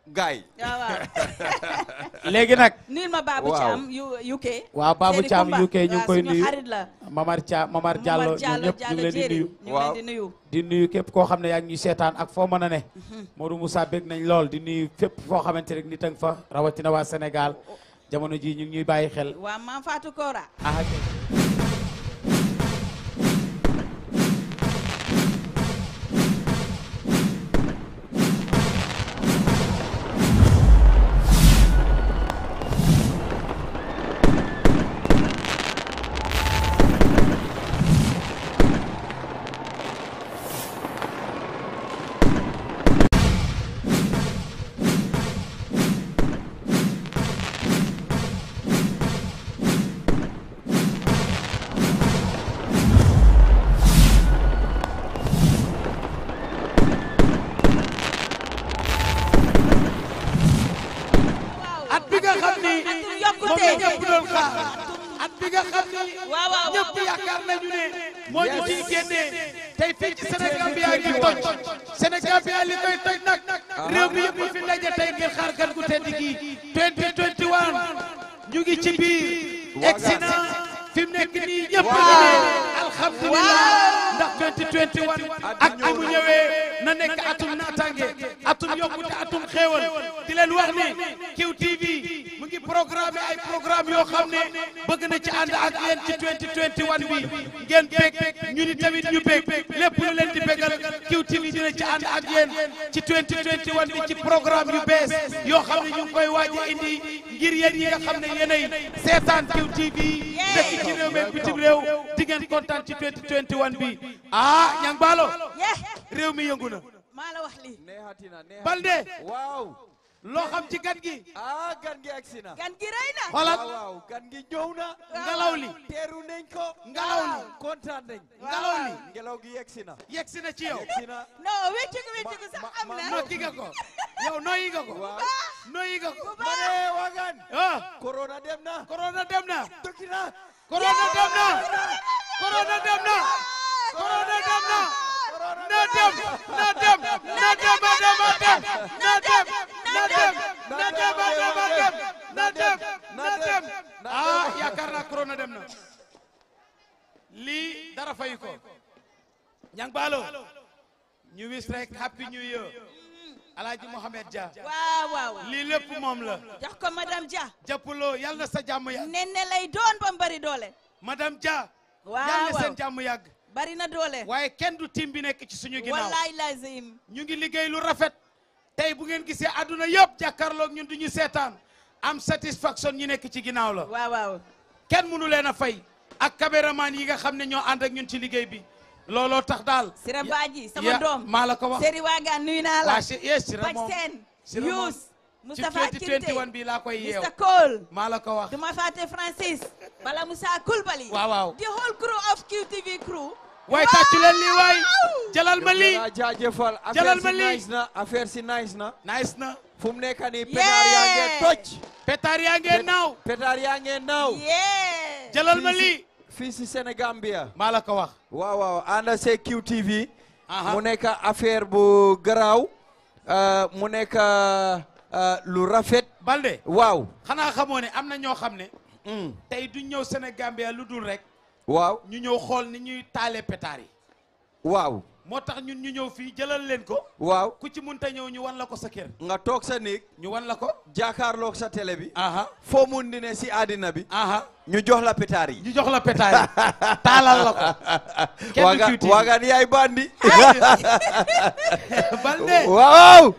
S4: gaay
S1: léegi nag.
S3: nuyu ma Babou Thiam UK. waaw Babou Thiam UK ñu ngi koy nuyu xarit la
S1: Mamar Thiam Mamar Diallo ñoom ñëpp ñu ngi leen di nuyu. waaw di nuyu. di nuyu képp koo xam ne yaa ngi ñuy seetaan ak foo mën a ne. Mm-hmm. Modou Moussa bég nañ lool di nuyu fépp foo xamante rek nit a nga fa rawatina waa Sénégal. jamono ji ñu ngi ñuy bàyyi xel.
S3: waa maam faatu Kora.
S1: Ah,
S2: koy toj Sénégal bi li koy toj nag
S1: réew mi yëpp fi ndaje tey ngir xaar ngi ci biir egsi na fi mu nekk nii ñëpp alhamdulilah ndax ak ni na nekk atum naataange atum yokkute atum xéewal di wax ni QTV programme ay programme yoo xam ne bëgg na ci ànd ak yéen ci 2021 bi ngeen bég ñu ni tamit ñu bég lépp lu leen di bégal QTV dina ci ànd ak yéen ci 2021 bi ci programme yu bees yoo xam ne ñu ngi koy waaj a indi ngir yéen yi nga xam ne yéenay seetaan QTV dëkk ci réew mi bitim réew di kontaan ci bi ah ñang baalo réew mi yëngu na lo xam ci gan gi.
S3: ah gan gi agsi na. gan gi rey na. xoolal
S1: ah, waaw
S4: gan gi ñëw na. ngelaw li teeru nañ ko. ngelaw li ah, kontaan nañ. ngelaw
S1: li ah, ngelaw gi yegsi na. yegsi na ci yow. yegsi na
S3: non wéccug wéccug sax am na. ko
S1: yow no nga ko. no noyyi ko. ma ne ah. corona dem
S2: na. corona dem na. tukki na. corona dem na. corona dem na. corona dem na. na dem na dem na dem na dem na
S1: dem na dem na ah ya karena corona dem Li lii dara fay ko ñang baalo ñu wis rek happy new year Alhaji Mohamed Dia. waaw waaw lii lépp moom la. jox ko madame Dia. jàppuloo yal na sa jàmm yàgg. nee lay doon ba mu doole. madame Dia. waaw yal na seen bari na doole. waaye kenn du tim bi nekk ci suñu ginnaaw wallaay la ñu ngi liggéey lu rafet. tey bu ngeen gisee àdduna yëpp jàkkaarloog ñun du ñu seetaan am satisfaction ñu nekk ci ginnaaw la. waaw waaw kenn mënu leen a fay. ak caméraman yi nga xam ne ñoo ànd ak ñun ci liggéey bi.
S3: looloo tax daal. si Badji sama doom maa la ko wax. Seri Waaga nuyu naa la. waa si yes eh, Sira moom Sira moom Moustapha Kinte 2021 bi laa koy yeew. Mr
S1: Cole maa la ko wax.
S3: du ma fàtte Francis. bala Moussa Kulbali. waaw waaye tàccu leen lii waay jëlal ma lii
S4: jaajëfal jëlal ma affaire si nice na nice na fu mu nekk nii pétard yaa toj pétard yaa naaw pétard yaa naaw
S3: jëlal ma lii
S4: fii si Sénégambia maa la ko wax waaw waaw ànda see QTV mu nekk affaire bu garaaw euh,
S1: mu nekk euh, lu rafet Balde waaw xanaa xamoo ne am na ñoo xam ne mm. tey duñ ñëw Sénégambia lu dul rek waaw ñu ñëw xool ni ñuy taale pétard yi. waaw. moo tax ñun ñu ñëw fii jëlal leen ko. waaw ku ci munta ñëw ñu wan la ko sa kër. nga toog sa néeg. ñu wan la ko. jàkkaarloog sa tele bi. foo mun di si
S4: àddina bi. ñu jox la pétard yi. ñu jox la pétard yi taalal la ko. kenn du tuuti waagaan yaay bandi. waaw.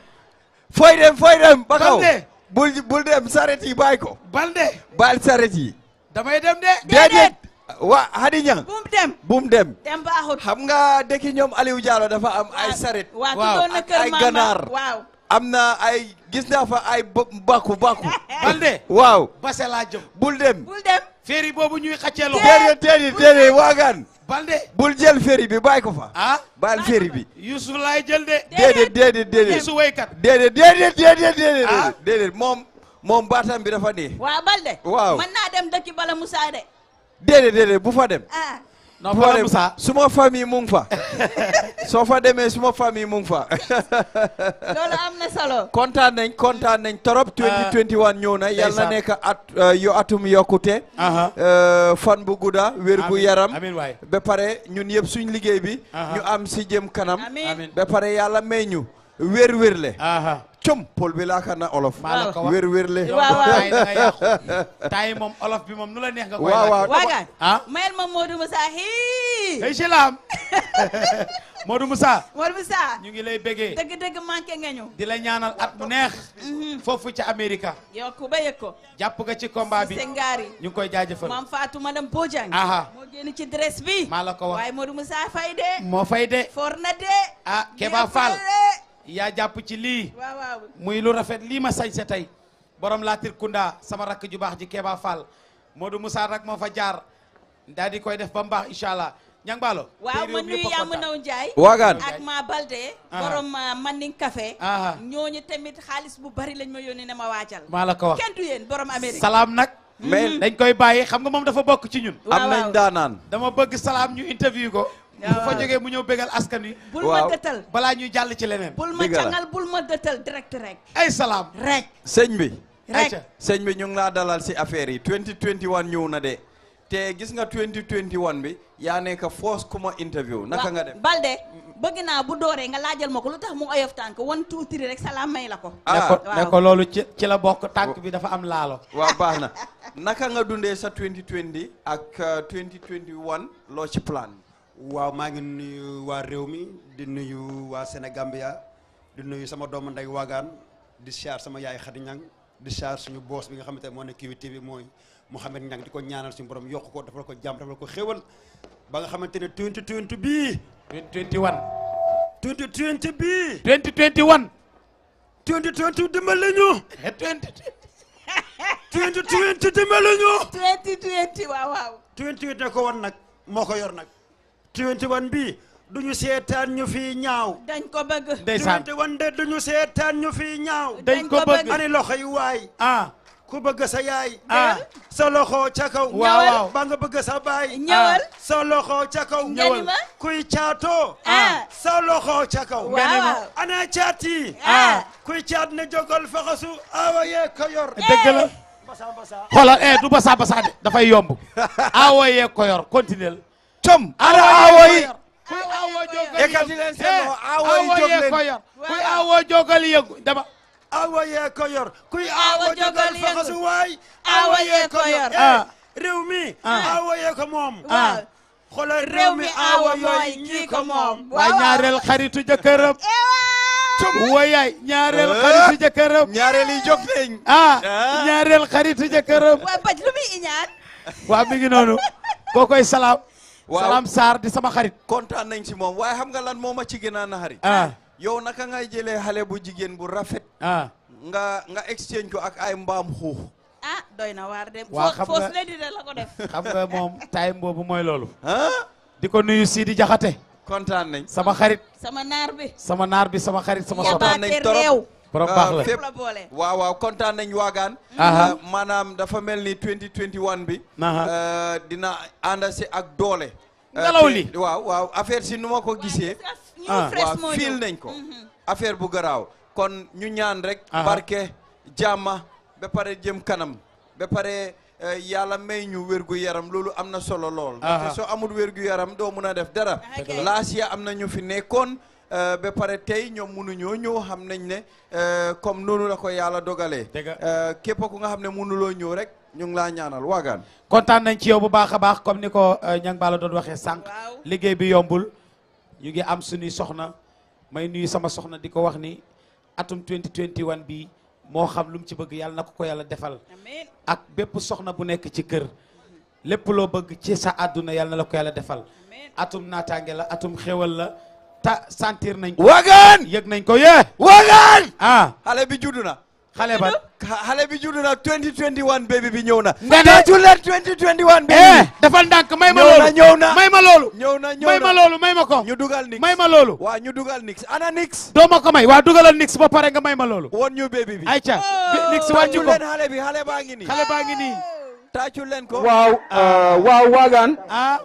S4: fooy dem fooy dem. ba kaw Balde. bul bul dem saret yi bàyyi ko. Balde. baal saret yi. damay dem de. déedéet. waa Hadiña. bum dem bum dem. dem xam nga dëkk ñoom Aliou Diallo dafa am ay saret. waaw ak ay ganaar waaw. am na ay gis naa fa ay bakku bakku. Balde. waaw. Basse laa jëm. bul dem. bul
S1: dem. boobu ñuy xàcceeloo. déedéet déedéet déedéet waagaan. Balde.
S4: bul jël bi bàyyi ko ah. jël
S1: de. waykat.
S4: déedéet ah. déedéet moom moom baatam bi dafa nii.
S3: waaw Balde. waaw mën naa dem dëkki bala Moussa de.
S4: déedéet déedéet bu fa dem. Ah. non fa dem suma famille mu ngi fa. soo fa demee suma famille mu ngi fa. loolu am na solo. kontaan nañ kontaan nañ trop. 2021 ah. ñëw na yal na nekk at euh, yu atum yokkute. Euh, fan bu gudda wér gu yaram. ba pare ñun yëpp suñ liggéey bi. ñu am si jëm kanam. ba pare yàlla may ñu wér-wér le com pol bi laaka na olof. wér wér le waaw
S1: moom
S3: olof bi moom nu la neex nga koy waaw waaw waagaan ah mayel ma Modou Moussa hi hey Chilam
S1: Modou Moussa
S3: Modou Moussa
S1: ñu ngi lay béggee dëgg
S3: dëgg manqué nga ñu di la ñaanal at mu neex mm-hmm. foofu ca Amérique yokku ba yëg ko jàpp nga ci combat bi sengaari ñu ngi koy jaajëfal maam Fatou madame Bojang aha moo génn ci dress bi waaye Modou Moussa fay moo fay de for na de ah, yaa jàpp ci lii waaw waaw muy
S1: lu rafet lii ma sañse tey borom laatir kunda sama rakk ju baax ji Kéba Fall Modou Moussa nag moo fa jaar daal di koy def ba mu baax allah ñang baalo
S3: waaw ma nuyu yaamu naw Ndiaye waagaan ak ma Balde borom ah, Manning Café ñooñu tamit xaalis bu bari lañ ma yónnee ne ma waacal maa la ko wax kenn du borom Amérique salaam nag mais
S1: dañ koy bàyyi xam nga moom dafa bokk ci ñun am nañ daanaan dama bëgg salaam ñu interview ko Ya. bu fa jógee mu ñëw bégal askan wi. bul ma dëtal balaa ñuy jàll ci leneen. bul ma cangal
S3: bul ma dëtal direct rek. ay salaam rek.
S4: sëñ bi. rek sëñ bi ñu ngi dalal si affaire yi 2021 ñëw na de. te gis nga 2021 bi yaa nekk force kuma interview
S1: naka nga def
S3: Balde bëgg naa bu dooree nga laajal ma ko mu oyof tànk one two three rek salam may la ko ah. ne ko loolu
S1: ci la bokk tànk bi dafa am lalo. waaw baax na naka
S4: nga dundee sa 2020 ak 2021 uh, loo ci plan waaw maa ngi nuyu waa réew mi di nuyu waa Sénégambia di nuyu sama doomu ndey waagaan di siyaar sama yaay Khady Niang di siyaar suñu boos bi nga xamante ne moo nekk Kiwi TV mooy
S1: Mouhamed Niang di ko ñaanal suñu borom yokk ko dafa ko jàmm dafa ko xéwal ba nga xamante ne 2020
S2: bii. 2021. 2020 bii. 2021. 2020 dimbali ñu. 2020. Eh, 2020 dimbali ñu.
S3: 2020 waaw waaw.
S2: 2020 ko wan nag moo ko yor nag. 21 bi duñu seetaan ñu fi ñaaw. dañ ko bëgg. ndeysaan 21 de duñu seetaan ñu fi ñaaw. dañ ko bëgg ani loxo yu waay. ah ku bëgg sa yaay. ah sa loxo ca kaw. waaw ba nga bëgg sa baay. ñëwal sa loxo ca kaw. ñëwal kuy caatoo. ah sa loxo ca kaw. Ah. Ah. waaw ana caat yi. Ah. ah kuy caat ne jogal faxasu awa yee ko yor. Eh. dëgg la.
S1: xoolal eh du basa basa de dafay yomb awa yee ko yor continuel tom ana aawo yi
S9: kuy aawo jogal yëkkati
S1: leen seen eh, loxo aawo yi jóg leen
S2: kuy aawo jogal yëgu daba aawo yee ko yor kuy aawo jogal faxasu waay aawo yee ko yor eh, ah. réew mi aawo ah. yee ko moom ah. xoolal réew mi aawo yooyu
S3: ñii ko moom waaye ñaareel xaritu
S2: jëkkëram eh, woyaay ñaareel
S3: xaritu
S1: jëkkëram ñaareel yi jóg nañ
S3: baj lu muy iñaan
S1: waa mi ngi noonu salaam waaw Salam Sarr di sama xarit.
S4: kontaan nañ ci moom waaye xam nga lan moo ma ci gën a naxari. Ah. yow naka ngay jëlee xale bu jigéen bu rafet.
S1: Ah. nga nga exchange ko ak ay mbaam xuux.
S3: ah doy na waar de. waaw xam nga la ko def. xam nga
S1: moom time boobu mooy loolu. di ko nuyu Sidi Jaxate kontaan nañ. sama xarit
S3: sama naar bi.
S1: sama naar bi sama xarit sama. kontaan nañ torop
S4: borom ah, baax la fépp waaw waaw kontaan nañ waagaan euh, maanaam dafa mel ni 2021 bi euh, dina ànd si ak doole euh, ngelaw li waaw waaw affaire si nu ma ko gisee ah. waaw nañ ko mhm. affaire bu garaaw kon ñu ñaan rek barke jàmma ba pare jëm kanam ba pare yàlla may ñu wérgu yaram loolu am na solo lool ndaxte soo amul yaram doo mun a def dara laas ya am ñu fi nekkoon Euh, ba pare tey ñoom mënuñoo ñëw xam nañ ne euh, comme noonu la ko yàlla dogalee. Euh, képp ku nga xam ne mënuloo ñëw rek ñu ngi laa ñaanal
S1: waagaan. kontaan nañ ci yow bu baax baax comme ni ko ñang bala doon waxee sànq. liggéey bi yombul. ñu ngi am suñuy soxna may nuyu sama soxna di ko wax ni atum 2021 bi moo xam lu mu ci bëgg yàlla na ko ko yàlla defal. ak bépp soxna bu nekk ci kër. lépp loo bëgg ci sa àdduna yàlla na la ko yàlla defal. atum naataange la atum xéwal la. ta sentir nañ ko. wagan yëg nañ ko yee. wagan ah
S4: xale bi judd na. xale ba xale bi judd na 2021 baby bi ñëw na. nga ne
S1: juleen 2021 baby. Eh, may ma loolu ñëw na may ma loolu. ñëw na ñëw na may ma may ma ko. dugal nix may ma loolu. waa ñu dugal nix ana nix. doo ma may waa dugalal nix ba pare nga may ma
S5: loolu. woon ñu baby bi. ayca oh.
S1: nix wàññi ko
S2: bi xale baa ngi nii. xale ngi nii.
S4: tàccul leen
S5: ko. waaw ah. Ah, waaw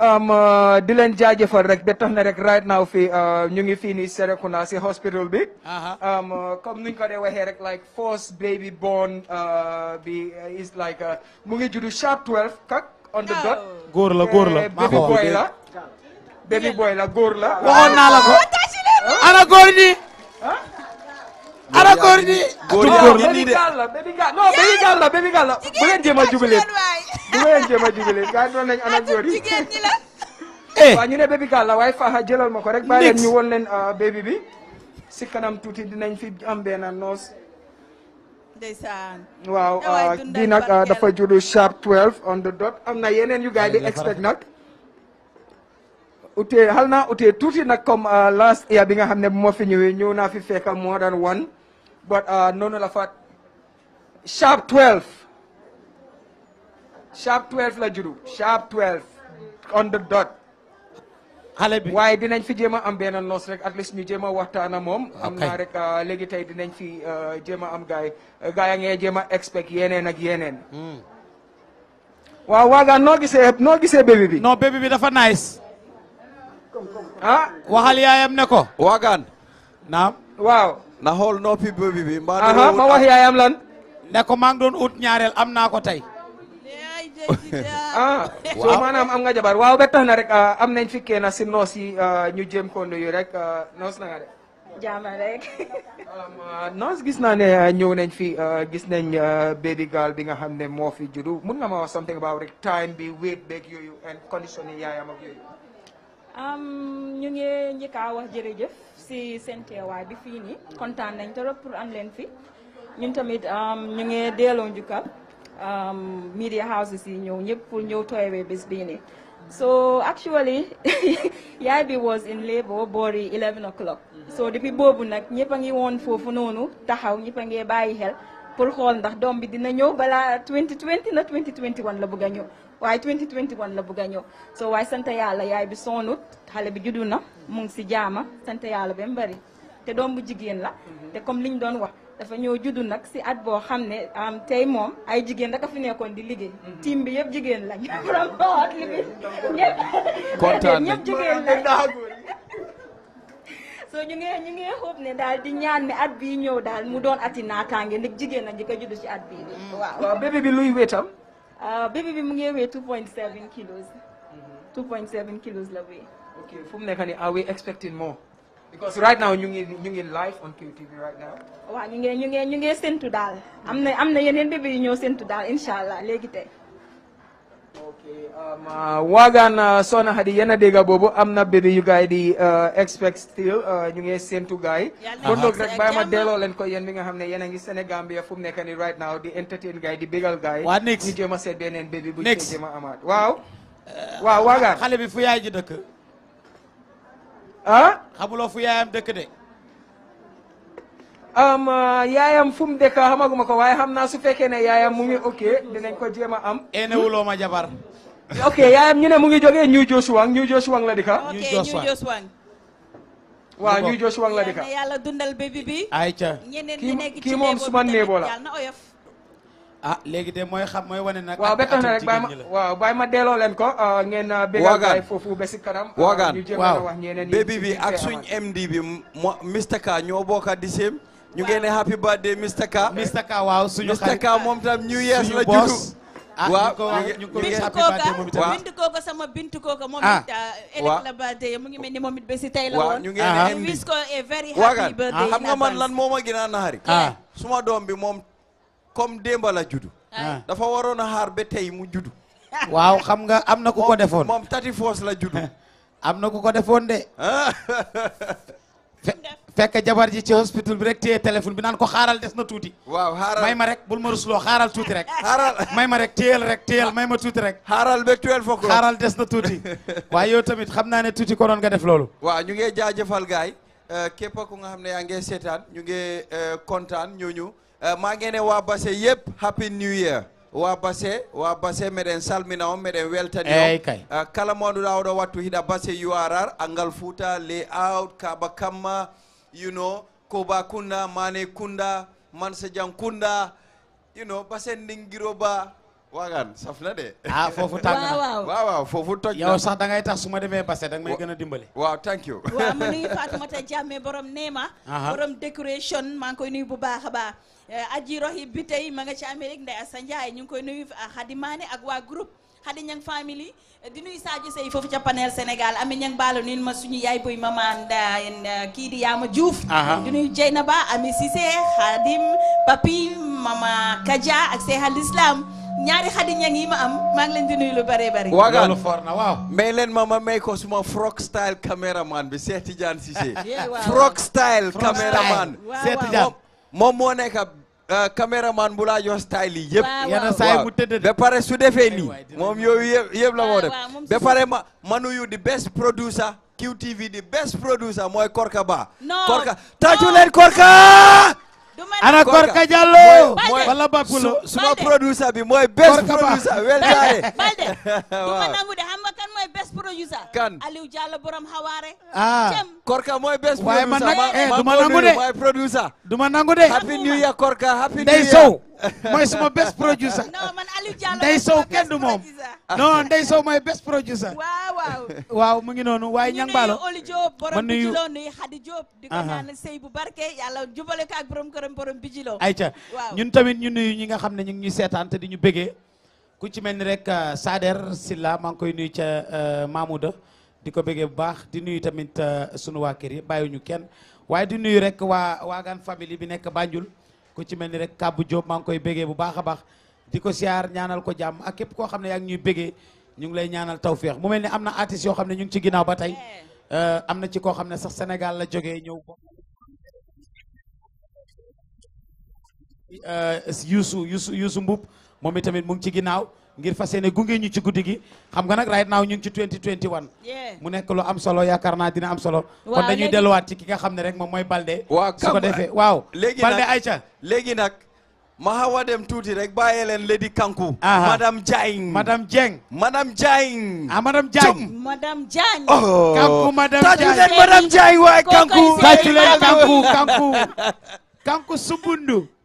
S5: Um, uh, di leen jaajëfal rek ba tax na rek right now fii uh, ñu ngi fii nii si hospital bi. Um, uh, comme nuñ ko dee waxee rek like first baby born bi mu ngi juddu sharp 12 kak on the dot. góor la góor la eh, baby boy la. baby boy la góor la. waxoon naa la ko. ana góor ñi. ala góor ñi.
S15: góor ñi góor ñi de góor ñi de. non baby gal la baby
S5: gal la bu leen jéem a jubilee. bu ngeen jéem a jigéen gars la. Eh. waaw ñu ne bébi gaal la waaye Faha jëlal ma ko rek. bàyyi leen ñu woon leen euh, bébi bi. si tuuti dinañ fi am benn noos. ndeysaan. waaw euh, kii nag euh, dafa juddu sharp 12 on the dot am na yeneen yu gars yi di expect nag. utee xal naa utee tuuti nag comme last year bi nga xam ne bu ma fi ñëwee ñëw naa fi fekk more than one but noonu la fa sharp sharp 12 la juddu sharp 12 bi waaye dinañ fi jéem a am benn noos rek at least ñu jéem a waxtaan ak moom. am naa rek ah, léegi tey dinañ fi ah, jéem a am gaay gaay a jéem a expect yeneen ak yeneen. Hmm.
S1: waaw waaga noo gisee noo gisee bébé bi. non bébé bi dafa nice. ah. waxal yaayam ne ko. waagaan. naam. waaw. na xool noppi bébé bi. mbaa ma wax ko maa ngi doon ut ñaareel am naa ko tey.
S5: ah so manam am nga jabar waaw ba tax na rek am nañ fi kenn si noos yi ñu jëm ko nuyu rek nos na nga rek
S8: jama rek
S5: uh, nos gis na ne ñëw uh, nañ fi uh, gis nañ baby girl bi nga xamne mo fi juddu mën nga ma wax something about rek time bi weight beeg you and condition yi yaayam ak
S3: am ñu ngi njëkk a wax jërëjëf si seen teewaay bi fi ni contane nañ trop pour am len fi ñun tamit ñu ngi delloo njukkal Um, media houses yi ñëw ñëpp pour ñëw tooyawee bés bii nii so actually yaay bi was in labour boori 11 o'clock so depuis boobu nag ñëpp a ngi woon foofu noonu taxaw ñëpp a ngi bàyyi xel pour xool ndax doom bi dina ñëw balaa 2020 na 2021 la bëgg a ñëw waaye 2021 la bëgg a ñëw so sant yàlla yaay bi soonut xale bi juddu na mu ngi si jaama sant yàlla ba mu te doom bu jigéen la te comme liñ doon wax dafa ñëw juddu nag si at boo xam ne tey moom ay jigéen daka fi nekkoon di liggéey. Mm-hmm. team bi yëpp jigéen lañ. from board li bi ñëpp.
S2: kontaan
S5: ñëpp jigéen lañ.
S3: ñu ngi ñu ne daal di ñaan ne at bii ñëw daal mu doon ati naataange nag jigéen na njëkk a juddu si at bi mm-hmm. waaw waaw bébé
S5: bi luy wéetam.
S3: Uh, bébé bi mu ngi wéy 2.7 kilos. 2.7 mm-hmm. kilos la
S5: wéy. ok fu mu nekk nii are we expecting more. because right now ñu ngi ñu ngi live on QTV right
S3: waaw ñu ngi ñu ngi ñu daal am na am na yeneen bébé yu ñëw séntu daal incha allah léegi tey. ok um,
S5: uh, waagaan uh, Soxna Hadi yéen a boobu am na bébé yu gaay di uh, expect still ñu ngi séntu gaay kon donc rek bàyyi ma delloo leen ko yéen mi nga xam ne yéen a ngi Sénégambia fu mu nekk nii right now di entertain gaay di bégal gaay waa next ñu jéem a seet beneen bébé bu ñu jéem a amaat waaw. Eh, waaw waagaan ah xamuloo fu yaayam dëkk de ah, yaayam fu mu dëkk xamaguma ko waaye xam naa su fekkee ne yaayam mu ngi ok dinañ ko jéem a am enewuloo ma jabar ok yaayam ñu ne mu ngi jógee New Joshua New Joshua la di ka ah? New ñu waaw New Joshua la di ka
S3: yàlla dundal bébé bi ayca kii moom suma néeboo la
S5: ah léegi de mooy xam mooy wane nag. waaw ba tax na rek bàyyi ma waaw bàyyi ma delloo leen ko euh, ngeen. Euh, waagaan foofu ba euh, bébé bi ak suñ
S4: MD bi Mr K ñoo di ñu happy birthday Mr K. Mr K waaw suñu xarit Mr K tam New Year's la ah, bintu
S3: kooka bintu kooka sama bintu kooka moom ah. it élec birthday mu ngi mel ni moom a ah. very happy birthday. waagaan lan
S4: moo comme démbala la ah. dafa waroon
S1: a xaar ba tey mu judd. waaw xam nga am na ku defoon moom tati foos la judd. am na ku ko defoon de. Ah. fekk jabar ji ci hospital bi rek téye téléphone bi naan ko xaaral des na tuuti. waaw xaaral may ma rek bul ma rusloo xaaral tuuti rek. xaaral may ma rek téyel rek may ma tuuti rek. xaaral ba tuel fokk xaaral des na tuuti. waaye yow tamit xam naa ne tuuti ko doon nga def loolu.
S4: waaw ñu ngi jaajëfal gaay euh, képp ku nga xam ne yaa ngi seetaan ñu nge euh, kontaan ñooñu. Eh, ma ngene wa Basse yëpp happy new year wa Basse wa Basse meden salmina on meden weltani eyyi eh, kala mo ɗuɗa do wattu hida Basse urr angal fouta layout kaba kama you know koba kunda mane kunda mansa jang kunda you know Basse ndingiroba ba
S1: wagan safna de. ah fofu tàng wa wa fofu foofu yow sax da ngay tax su ma demee Basse da may gëna dimbalé wa thank you. wa ma nuyu ta
S3: jamme borom Neema. borom décoration maa ngi koy nuyu bu baax ba Eh, aji rohi bi tey ma nga ci Amérique nday ya Assa ya Ndiaye ñu koy nuyu ak ah, wa groupe ñang family eh, di nuyu Sadio Sey fofu ci panel Senegal, Ami ñang balu nuyu ma suñu yaay buy maman eh, ki di Yaama Diouf. di nuyu jeynaba Ami cisse Khadim Papi mama Kaja ak hal Islam ñaari Khady ñang yi ma am ma ngi leen di nuyu lu bare bare. walu forna
S4: waaw. may leen mama may ko suma frog style cameraman bi Cheikh Tidiane cisse frog style cameraman Cheikh Tidiane. moom moo nekk euh, caméraman bu laa jox style yi yëpp. su defe nii moom yooyu yëpp la moo def ba ma ma di best producer QTV di best producer mooy Korka Ba. Korka tàccu Korka.
S3: ana Korka Jallow wala Bakulo suma
S4: producer bi mooy best producer wel daare
S3: producer kan Aliou Diallo borom xawaare
S1: ah Korka waaye man nag eh, du ma nangu de waaye producer du ma nangu de happy Sow mooy suma best producer non
S3: man Sow kenn du moom non Ndeye Sow
S1: mooy best producer
S3: waaw waaw mu
S1: ngi noonu waaye ñang baalo Oli
S3: Diop borom bijilo nuy Xadi Diop di ko ñaan sëy bu barke yàlla jubale ko ak borom këram bijilo ayca
S1: ñun tamit ñu nuy ñi nga xam ne ñu ngi ñuy seetaan te di ñu bégee ku ci mel rek eh, Sader Silla maa ngi koy nuyu ca eh, Mamouda di ko bëggee bu di nuyu tamit eh, sunu wa kër yi bàyyiwuñu kenn di nuyu rek wa wagan family bi nekk Banjul ku ci mel rek Kabou Diop maa ngi koy bëggee bu baax a baax di ko siyaar ñaanal ko jàmm ak képp koo xam ne ngi ñuy ñu ngi lay ñaanal tawféex mu na artistes ñu ci ginnaaw ba na ci koo xam sax Sénégal la jógee ñëw ko Youssou moom itamit mu ngi ci ginnaaw ngir fas yéene gunge ñu ci guddi gi xam nga nag right naaw ñu ngi ci 2021. mu nekk lu am solo yaakaar naa dina am solo. kon dañuy delluwaat ci ki nga xam ne rek moom mooy Balde. waaw su waaw. léegi
S4: nag Balde Aïcha léegi nag. ma xaw a dem tuuti rek bàyyi leen Lady Kanku.
S1: madame Diagne. madame Dieng. madame Diagne. ah madame Diagne.
S3: madame Diagne.
S1: oh Kanku madame Diagne. tàccu leen madame Diagne Kanku.
S8: tàccu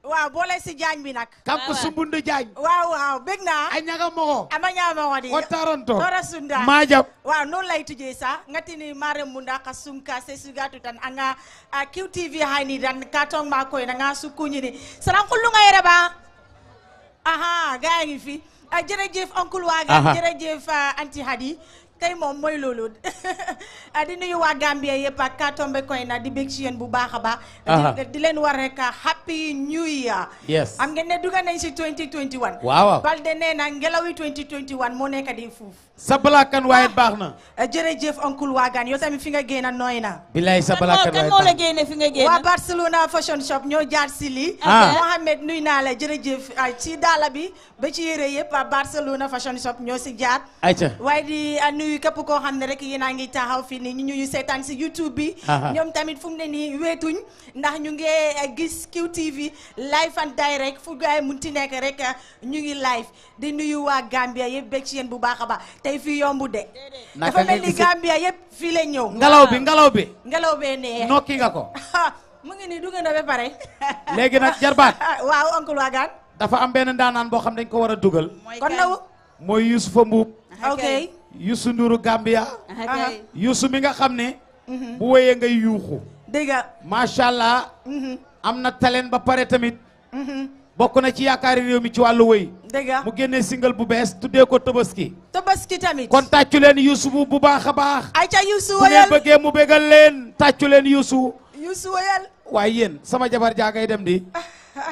S8: waaw boole si jaañ bi nag. kam ko sumbundu jaañ. waaw waaw bég naa. ñaga mogo. ama ñaga di. o taronto. tora sunda. maajab. waaw noonu lay tujee sa ngati ni munda ka sunka se sugatu tan anga a QTV hani dan katong ma koy na nga sukuñi ni salam yere ba aha gaa ngi fi jërëjëf oncle waaga jërëjëf anti hadi tey moom mooy loolu ah, di nuyu waa Gambia yëpp ak Katombe koy na di bég ci yéen bu baax a baax. di leen war rek happy new year. yes am ngeen ne dugg nañ si 2021. waaw waaw Balde nee na ngelawi 2021 moo nekk di fuuf. sa balaakan waaye baax na. Ah, eh, jërëjëf waa Wagan yow tamit fi nga génn nooy na.
S1: bilaay sa balaakan waaye baax na kan moo la
S8: génne fi nga génn. waa Barcelona fashion shop ñoo jaar si lii. Ah. Ah. Mohamed nuy naa la jërëjëf ci daala bi ba ci yére yëpp waa Barcelona fashion shop ñoo si jaar. ayca waaye di nuyu képp koo xam ne rek yéen a ngi taxaw fii nii ñu ñu seetaan si YouTube bi. ñoom tamit fu ne nii weetuñ ndax ñu ngi eh, gis QTV live and direct fu gaay munti nekk rek ñu ngi live di nuyu waa Gambia yëpp bëgg ci yéen bu baax a baax tey fii de. dafa mel ni Gambia fii la ñëw. ngelaw bi ngelaw bi. ngelaw bee nee. nokki nga ko. mu ngi nii dugg na ba pare.
S1: léegi nag jarbaat.
S8: waaw oncle Wagan.
S1: dafa am benn ndaanaan boo xam dañ ko war a dugal. kon na mooy Youssoufa Mbuub. ok Youssou Ndouru Gambia. Youssou mi nga xam ne. Mhm. bu wéyee ngay yuuxu. dëgg la macha allah. Mhm. am na talent ba pare tamit. Mhm. bokk na ci yaakaari réew mi ci wàllu wëy dëgg mu génnee single bu bees tuddee ko Tabaski
S8: Tabaski tamit kon
S1: tàccu leen Youssou bu bu baax a baax
S8: a ca
S3: Youssou wayal bu ngeen
S1: bëggee mu bégal leen tàccu leen Youssou
S3: Youssou waaye
S1: yéen sama jabar jaa ngay dem di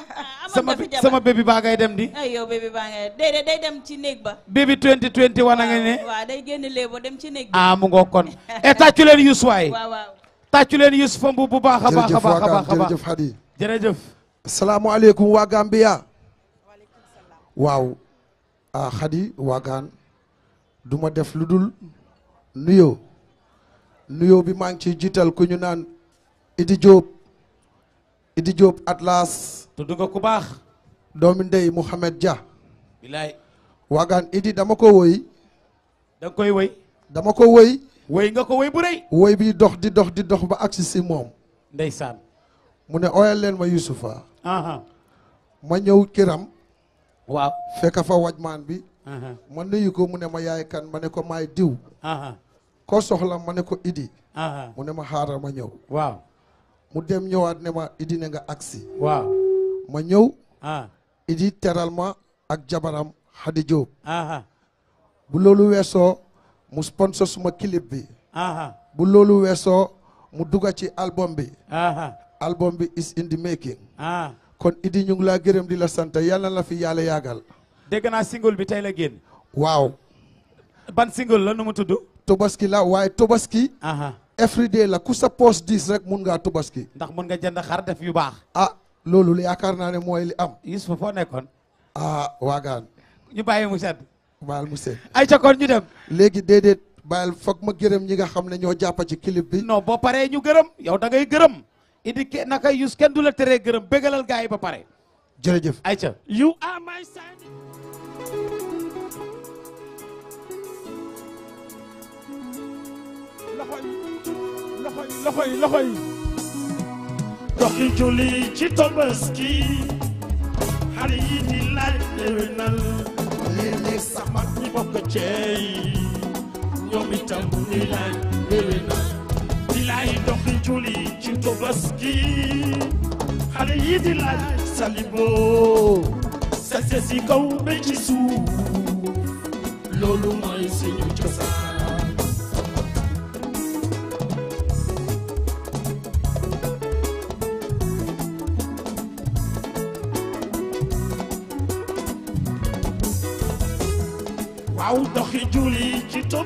S1: sama sama bébi baa ngay dem di
S3: ay yow bébi baa day dem ci néeg ba
S1: bébi 2021 wan a nga ne
S3: day génn léebo dem ci néeg ba ah,
S1: mu ngoo kon e tàccu leen Youssou waaye waaw leen Youssou fa bu bu baax a baax a
S13: baax asalaamualeykum waa Gambia waaw ah xadi waagaan du def lu dul nuyoo nuyoo bi maa ngi ciy jiital ku ñu naan Idi Diop Idi Diop Atlas tudd nga ku baax doomi ndey Mouhamed Dia bilaay waagaan Idi dama ko woy da koy woy dama ko woy woy nga ko woy woy bi dox di dox di dox ba agsi si moom ndeysaan mu ne ooyal leen ma Youssoufa ma ñëw kiram waaw fekk fa wajmaan bi ma nuyu ko mu ne ma yaay kan ma ne ko maay diw ko soxla ma ne ko idi mu ne ma xaaral ma ñëw waaw mu dem ne ma idi ne nga agsi waaw ma idi teral ma ak jabaram hadi job bu loolu weso mu sponsor suma clip bi bu mu ci album bi album bi is in the making. ah kon Idi ñu la gërem di la sante yalla la fi yalla yagal na single bi tay la génn. wow ban single la nu mu tuddu Tobaski la way Tobaski. every day la ku sa post diis rek mën nga Tobaski. ndax mën nga jënd xar def yu baax. ah lulu le na ne moy li am. Youssouf fo nekkon ah wagan. ñu baye mu sedd. baal mu sedd. ay ca kon ñu dem. legi dedet baal foog ma gërem ñi nga xamne
S1: ñoo ci clip bi. non bo paré ñu gërem yow da ngay gërem idi ke naka yus kenn du la teree gërëm bégalal gars yi ba pare. jërëjëf ayca you
S2: are my loxo yi loxo ci Tabaski xale yi di laaj déwénal léeg-léeg sax mag ñi bokk ceey ñoom itam ñuy laay dox di julli ci Tabaski xale yi di laaj Salibo sase si kaw ba ci loolu mooy suñu cosaan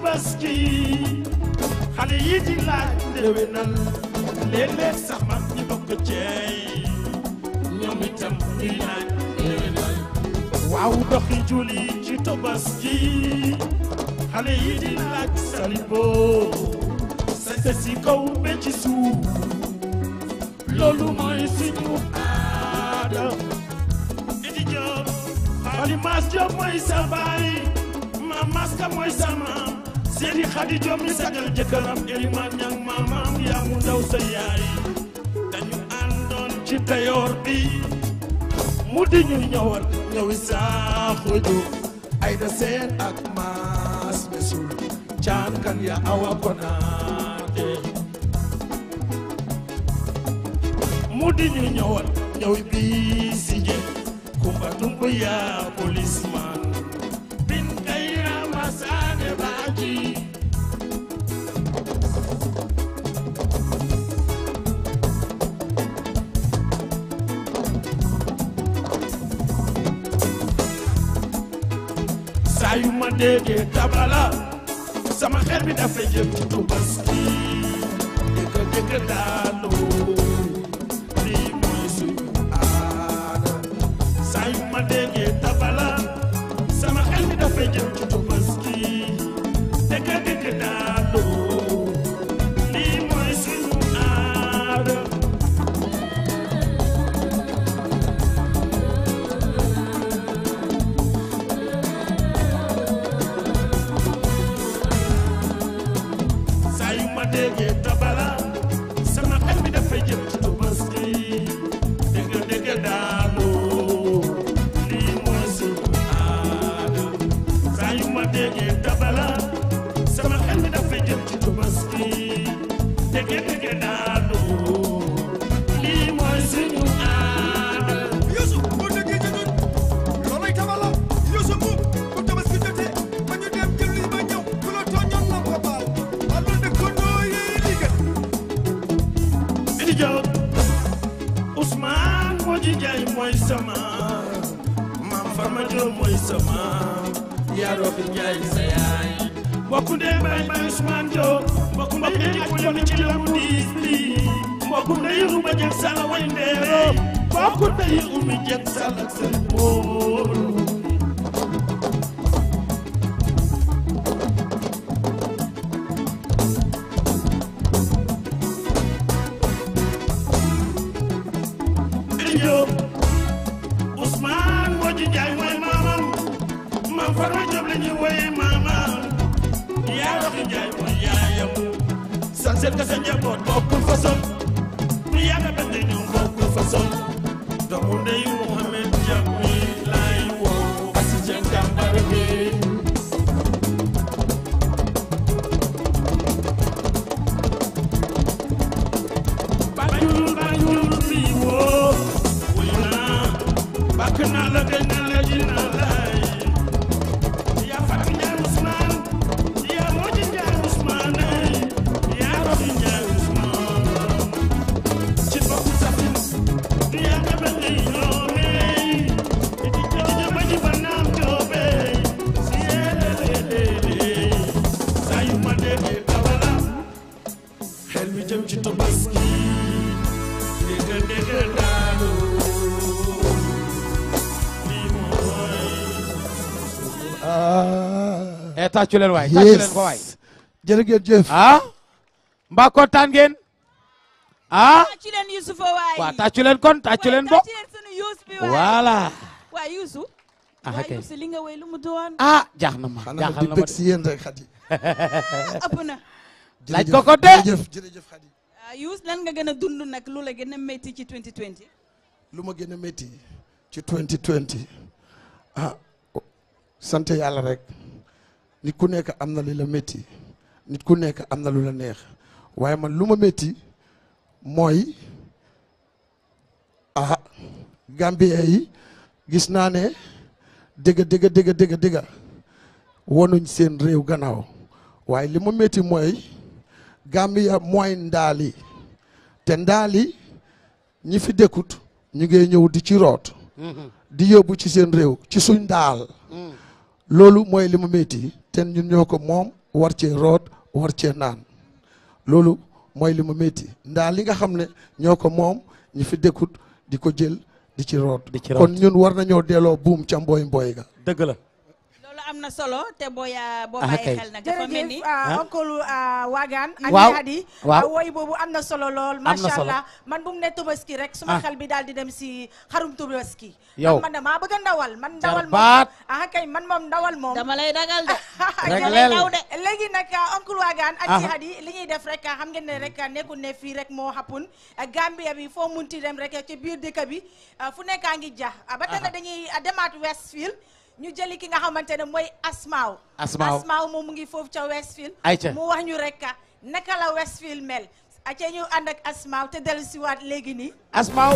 S2: waaw xale yi ci laaj ndewenal léeg-léeg sax mag ñi bokk ceey ñoom itam ñuy laaj ndewenal waaw doxi julli ci Tabaski xale yi di laaj saliboo sañse si kaw be ci suuf loolu mooy suñu aada idi Jóob xaali maas Jóob mooy sa baay ma maska mooy sa maam seeni xadi joom ni sagal jëkkëram elimaan ñang maamaam yaa mu ndaw sa yaay dañu àndoon ci tayoor bi mu di ñu ñëwal ñëwi saaxu ju ay da seen ak maas mesul caan kan ya awa konaate mu di ñu ñëwal ñëwi bii si kumba tumbu yaa polis déggee tabala sama xel bi dafay yëg ci tubaski dëgg dëgg daal
S1: waay tàccu leen waay tàccu leen ko waay ah? mbaa kontaan ngeen ah tàccu leen
S3: Youssouf waay waaw tàccu kon tàccu
S1: leen
S13: bokk
S3: voilà waay Youssou ah kay li nga way lu mu doon
S13: ah, jaax na ma jaaxal na ma de na laaj ko ko de jërëjëf
S3: jërëjëf xadi ah, Youssou lan nga gën a dund nag lu la gën a métti ci 2020
S13: lu ma gën a métti ci 2020 yàlla rek nit ku nekk am na lu la ku nekk am na lu la neex waaye man lu ma metti mooy ah Gambien gis naa ne dëgg dëgg dëgg seen réew gannaaw waaye li ma métti mooy Gambia mooy ndaali te ndaali ñi fi dëkkut ñu ngi ñëw di ci root mm-hmm. di yóbbu ci seen réew ci suñ ndaal mm. loolu mooy li ma métti te ñun ñoo ko moom war cee root war cee naan loolu mooy li ma métti ndaa li nga xam ne ñoo ko moom ñi fi dëkkut di ko jël di ci root kon ñun war na nañoo delloo buum ca mbooy mbooy ga dëgg la
S3: amna solo te boya ah, bo
S13: ah, baye xel nak
S3: dafa melni ni ah, Wagan
S8: ak Hadi way bobu amna solo lol machallah man bu ne tobaski rek suma xel bi daal di dem si kharum tobaski man dama bëgg ndawal man ndawal mom ah kay man mom ndawal mom dama lay dagal de rek lel de nak nag Wagan ak Hadi li ñuy def rek xam ngeen ne rek neku ne fi rek mo xapun Gambia bi fo munti dem rek ci biir dëkk bi fu nekkaa jax ba dañuy demat Westfield ñu jëli ki nga xamante ne mooy Asmaaw. Asmaaw Asmaaw moom mu ngi foofu ca Westfield. ayca mu wax ñu rek naka la Westfield mel. ayca ñu ànd ak Asmaaw te dellusiwaat léegi nii. Asmaaw.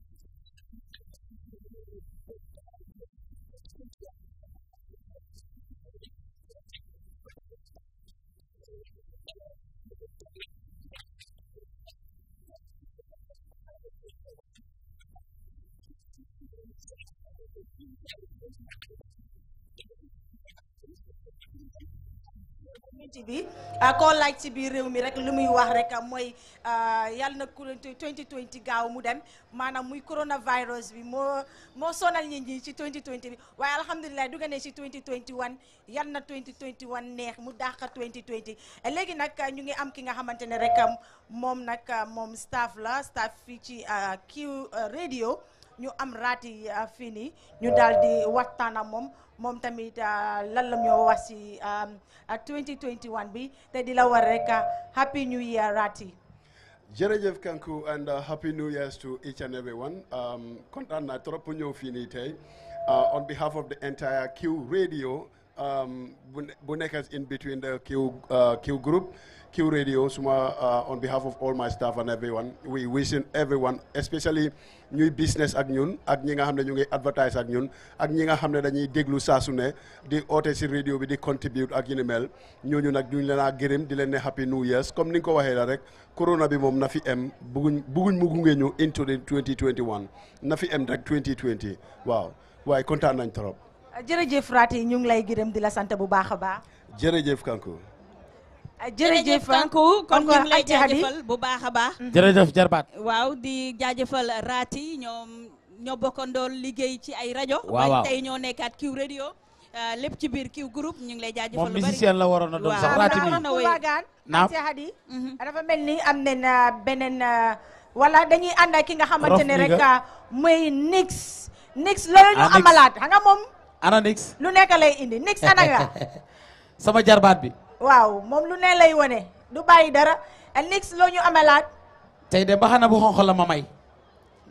S8: bi ah, koo laaj ci biir réew mi rek li muy wax rek am mooy ah, yàlla na kure 2020 gaaw mu dem maanaam muy coronavirus bi moo moo sonal ñi ñi ci 2020 bi waaye alhamdulilah du nga ne ci 2021 yal na 2021 neex mu dàq 2020 léegi nag ñu ngi am ki nga xamante ne rek moom nag moom staff la staff fii ci ah, Q radio ñu am raati euh, fii nii ñu daal di waxtaan ak moom moom tamit euh, lan la ñoo wax si euh, bi te di la war rek happy new year raati.
S13: jërëjëf Kanku and uh, happy new years to each and everyone um, kontaan naa trop pour ñëw fii nii tey uh, on behalf of the entire Q radio um, bu nekk in between the Q uh, group. Q Radio suma uh, on behalf of all my staff and everyone we wishing everyone especially ñuy business ak ñun ak ñi nga xam ne ñu ngi advertise ak ñun ak ñi nga xam ne dañuy déglu saa su ne di oote si radio bi di contribute ak yu ni mel ñooñu nag duñ leen a gërëm di leen ne happy new years comme ni nga ko waxee la rek corona bi moom na fi em buguñ buguñ mu gunge ñu into the 2021 na fi em rek 2020 waaw waaye kontaan nañ trop.
S8: jërëjëf Raty yi ngi lay gërëm di la sant bu baax a baax.
S13: jërëjëf Kanku.
S3: jërëjëf Kankou kon ñu ngi bu baax a baax. Mm-hmm.
S8: jërëjëf
S13: Jarbaat.
S3: waaw di jaajëfal raati ñoom ñoo bokkandoo liggéey ci ay rajo. waaw waaw tey ñoo nekkaat kiw radio euh, lépp ci biir kiw group ñu ngi lay jaajëfal lu bari moom musicien
S1: la waroon a doon sax raati bi naam
S8: mm-hmm. dafa mel ni am nañ euh, beneen euh, wala dañuy ànd ak ki nga xamante ne rek muy nix. nix loolu ñu ah, amalaat xam nga ana nix lu nekka lay indi nix ana nga.
S1: sama jarbaat bi.
S8: waaw moom lu ne lay wone du bàyyi dara next loo ñu amee amelaat
S1: tey de ba xana bu xonq la ma may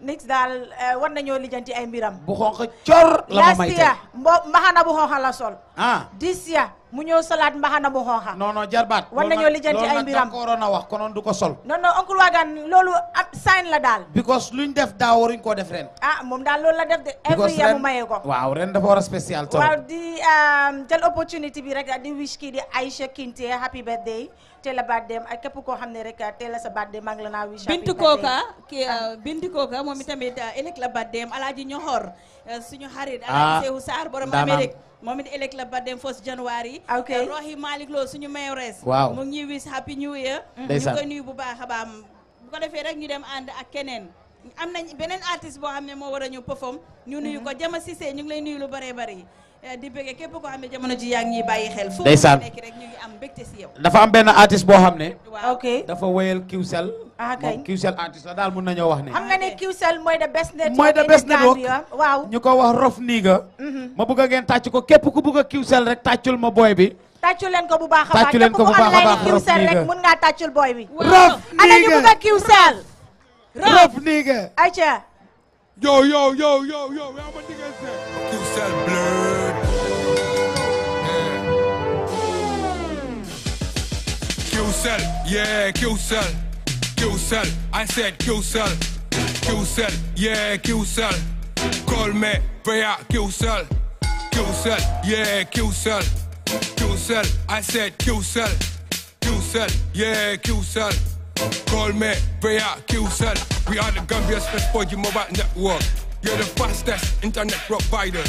S8: nix daal eh, war nañoo lijjanti ay mbiram.
S1: bu xonq cor la ma may tey
S8: mbo mbaxana bu xonq la sol. ah dis ya mu ñëw solaat mbaxana bu xonq. non non
S1: jarbaat. war nañoo lijjanti ay mbiram a wax konoon du ko sol.
S8: non non oncle Wagan loolu ab sign la daal. because luñ def daaw waruñ koo def ren. ah moom daal loolu la def de. every year mu mayee ko. waaw
S1: ren dafa a spécial. trop
S8: di um, jël opportunity bi rek di wish kii di Aïcha Kinte happy birthday. teel a bàddeem ak képp koo xam ne rek teel a sa bàddeem maa ngi la naa wish Bintu Kooka
S3: ki ah. euh, Bintu Kooka moom itamit ëllëg euh, la bàddeem alaaji ñoxor euh, suñu xarit ah, alaaji Seewu Saar borom Amérique moom it ëllëg la bàddeem first January ok Rohi Malick Lo suñu mayoress waaw mu wish happy new year ñu koy nuyu bu baax a baax bu ko defee rek ñu dem ànd ak keneen am nañ beneen artiste boo xam ne moo war a ñu perform ñu nuyu ko mm-hmm. Jama Cissé ñu ngi lay nuyu lu bëree bëri Eh, di bëgg képp ko amé jamono ji yaa ngi bàyyi xel foo nekk rek ñu ngi am mbégte si yow dafa am benn artiste boo xam ne ok
S1: dafa wéyal Qcell
S3: ah kay Qcell artiste la daal
S1: mun nañoo wax ne xam
S8: nga ne ah, Qcell mooy the best network mooy the best network
S1: waaw ñu ko wax rof nii nga mhm. ma bëgg ngeen tàcc ko képp ku bëgg a Qcell rek tàccul ma booy bi
S8: tàccul leen ko bu baax a baax tàccul leen ko bu baax a mun ngaa tàccul booy bi rof nii nga ana ñu bëgg a Qcell
S15: rof nii nga ayca yow yow yow yow yow yaa ma digal Qcell cell, yeah, Q cell, Q cell. I said Q cell, Q cell, yeah, Q cell. Call me via Q cell, Q cell, yeah, Q cell, Q cell. I said Q cell, Q cell, yeah, Q cell. Call me via Q cell. We are the Gambia's first 4G mobile network. You're the fastest internet provider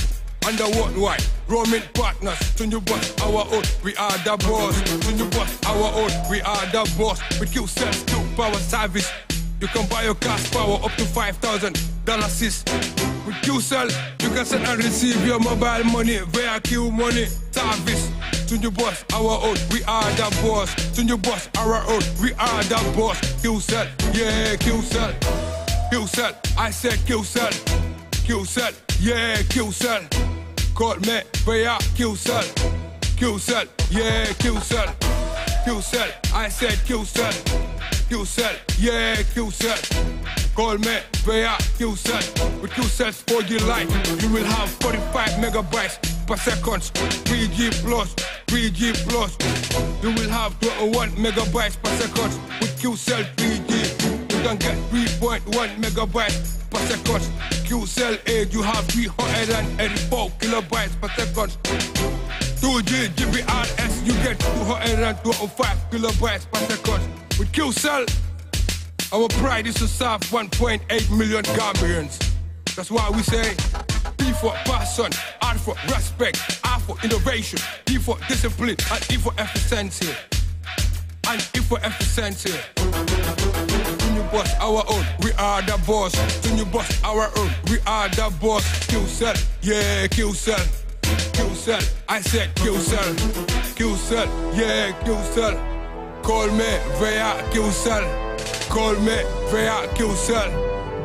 S15: under what white Roaming partners, to new boss, our own, we are the boss. To new boss, our own, we are the boss. With you sales to power service. You can buy your gas power up to five thousand dollars. With QCell, you can send and receive your mobile money via Q Money service. To new boss, our own, we are the boss. To new boss, our own, we are the boss. QCell, yeah, QCell, QCell, I said QCell, QCell yeah, Q-cell. Kort me, VR, Q-cell. Q-cell, yeah, Q-cell. Q-cell, I said Q-cell. Q-cell, yeah, Q-cell. Call me, VR, Q-cell. With Q-cells for your life, you will have 45 megabytes per second. 3G plus, 3G plus. You will have 21 megabytes per second with Q-cell 3G you can get 3.1 megabytes per second. A, you have 384 kilobytes per second. 2G GPRS, you get 225 kilobytes per second. With QCell, our pride is to serve 1.8 million Gambians. That's why we say P for passion, R for respect, R for innovation, D for discipline, and E for efficiency. And E for efficiency boss, our own, we are the boss. New boss, our own, we are the boss. Kill cell, yeah, kill cell. Kill cell, I said kill cell. Kill cell, yeah, kill cell. Call me via kill cell. Call me via kill cell.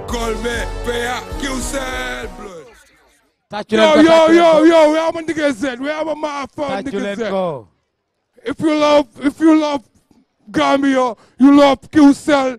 S15: Call me via kill cell. Yo, yo, yo, yo, we have a nigga said, we have a motherfucker nigga said. If you love, if you love Gambia, you love Q-Cell,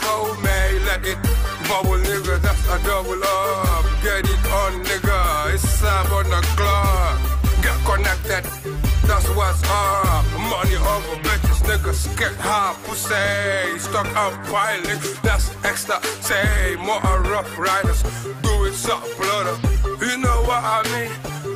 S15: Get hard pussy, stuck up violent. That's Say more rough riders. Do it so bloody. You know what I mean?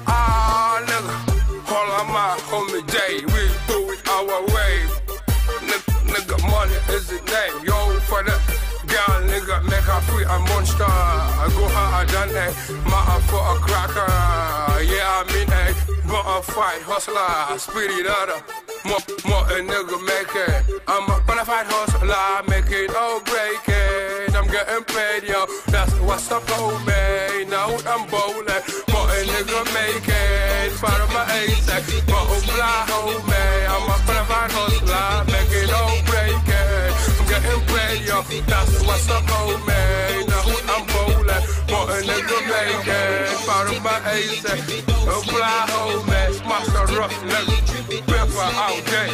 S15: Ah, nigga. All of my homie J, we do it our way. Nigga, nigga money is the name. Yo, for the girl, nigga, make her free a monster. I go hard done a my for a cracker. Yeah, I mean a butterfly hustler, it up more, more a nigga make it. I'm a qualified hustler, I make it or break it. I'm getting paid, yo, that's what's up, old man. Now I'm bowling, more a nigga make it. Part of my ASAC, butterfly, homie. I'm a qualified hustler, I make it or break it. I'm getting paid, yo, that's what's up, old man. Now I'm bowling a nigga make it. my ace, apply hold me. Master rough neck, pepper all day.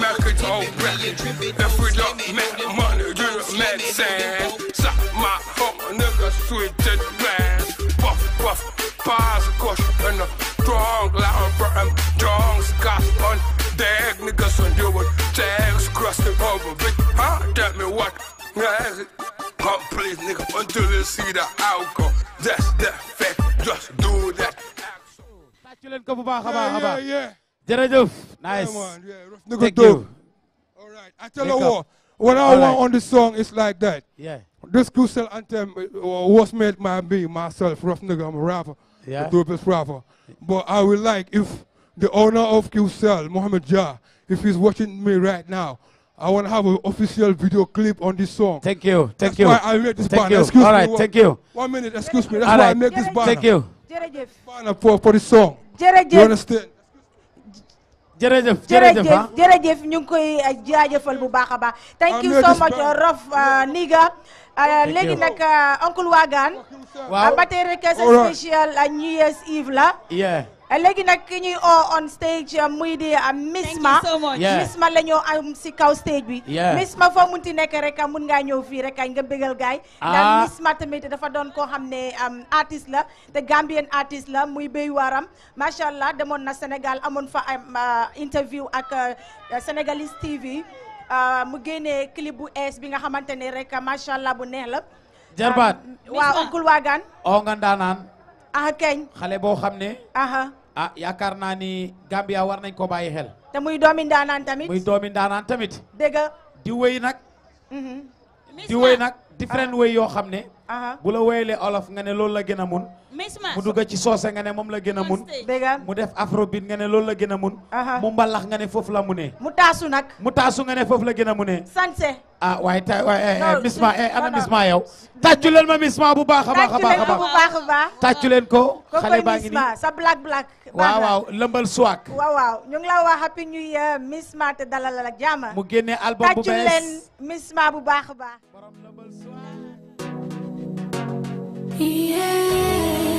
S15: Make it all back. If we don't make money, you do sense. Suck my home, nigga, switch it plans. Puff, puff, pies, kush, and a strong line for them. Strong scars on dag, niggas on your with tags crusted over. Big, huh? Tell me what, yeah, this nigga until you see the outcome. That's the fact. Just do that.
S1: tàcc leen ko bu baax a baax a baax.
S15: jërëjëf. nice. thank you.
S1: all right I tell you what.
S15: What I want on this song is like that. Yeah. This crucial anthem uh, uh, was made by me, myself, Rough Nigga, I'm a rapper, yeah. the dopest rapper. But I would like if the owner of QCell, Mohammed Jah, if he's watching me right now, I want to have an official video clip on this song. Thank you. Thank That's you. Why I made this thank banner. You. All right. Me. Thank one, you. One minute. Excuse me. That's All why right. I made this banner. Thank you. Jerejef. Banner for for the song. Jerejef. You understand? jërëjëf jërëjëf
S8: jërëjëf ñu ngi koy uh, jaajëfal bu baax uh, uh, thank you so much Rof Niga léegi nag oncle Wagan
S1: ba tey rek sa spécial
S8: New Year's Eve la léegi ki ñuy oo on stage um, um, muy di um, Miss Ma ah. Miss Ma la ñoo am si stage bi Miss Ma foo munti nekk rek mun ngaa ñëw fii rek nga bégal gaay ndax Miss Ma tamit dafa doon koo xam ne artiste la The Gambian artiste la muy béy waaram macha allah na Sénégal amon fa uh, interview ak uh, uh, Sénégalese TV mu génnee clip bu ees bi nga xamante ne rek macha allah bu neex la jarbaat Wa Uncle Wagan
S1: oo oh, nga ndaanaan ah kañ. xale boo xam ne. ah ah yaakaar naa ni Gambia war nañ ko bàyyi xel.
S8: te muy doomi ndaanaan tamit. muy
S1: doomi ndaanaan tamit. dëgg di wéy nag.
S8: Mhm. di wéy
S1: nag different wéy yoo xam ne. bu la wéyalee olof nga ne loolu la gën a mun.
S5: mu dugg ci
S1: soose nga ne moom la gën a mun. mu def afrobeat nga ne loolu la gën a mun. mu mbalax nga ne foofu la munee. mu taasu nag. mu taasu nga ne foofu la gën a munee. sanse. ah waaye ta waaye eh, eh, misma eh, ana misma yow. tàccu leen ma misma bu baax a baax a baax a baax. leen ko xale baa ngi sa
S8: black black. waaw waaw
S1: lëmbal suwaak.
S8: waaw waaw ñu ngi la wax a new year misma te dalal la jàmm. mu
S1: génne album bu bees tàccu leen
S8: misma bu baax a baax. Yeah.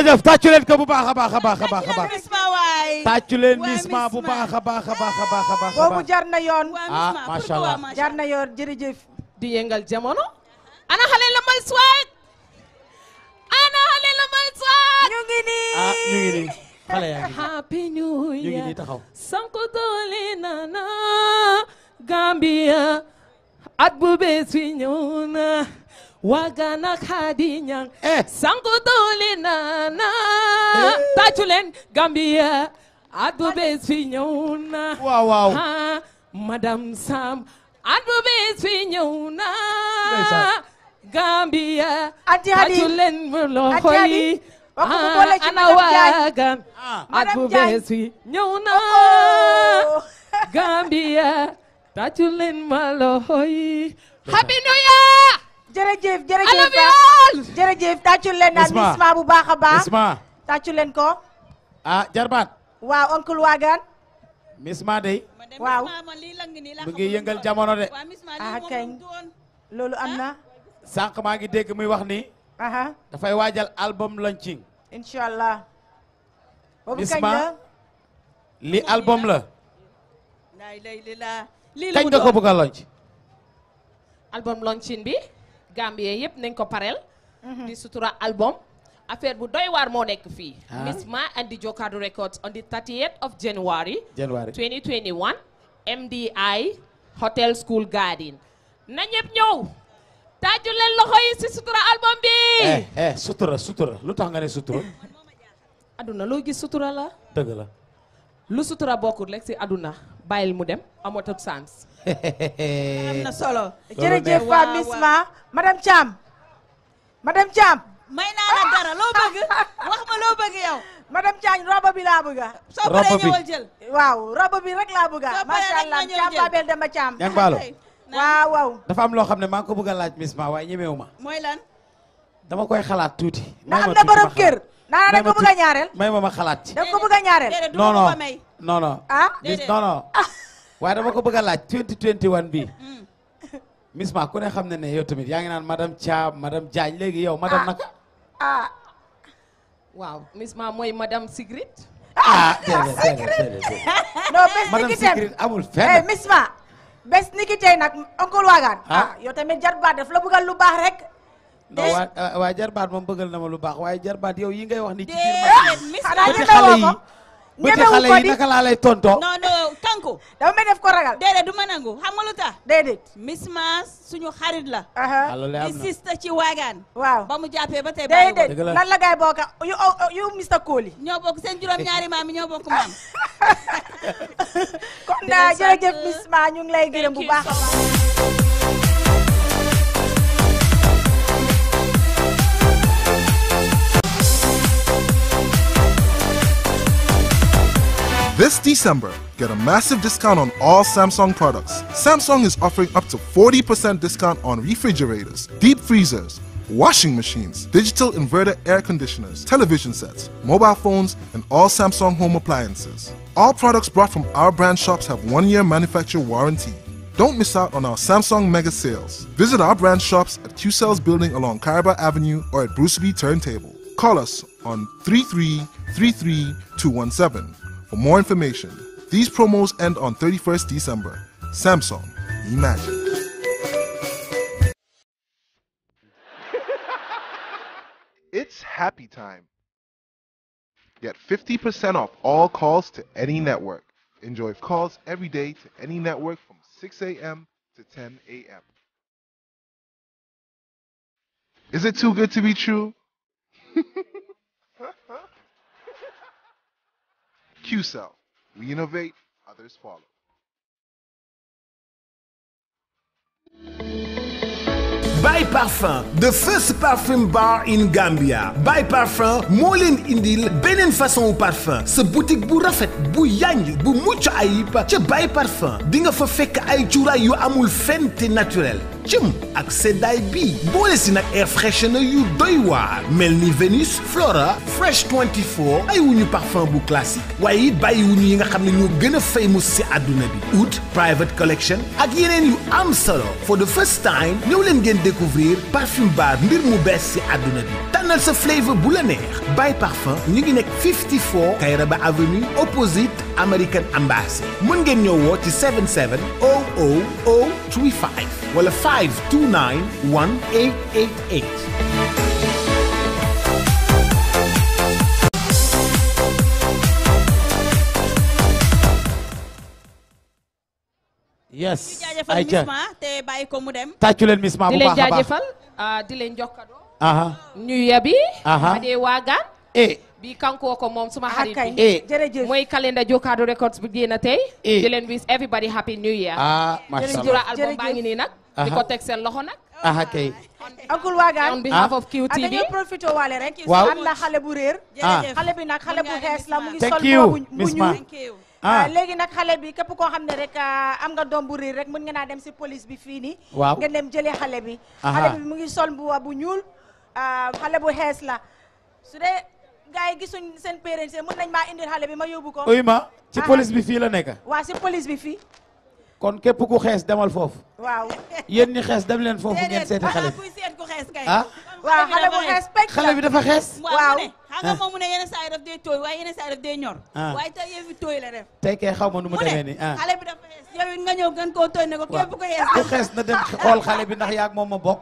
S1: jërëjëf tàccu leen ko bu baax a baax a baax a baax a baax
S8: tàccu leen Misma bu baax
S1: a baax a a a baax
S8: boobu jar yoon ah macha allah jar yoon jërëjëf di yëngal jamono ana xale la mal suwaat
S19: ana xale la mal suwaat ah, bu bees fi ñëw wagana xaadi ñang eh. sangu dooli nana eh. tàccu leen Gambia addu bees fi ñëw na waaw waaw madame addu bees fi ñëw na Gambia tàccu leen mu loxo yi ana wagan addu bees fi ñëw na Gambia tàccu leen ma
S8: loxo yi jërëjëf jërëjëf jërëjëf tàccul Len naan Misma bu baakha ba baax Misma tàccul ko ah jarbat waaw oncle Wagan
S1: Misma dey waaw mu ngi yëngal jamono de
S8: ah kagne loolu amna ah. sank ma ngi dégg muy wax ni Aha.
S1: fay waajal album launching
S8: incha allah boobu kañ la
S1: li album la kañ nga ko bëgg launch
S19: album launching bi Gambien yep nañ ko parel mhm. di sutura album affaire bu doy war mo nek fi ah. Miss Ma and the Jokadu Records on the 30th of January 2021 MDI Hotel School Garden na ñëpp ñew taju len loxoy ci si sutura album bi eh,
S1: eh sutura sutura lu tax nga ne sutura
S19: aduna lo gis sutura la deug la lu sutura bokul lek si aduna bayil mu dem amatut sans
S17: am solo jërëjëf Femme Misma
S8: madame Thiam madame Thiam may naa la dara loo bëgg wax ma loo bëgg yow madame Thiam roba bi jël waaw bi rek allah Thiam Babel dama Thiam ñang baalo waaw waaw
S1: dafa am loo xam ne ko laaj Misma waaye ñemewu ma lan dama koy xalaat tuuti ndax am na borom kër naa da ko bëgg a may ma ma xalaat ci
S8: da ko non non
S1: non non ah non non waaye dama ko bëgg a laaj 2021 bi mm. Miss Ma ku ne xam na ne yow tamit yaa ngi naan madame Thiam madame Diagne léegi yow madame ah. naka.
S19: Ah. waaw Miss Ma mooy madam Sigrid. ah, ah Sigrid
S8: non bés
S19: ni ki tey
S1: eh, Miss
S8: Ma bés ni ki tey nag oncle Wagan. ah yow tamit jarbaat daf la bëggal lu baax rek.
S1: non waa waa jarbaat moom bëggal na ma lu baax waaye jarbaat yow yi ngay wax ni ci biir.
S3: déedéet Miss Ma xanaa ñu
S1: ñemewu ko di xale yi naka laa lay tontoo. non
S3: non kanku. dafa may def ko ragal. déedéet du ma nangu xam nga lu tax. déedéet. Miss Mass suñu xarit la. di sista ci waagaan. waaw ba mu jàppee ba tey. bàyyi ko déedéet lan la gaay bokka yu oh, oh, yu Mr Koli. ñoo bokk seen juróom-ñaari maam yi ñoo bokk maam.
S8: kon jërëjëf Miss Mass ñu ngi lay gërëm bu a baax.
S14: This December, get a massive discount on all Samsung products. Samsung is offering up to 40% discount on refrigerators, deep freezers, washing machines, digital inverter air conditioners, television sets, mobile phones, and all Samsung home appliances. All products brought from our brand shops have one year manufacturer warranty. Don't miss out on our Samsung mega sales. Visit our brand shops at QCell's building along Kariba Avenue or at Bruce B Turntable. Call us on 3333217 for more information, these promos end on 31st December. Samsung, imagine. it's happy time. Get 50% off all calls to any network. Enjoy calls every day to any network from 6 a.m. to 10 a.m.
S15: Is it too good to be true? QCell.
S20: We innovate, others follow. By Parfum, the first perfume bar in
S18: Gambia. By Parfum Moulin indil Benin Fason wu parfum sa boutique bu rafet bu yànj bu mucc ayib ca By Parfum di nga fa yo ay yu amul fenn naturel. cëm ak seddaay bi boole si nag air freshener yu doy waar mel ni Vénus Flora Fresh 24 ay wuñu parfum bu classique waaye it bàyyi wuñu yi nga xam ne ñoo gën a famous si àdduna bi oud private collection ak yeneen yu am solo for the first time ñëw leen ngeen découvrir parfum bar mbir mu bees si àdduna bi tànnal sa flavor bu la neex bay parfum ñu ngi nekk 54 Kayraba avenue opposite American Embassy mën ngeen ñëw woo ci 77 000 35 wala 529 1888
S1: yes Ay Misma
S3: te bàyyi ko mu dem
S19: tàccu
S1: len Misma bu baax baax
S3: Dilen ah dilen di aha ñu
S19: yabi aha ade waga. eh bi kanko ko mom suma xarit bi eh jërëjëf Moy calendar Jokkado Records bu gene tay. Eh. di leen wish everybody happy new year ah ma sha Allah album ba ngi ni nak. di ko teg
S8: seen loxo nag. ah kay. akul waagaan on
S1: behalf of QTV ah, dañuy
S8: profité waale rek. waaw am na xale bu réer. Ah. xale bi nag xale bu xees la mu ngi sol boobu mu ñuul. Ah. ah léegi nag xale bi képp koo xam ne rek am nga doom bu réer rek mën nga dem si police bi fii nii. waaw ngeen dem jëlee xale bi. mu ngi sol mbuba bu ñuul xale bu xees la su dee gars yi gisuñ seen parents mën nañ maa indil xale bi ma yóbbu ko. uyma
S1: ci police bi fii la nekk.
S8: waa si police bi fii.
S1: kon képp ku xees demal foofu.
S8: waaw
S3: yéen ñi xees dem leen foofu ngeen seeti xale bi ah. waaw xale bu xees pecc xale bi dafa xees. waaw xam nga moom mu ne yenn saa yi daf dee tooy waaye yenn saa yi daf dee ñor. waaye tey yéen fi tooy la def.
S1: tey kay xaw ma nu mu demee nii ah. xale
S3: bi dafa xees yow it nga ñëw gën koo tooy ne ko képp ku xees. ku xees na dem xool xale
S1: bi ndax yaa ak moom ma bokk.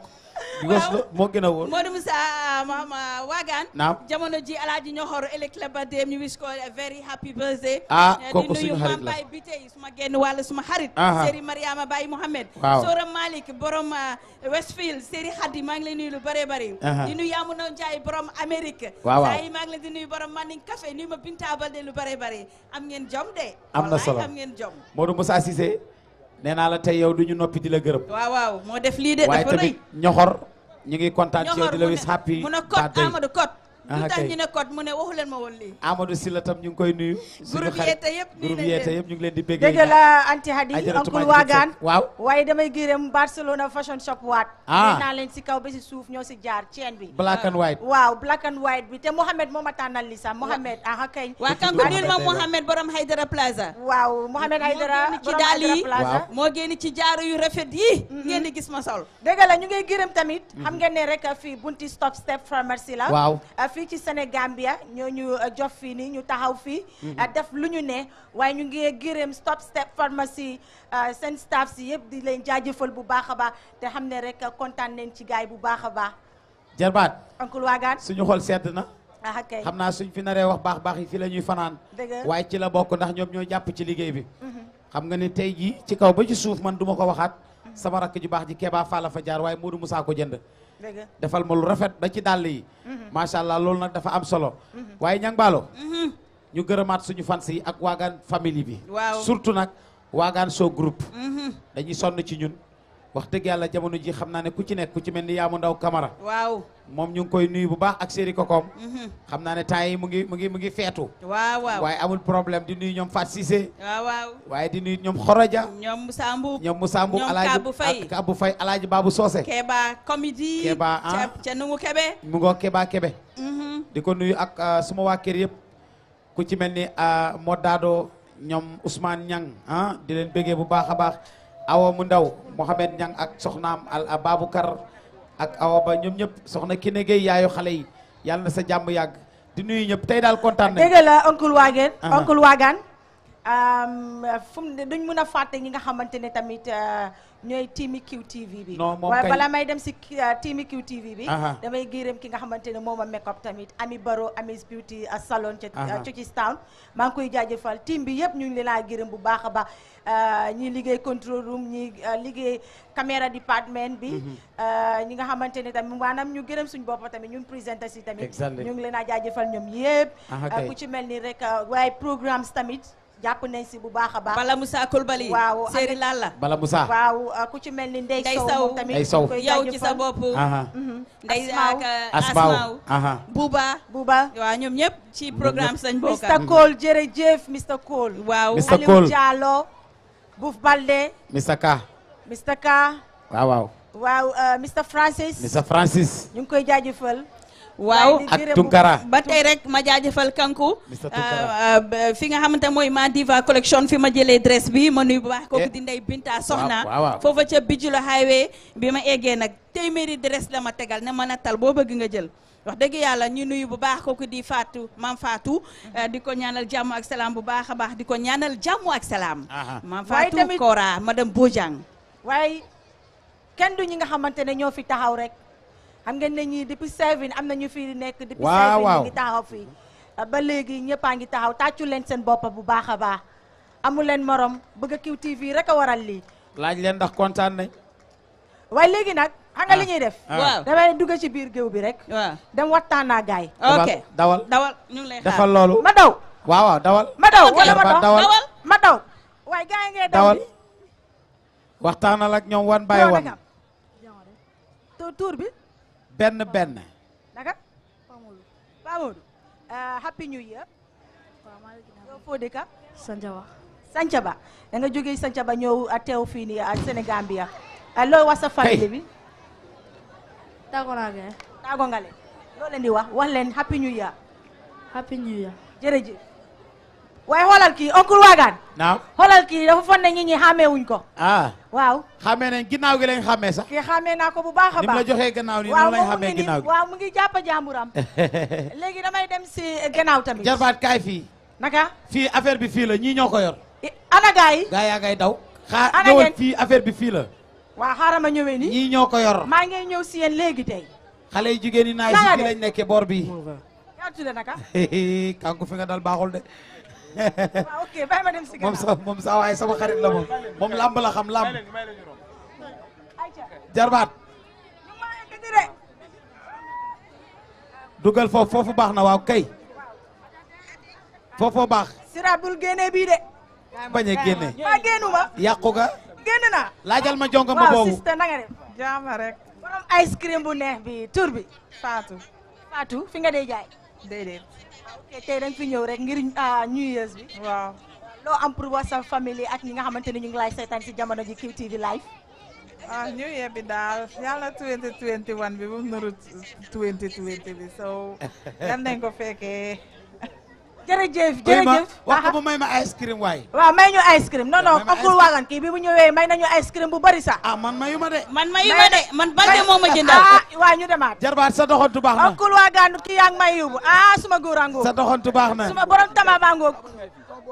S1: waaw moo gën a wóor
S3: Modou Moussa ah, maam Wagan. naam jamono ji alaaji ñoxor élecla ba dem ñu wish a very happy birthday. ah eh, kooku suñu xarit la di nuyu maam Baye Bitey suma genn wàll suma xarit. Ah, ah. Seri Mariama Baye Mohamed. waaw Sora Malick borom Westfield Seri Khadi maa ngi lay nuyu lu bëree bëri. di nuyu Amouna Ndiaye borom Amérique. maa ngi leen di nuyu borom Manning Café nuyu ma Binta Balde lu bëree bëri am ngeen jom de. am na solo am ngeen jom
S1: Modou Moussa Cissé. nee naa la tey yow du ñu noppi di la gërëm.
S3: waaw waaw moo def lii de dafa rëy waaye
S1: ñoxor ñu ngi kontaan ci yow di la wis happy. mu ne kot Amadou
S3: kot Ah, lu tax ñu ne code mu ne waxu oh, leen ma woon lii
S1: Amadou Sylla tam ñu ngi koy nuyu groupe yeete yëpp groupe yeete yëpp ñu ngi leen di bëgg dëgg la
S8: anti hadi oncle waagaan waaw waaye damay giiram Barcelona fashion shop waat ah naa leen si kaw ba si suuf ñoo si jaar chain bi black and white waaw black and white bi te Mohamed moo ma li sax Mohamed aha kay waa kangu dir ma Mohamed borom Haydara Plaza waaw Mohamed Haydara ci daal yi moo génn ci jaaru yu rafet yi ngeen gis ma sol dëgg la ñu ngi giiram tamit xam mm-hmm. ngeen ne rek ah, fii bunti stop step pharmacie la waaw ah, fii ci Sénégambia ñoo ñu euh, jof fii nii ñu taxaw fii mhm. euh, def lu ñu ne waaye ñu ngi gërëm stop step pharmacie euh, seen staff si yëpp di leen jaajëfal bu baax a baax te xam ne rek kontaan nañ ci gaay bu baax a baax jarbaat oncle waagaan suñu xol sedd na ah kay xam
S1: naa suñ fi naree wax baax baax yi fi la ñuy fanaan waaye ci la bokk ndax ñoom ñoo jàpp ci liggéey bi mhm. xam nga ne tey jii ci kaw ba ci suuf man duma ko waxaat sama rakk ju baax ji Keba Fall fa jaar waaye mu Moussa ko jënd defal ma lu rafet ba ci dàll yi mhm. macha allah lool nag dafa am solo mhm. waaye ñang baalo mhm. ñu gërëmaat suñu fans yi ak waagaan famille bi surtout nag waagaan soo groupe dañuy sonn ci ñun wax dëgg yàlla jamono ji xam naa ne ku ci nekk ku ci mel ni Yaamu Ndaw Kamara. waaw moom ñu ngi koy nuyu bu baax ak séri kokoom. Mhm. xam naa ne temps yi mu ngi mu ngi mu ngi feetu.
S3: waaw waaw waaye
S1: amul problème di nuyu ñoom Fatou Cissé. waaw waaw waaye di nuyu ñoom Xoroja.
S3: ñoom Moussa Mboub ñoom Moussa Mboub alaaji Kaabu Faye
S1: Kaabu Faye alaaji Babou Socé.
S3: Keba comédie. Keba ah ca ca Nungu
S1: mu ngoo Keba Kebe. Mhm. di ko nuyu ak ah, suma waa kër yëpp ci mel ni ah, Modado ñoom Ousmane Niang ah, di leen bëggee bu baax a baax. awa mu ndaw Mouhamed Niang ak soxnaam al Ababukar ak awa ba ñoom ñëpp soxna Kiné Gueye yaayu xale yi yàlla sa jàmm yàgg di nuyu ñëpp tey daal kontaan nañu. a la oncle Wagen. Ah. oncle Wagan
S8: fu mu duñ mën a fàtte ñi nga xamante ne tamit. Euh, ñooy tiimi QTV bi waaye bala may dem si tiimi ah, QTV bi damay gërëm ki nga xamante ne moom mooma make up tamit Ami Baro Ami's Beauty ah, salon ca ah, maa ngi koy jaajëfal tiim bi yëpp ñu ngi leen a gërëm bu baax a baax ñi liggéey control room ñi liggéey caméra department bi mhm. ñi nga xamante ne tamit maanaam ñu gërëm suñu bopp tamit ñun présenté si tamit ñu ngi leen a jaajëfal ñoom yëpp ku ci mel ni rek waaye programmes tamit jàpp nañ si bu baax a baax. Bala Moussa Coulibaly. waaw Seri Lalla. Bala Moussa waaw uh, ku ci mel ni
S3: Ndeye Sow. Ndeye Sow tamit yow ci sa bopp. Mhm. Ndeye ak uh, Asmaaw Buuba. Buuba waaw ñoom ñëpp ci
S8: programme sañ bokk. Mr mhm. Cole
S3: jërëjëf Mr
S8: Cole. waaw Aliou Diallo. Bouf Balde. Mr Ka. Mr Ka.
S1: waaw waaw.
S3: waaw uh, Mr Francis. Mr Francis. ñu ngi koy jaajëfal. waaw ak Tunkara ba tey rek ma jaajëfal kanku euh, euh, fi nga xamante mooy ma diva collection fi ma jëlee dress bi ma nuyu bu baax ko eh. di Ndey Binta Soxna foofa ca Bijulo highway bi ma eggee nag téeméeri dress la ma tegal ne ma nattal boo bëgg nga jël wax dëgg yàlla ñu nuyu bu baax kooku di Fatou maam faatu euh, di ko ñaanal jàmm ak salaam bu baax a baax di ko ñaanal jàmm ak salaam maam Fatou Kora madame Bojang waaye
S8: kenn du ñi nga xamante ne ñoo fi taxaw rek am ngeen ne ñi depuis seven am na ñu fi nekk. depuis seven ñu ngi taxaw fi ah, ba léegi ñëppaa ngi taxaw taccu leen seen bop bu baax ba amu leen morom bëgg kiw tv rek waral li
S1: laaj leen ndax contane nañ.
S8: way legi nak xam nga li ñuy ah. def. Ah. waaw damay dugg ci biir geew bi rek. dem waxtana gaay ok dawal dawal ñu ngi lay xaar
S1: dafal lolu ma daw waaw waaw dawal. ma daw wala dawal
S8: ma daw. way gaay yi ngay dawal
S1: waxtaanal ak wan bàyyi wan. tur bi. benn benn.
S8: naka. Paa Modou. Euh, happy new year. yow foo dëkk. Sanjaba. Sanjaba da nga jógee Sanjaba ñëw teew fii nii Sénégal bi euh, looy wax sa famille bi. taago naa ngeen. taago nga leen. loo leen di wax wax leen happy new year. happy waaye xoolal kii oncle waagaan naam xoolal kii dafa fon ne ñi ñi xàmmee wuñ ko ah waaw
S1: xàmmee nañ ginnaaw gi lañ xàmmee
S8: sax kii xàmmee naa ko bu baax a baax ni ma joxee gannaaw ni noonu lañ gi waaw mu ngi jàpp jàmburam léegi damay dem si eh, gannaaw tamit jarbaat
S1: kaay fii naka fii affaire bi fii la ñii ñoo ko yor yi gaa daw xaar fii affaire bi fii la waaw xaaral ma ñëwee nii ñii ñoo ko yor
S8: maa ngay ñëw si yéen léegi tey
S1: xale yu jigéen yi naay si fi lañ nekke boor bi yaa tudde naka kanku fi nga dal baaxul de waaw
S8: ah, ok bàyyi ma dem sa moom sa xarit la moom moom làmb la xam làmb jarbaat
S1: dugal foofu foofu baax na waaw kay foofoo baax
S8: sira bul génne bii de bañ a génne maa ma yàqu ga génn naa laajal ma jonga ma boobu sista na nga jaama rek borom ice cream bu neex bi tur bi Fatou Fatou fi nga dee jaay déedéet ok tey dañ fi ñëw rek ngir ah, New Year's bi. waaw loo am pour wax sa famille ak ñi nga xamante ni ñu ngi lay seetaan si jamono ji QTV live.
S3: ah New Year bi daal yàlla 2021 bi ba mu narut 2020 bi
S8: so lan nañ ko fekkee. jërëjëf jërëjëf wax ko bu may ma ice cream way wa may ñu ice cream non non akul wagan ki bi bu ñewé may nañu ice cream bu bari sa ah man mayuma de man mayuma de man balde moo ma jëndal ah, wa ñu demaat
S1: jarbaat sa doxantu baax na akul
S8: wagan ki yaa ngi ah suma gorango sa doxantu baax na suma borom tama bangoog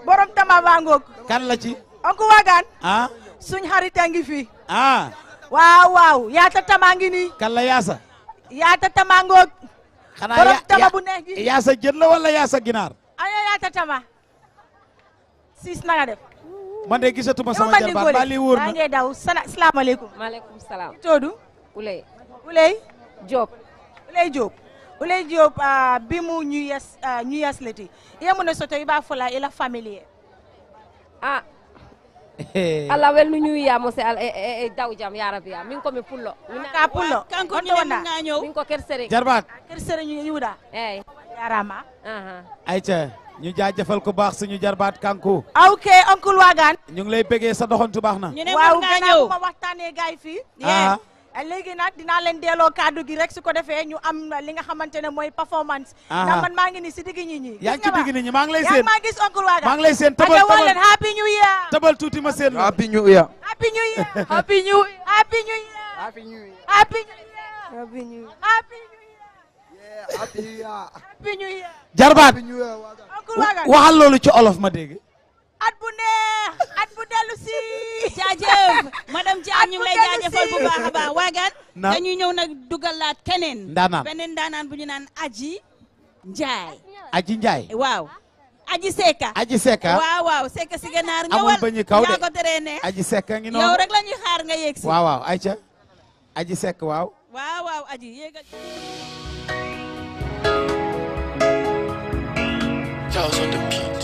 S8: borom tama bangoog kan la ci onku wagan ah suñ xari tangi fi ah waaw waaw ya tama ngi ni kan la yaasa ya ta ngoog xanaa borom ya- tama sa ya- neex
S1: la wala sa ginar
S8: ana yaa tatama siis na nga def
S1: man de gisatuma sama jarbaat ba li wóor na
S8: maa ngi salaam i toodu ulay ulay Diop ulay Diop ulay Diop ah, bi mu ñu yas ñu yas leti ne soto i b'a fola i la familier ah.
S3: eh. ala welnu ñuy ya mo se al e daw jam ya rabbi ya min ko mi pullo ka pullo kanko ñewna min ko ker sere jarbaat ker sere ñu yuda
S8: Arama.
S1: ayca ñu jaajëfal ku baax suñu jarbaat kanku ok oncle Wagan ñu ngi lay bëggee sa doxantu baax na ñu ne waaw nga ñëw ma
S8: waxtaanee gaay fii eh, léegi nag dinaa gi rek ñu am li nga xamante performance ndax man maa ngi ni si digg ñi ñi ci digg ñi ngi lay seen gis oncle Wagan maa ngi lay seen tabal tabal happy new year
S1: tabal tuti ma seen happy new year
S8: happy new year happy new year happy new year happy new year happy new year happy new year
S1: jarbaat waxal loolu ci olof ma dégg at
S3: bu neex at bu dellu si jaajëf madame Diagne ñu ngi lay jaajëfal bu baax a baax waagaan dañuy ñëw nag dugalaat keneen ndaanaan beneen bu ñu naan aji njaay
S1: aji njaay eh,
S3: waaw aji seka aji seka waaw waaw seka si ganaar ñëwal bañu kaw ko teree aji
S1: seka ngi noonu yow ya, rek
S3: la ñuy xaar nga yegg si waaw waaw
S1: aji seka waaw
S3: waaw waaw aji yéegal iya
S2: Styles on the beat.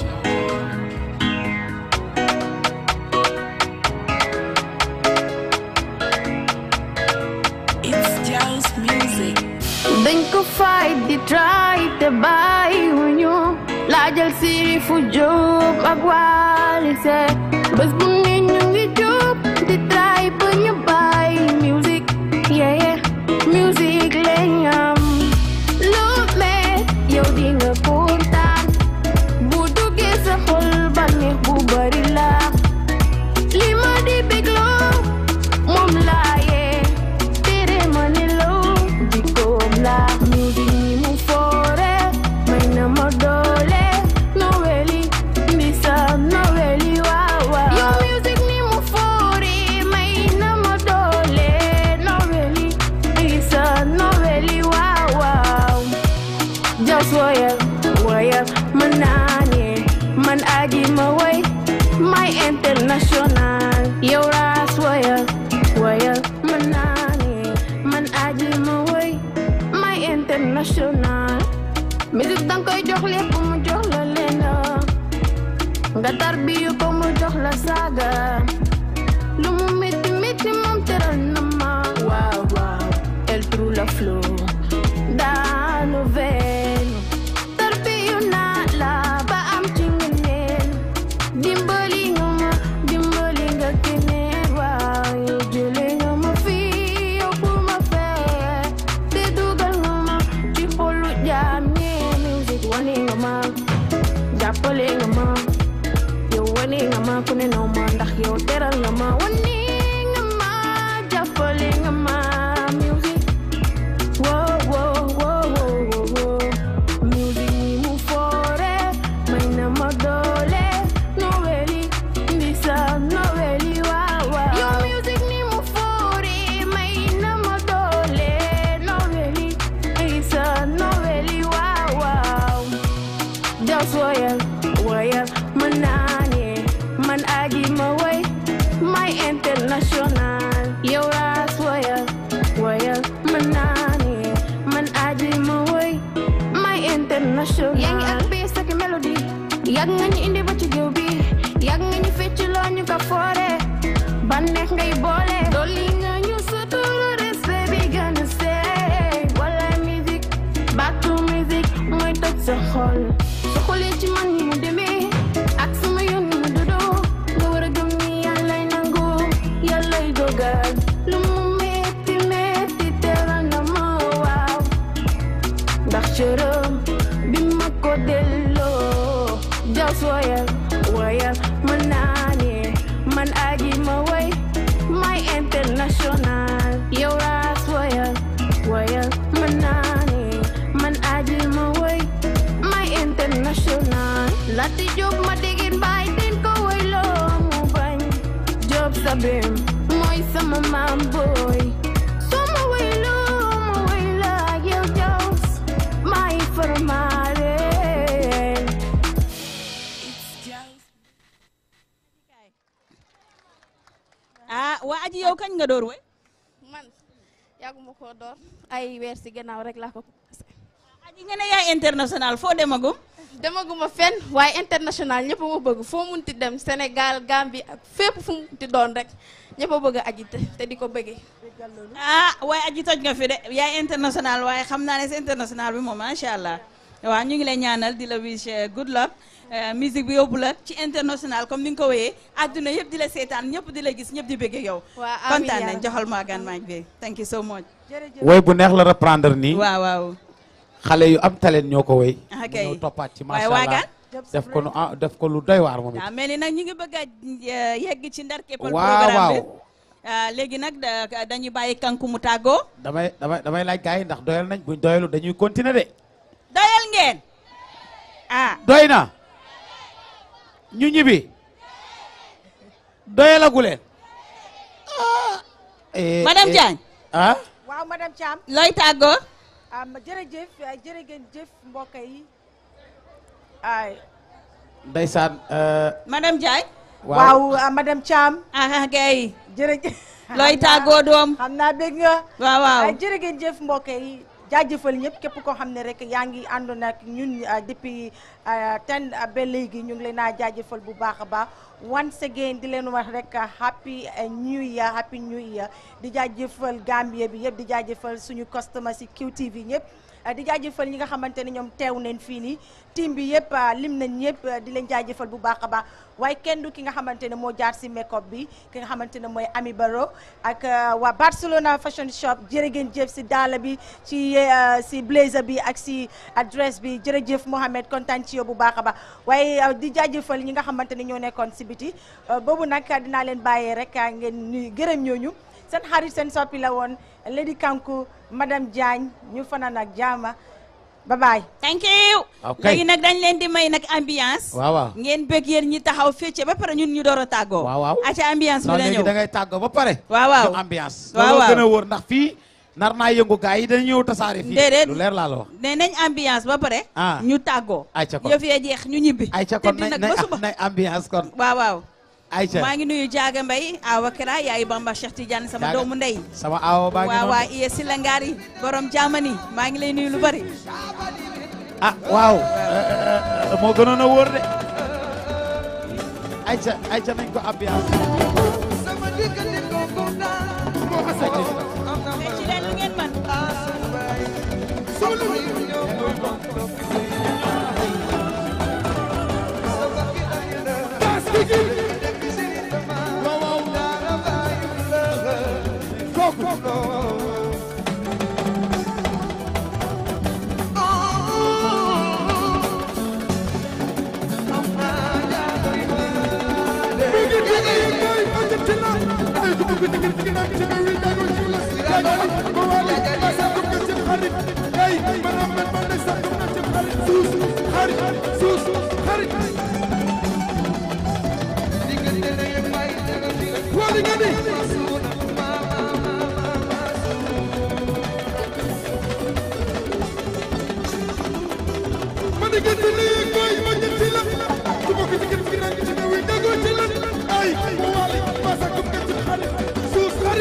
S17: It's Styles music. try to buy you. Lajal City for job agwali se. you bungi nyungi job di try buy music. Yeah yeah, music lenya. Mehboob national musique danga koy jox lépp mu jox nga tarbiyu ko mu jox me volteara la mano. xool su sabem Moi sama mamboy Soma wailu ya waila mau dos Mai formare
S3: Ah, wa aji yow kañ nga door way
S17: Man yaguma ko door
S3: ay rek ko Aji nga ne international demagum guma fen way international ñepp mo bëgg foo ti dem Sénégal Gambie ak fepp fu ti doon rek ñepp bëgg aji te diko ah way aji toj nga fi de yaay international way xamna naa international bi ma sha allah wa ñu ngi lay ñaanal di la wish eh, good luck. Eh, musique bi yóbbu la ci international comme ni nga ko wéyee àdduna yëpp di la sétane ñepp di la gis ñepp di bëgg yow. contane kontaan nañ joxal bi thank you so much.
S1: way bu neex la reprendre ni wa wa xale yu am talent ñoo ko woy ah, ñoo toppaat def ko lu ah, def ko lu doy waar moom it ah,
S3: ni nag ñu ngi bëgg a eh, ci ndar képpal programme bi léegi nag dañuy bàyyi kanku mu tàggoo
S1: damay damay damay laaj gars yi ndax doyal nañ buñ doyalu dañuy continuer de
S3: doyal ngeen ah
S1: doy na ñu ñibbi doyalagu leen madame eh, eh, Diagne ah
S8: waaw am jërëjëf jërëgeen jëf
S3: mbokk yi ay
S1: ndeysaan euh,
S3: madame Ndiaye waw ah, madame Thiam aha ah, gay jërëjëf looy tàggoo doom
S8: xam naa bég nga waaw waaw jërëgeen jëf mbokk yi jaajëfal ñëpp képp koo xam ne rek yaa ngi àndoon ak ñun euh, depuis euh, ten ba léegi ñu ngi leen a jaajëfal bu baax a baax once again di leen wax rek happy new year happy new year di jaajëfal Gambie bi yëpp di jaajëfal suñu customer si QTV ñëpp. di jaajëfal ñi nga xamante ne ñoom teew neen fii nii tiim bi yëpp ah, lim nañ ñëpp ah, di leen jaajëfal bu baax a baax waaye kenn du ki nga xamante ne moo jaar si make bi ki nga xamante ne mooy Ami Baro ak ah, waa Barcelona Fashion Shop ngeen jëf si daala bi ci si blazer bi ak si adresse bi jërëjëf Mohamed kontaan ci bu baax a baax waaye di jaajëfal ñi nga xamante ne ñoo nekkoon si biti boobu nag dinaa leen bàyyee rek ngeen nuyu gërëm ñooñu seen xarit seen soppi la woon Lady Kankou madame Diagne ñu fanaan ak jaama bye bye.
S3: thank you. ok nag dañ leen di may nag ambiance. waaw waaw ngeen bëgg yeen ñi taxaw fecce ba pare ñun ñu door a tàggoo. waaw waaw àca ambiance bi la ñëw da ngay tàggoo ba pare. waaw waaw ñu ambiance. waaw
S1: ndax fii. nar naa yëngu gars yi dañu ñëw tasaare fii. déedéet lu leer laa la wax.
S3: nañ ambiance ba pare. Ah. ñu tàggoo. ayca kon jeex ñu ñibbi. ayca kon nañ
S1: ambiance kon.
S3: waaw waaw. Aïcha maa ngi nuyu Diaga Mbaye Awa Kara yaayu Bamba Cheikh Tidiane sama doomu ndey
S1: sama awo baa ngi noonu waaw
S3: waaw si la borom jaamani maa ngi lay nuyu lu bari
S1: ah waaw moo gënoon a de Aïcha Aïcha nañ ko ah. ambiance
S6: Get the news!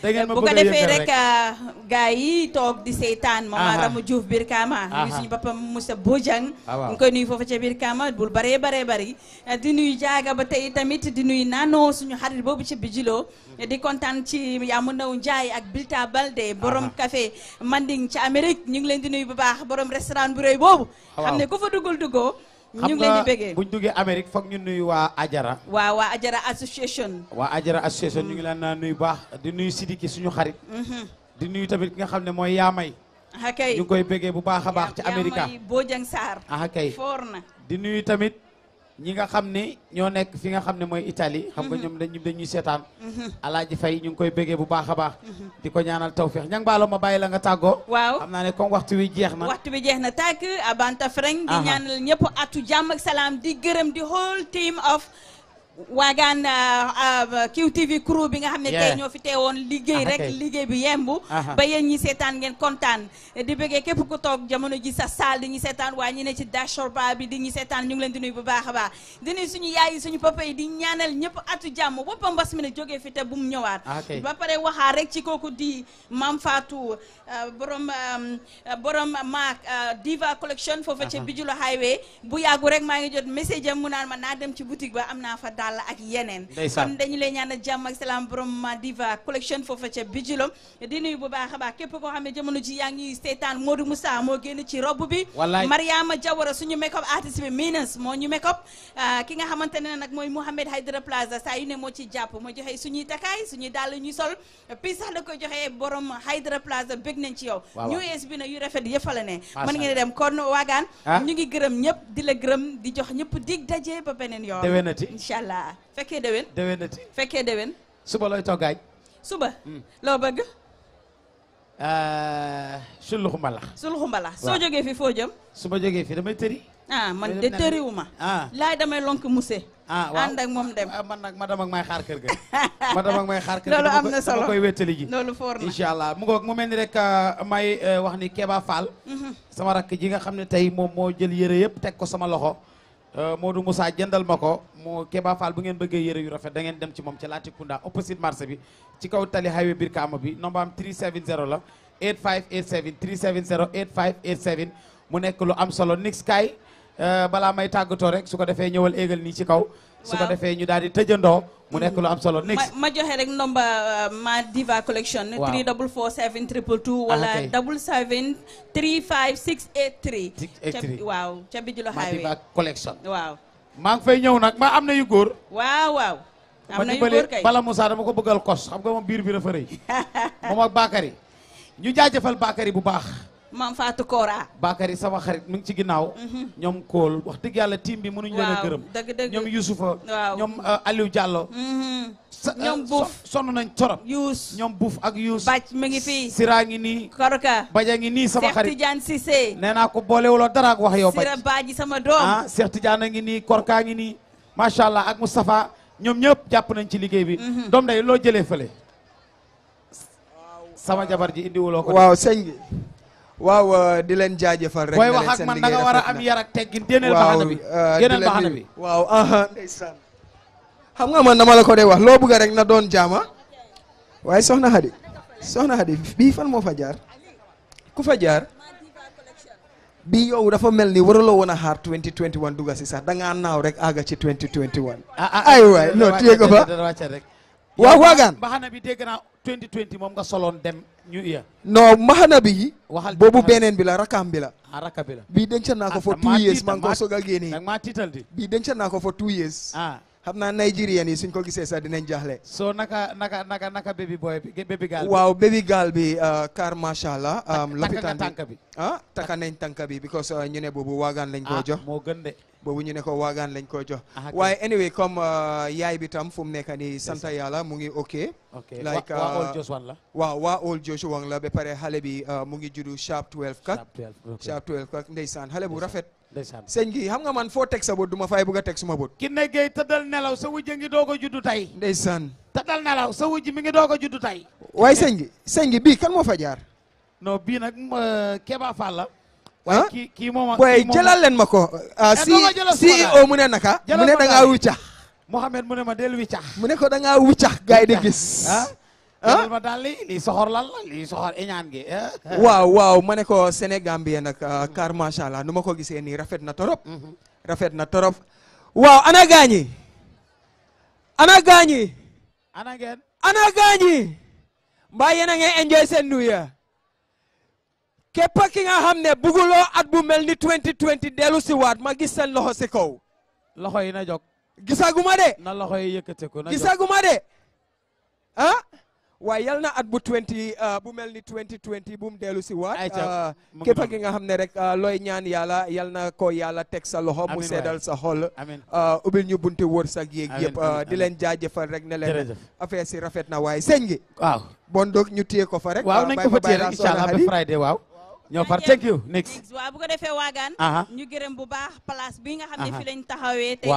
S3: Diallo. bu ko defee rek ah, gars yi toog di seetaan mama Ramu Diouf Birkama nuyu suñu boppam Moussa Bojang ñu ah, koy nuyu foofu ca Birkama bul baree baree bari di nuyu jaaga ba tey tamit di nuyu naanoo suñu xarit boobu ci bijilo di kontaan ci yaa mu Njaay ak Bilta Balde borom café Manding ci Amérique ñu ngi leen di nuyu ba baax borom restaurant bu rëy boobu ah, xam ne ku fa duggul duggoo ñu ngi leen di
S1: duggee Amérique foog ñu nuyu waa Ajara.
S3: waaw waa Ajara association.
S1: waa Ajara association ñu ngi leen naa nuyu baax di nuyu Sidiki suñu xarit. Mm-hmm. di nuyu tamit ki nga xam ne mooy Yaamay.
S3: ah kay koy
S1: bëggee bu baax a baax. ci Amérique Yaamay
S3: Bojang Sarr. ah kay foor na
S1: di nuyu tamit. ñi nga xam ne ñoo nekk fi nga xam ne mooy itali xam nga mm-hmm. ñoom dañu dañuy seetaan mm-hmm. alaaji fay ñu ngi koy bëggee bu baax a baax mm-hmm. di ko ñaanal tawféex ñang baalo ma bàyyi la nga tàggoo waaw xam naa ne comme waxtu wi jeex na waxtu
S3: wi jeex na tàkk banta freng di ñaanal ñëpp atu jàmm ak salaam di gërëm di whole team of waagaan euh, euh, QTV crew bi nga xam ne tey ñoo fi woon liggéey ah, rek liggéey bi yembu ba yéen ñi seetaan ngeen kontaan di bëggee képp ku toog jamono ji sa saal di ñu seetaan waa ñi ne ci dashor ba bi di ñu seetaan ñu ngi leen di nuyu bu baax a baax di nuyu suñu yaay suñu papa yi di ñaanal ñëpp atu jàmm boppa mbas mi ne jógee fi te bu mu ñëwaat ah, ba pare waxaa rek ci kooku di maam Fatou euh, borom borom maak Diva collection foofa ca Bijilo highway bu yàggu rek maa ngi jot Fall ak yeneen kon dañu lay ñaanal jàmm ak salaam borom Diva collection foofa ca bijilom di nuyu bu baax a baax képp koo xam ne jamono ji yaa ngi seetaan Modou Moussa moo génn ci rob bi Mariama Diawara suñu make up artiste bi Minas moo ñu make up ah, ki nga xamante nag mooy Mouhamed Haydara Plaza saa yu ne moo ci jàpp moo joxe suñuy takaay suñuy dàll ñuy sol puis sax da koy joxe borom Haydara Plaza bëgg nañ ci yow ñu es bi na yu rafet yëfa la ne mën ngeen dem kon ah? di la gërëm di jox ñëpp dig daje ba beneen yoon déwénati ah fekkee déwén. déwénati fekkee déwén. suba looy toggaaj. suba. loo bëgg. Euh, suluxu mbalax. suluxu soo jógee fi foo jëm.
S1: su ma jógee fi damay tëri.
S3: ah man de tëriwu ma. ah laay damay lonk musée. ah waaw moom dem ah man xaar
S1: kër ga. madame ak may xaar kër loolu am na solo allah mu ngoog mu mel ni rek euh, may euh, wax ni Keba mhm. sama rakk ji nga xam ne tey moom moo jël yëre yëpp teg ko sama loxo. Modou Moussa jëndal ma ko. moo Kéba Fall bu ngeen bëggee yére yu rafet da ngeen dem ci moom ci Latikunda opposite marché bi ci kaw tali highway biir kaama bi nombre am 370 la 8587 370 8587 mu nekk lu am solo nix kaay euh, balaa may tàggatoo rek su ko defee ñëwal éegal nii ci kaw su ko defee ñu daal di tëjandoo mu nekk lu am solo mm-hmm. next
S3: ma joxe rek nomba euh, ma diva collection 3447 triple two wala ah, double seven three five six eight three waaw ca Bijilo Highway ma diva collection waaw
S1: maa ngi fay ñëw nag ma am na yu góor. waaw waaw.
S3: am na yu góor kay bala Moussa
S1: ko bëggal kos xam nga moom biir bi dafa rëy moom ak baakari ñu jaajëfal Bakary bu baax.
S3: maam Fatou Kora.
S1: Bakary sama xarit mu ngi ci ginnaaw. Mhm. ñoom Kool wax dëgg yàlla team bi mënuñu leen gërëm. dëgg dëgg ñoom Youssoufa. waaw ñoom euh, Aliou Diallo. Mhm. Euh, ñoom Buuf sonn nañ torop. Youss ñoom Buuf ak Youss. Bac mi ngi fii. Sira ngi nii. Korka Baja ngi ni sama xarit Cheikh Tidiane Cissé. nee naa ko boolewuloo dara ak wax yow. Bac Sira
S3: Badji sama doom. ah Cheikh
S1: Tidiane ngi nii Korka ngi ni macha allah ak Moustapha ñoom ñëpp jàpp nañ ci liggéey bi. Mhm. doom day loo jëlee fële. sama jabar ji indiwuloo ko. waaw sëñ
S5: bi waaw di leen jaajëfal rek. booy wax ak man da nga war am
S1: yar ak teggin. génneel baxana bi euh, génneel waaw aha xam
S5: nga man dama la ko dee wax loo bëgg rek na doon jaama waaye soxna Xadi soxna Xadi bii fan moo fa jaar ku fa jaar bi yow dafa mel ni waraloo woon a xaar 2021 dugga si sax da ngaa naaw rek àgga ci 2021. Ah, ah, ah, ay waay non téye ko fa waaw waagaan
S1: baxana bi dégg naa 2020 moom nga soloon dem. ñu iya
S5: non mahana bi waxal boobu beneen bi la rakam bi la ah rakam bi la bii denca naa ko ah, for two years maa ngi ko soog a génne dag maa tiital di bii denca naa ko for two years ah xam naa Nigerian yi suñ ko gisee sax dinañ jaaxle so naka naka naka naka baby boy bi baby gaal bi waaw baby gaal bi car uh, macha allah um, lopitaan bi ah takka bi because uh, ñu ne boobu waagaan lañ boobu ñu ne ko waagaan lañ koy jox ah, waaye anyway comme euh, yaay bitam tam fu mu nekk nii sant yàlla mu ngi ok like waa euh, all la waaw waa all Jos Wang la ba pare xale bi euh, mu ngi juddu sharp 12 kak sharp 12 xale bu rafet sëñ gi xam nga man foo teg sa bët duma ma fay bëgg a teg suma bët ki ne gay dal nelaw sa wujj ngi doog a tey ndeysaan tëddal nelaw sa wujj mi ngi doog a juddu tey waaye sëñ gi sëñ gi bii kan moo fajaar
S1: no non bii nag Keba Fall way jëlal leen ma ko uh, ya, si si o oh, mu ne
S5: naka mu ne da ngaa wiccax
S1: Mohamed mu ne ma del wiccax mu ne ko da ngaa wiccax gaay di gis ah ma daal li
S5: lii soxor lan la lii soxor
S1: iñaan gi waaw
S5: waaw ma ne ko Sénégambie nag car macha allah nu ma ko gisee nii rafet na torop rafet na torop waaw ana gaañi ana gaañi ana ngeen ana gaañi mbaa yéen a ngi enjoy seen new year képp ki nga xam ne buguloo at bu mel ni 2020 delu si waat ma gis seen loxo si kaw. loxo yi na jog gisaguma de. na loxo yi yëkkateeku na gisaguma de ah. waaye yal na at bu 20 ah, bu mel ni 2020 bu mu dellu si waat. ayca ah, ki nga xam ne rek ah, looy ñaan yàlla yal na ko yàlla teg sa loxo. mu seedal sa xol. amiin ubil ñu bunti sa yeeg yëpp. di leen jaajëfal rek ne leen. affaire si rafet na waaye sëñ gi. waaw bon dog ñu téye ko fa rek. waaw nañ ko fa rek inshallah Friday waaw ñoo far thank you next waaw bu
S3: ko defee waagaan ñu gërëm bu baax place bi nga fi lañ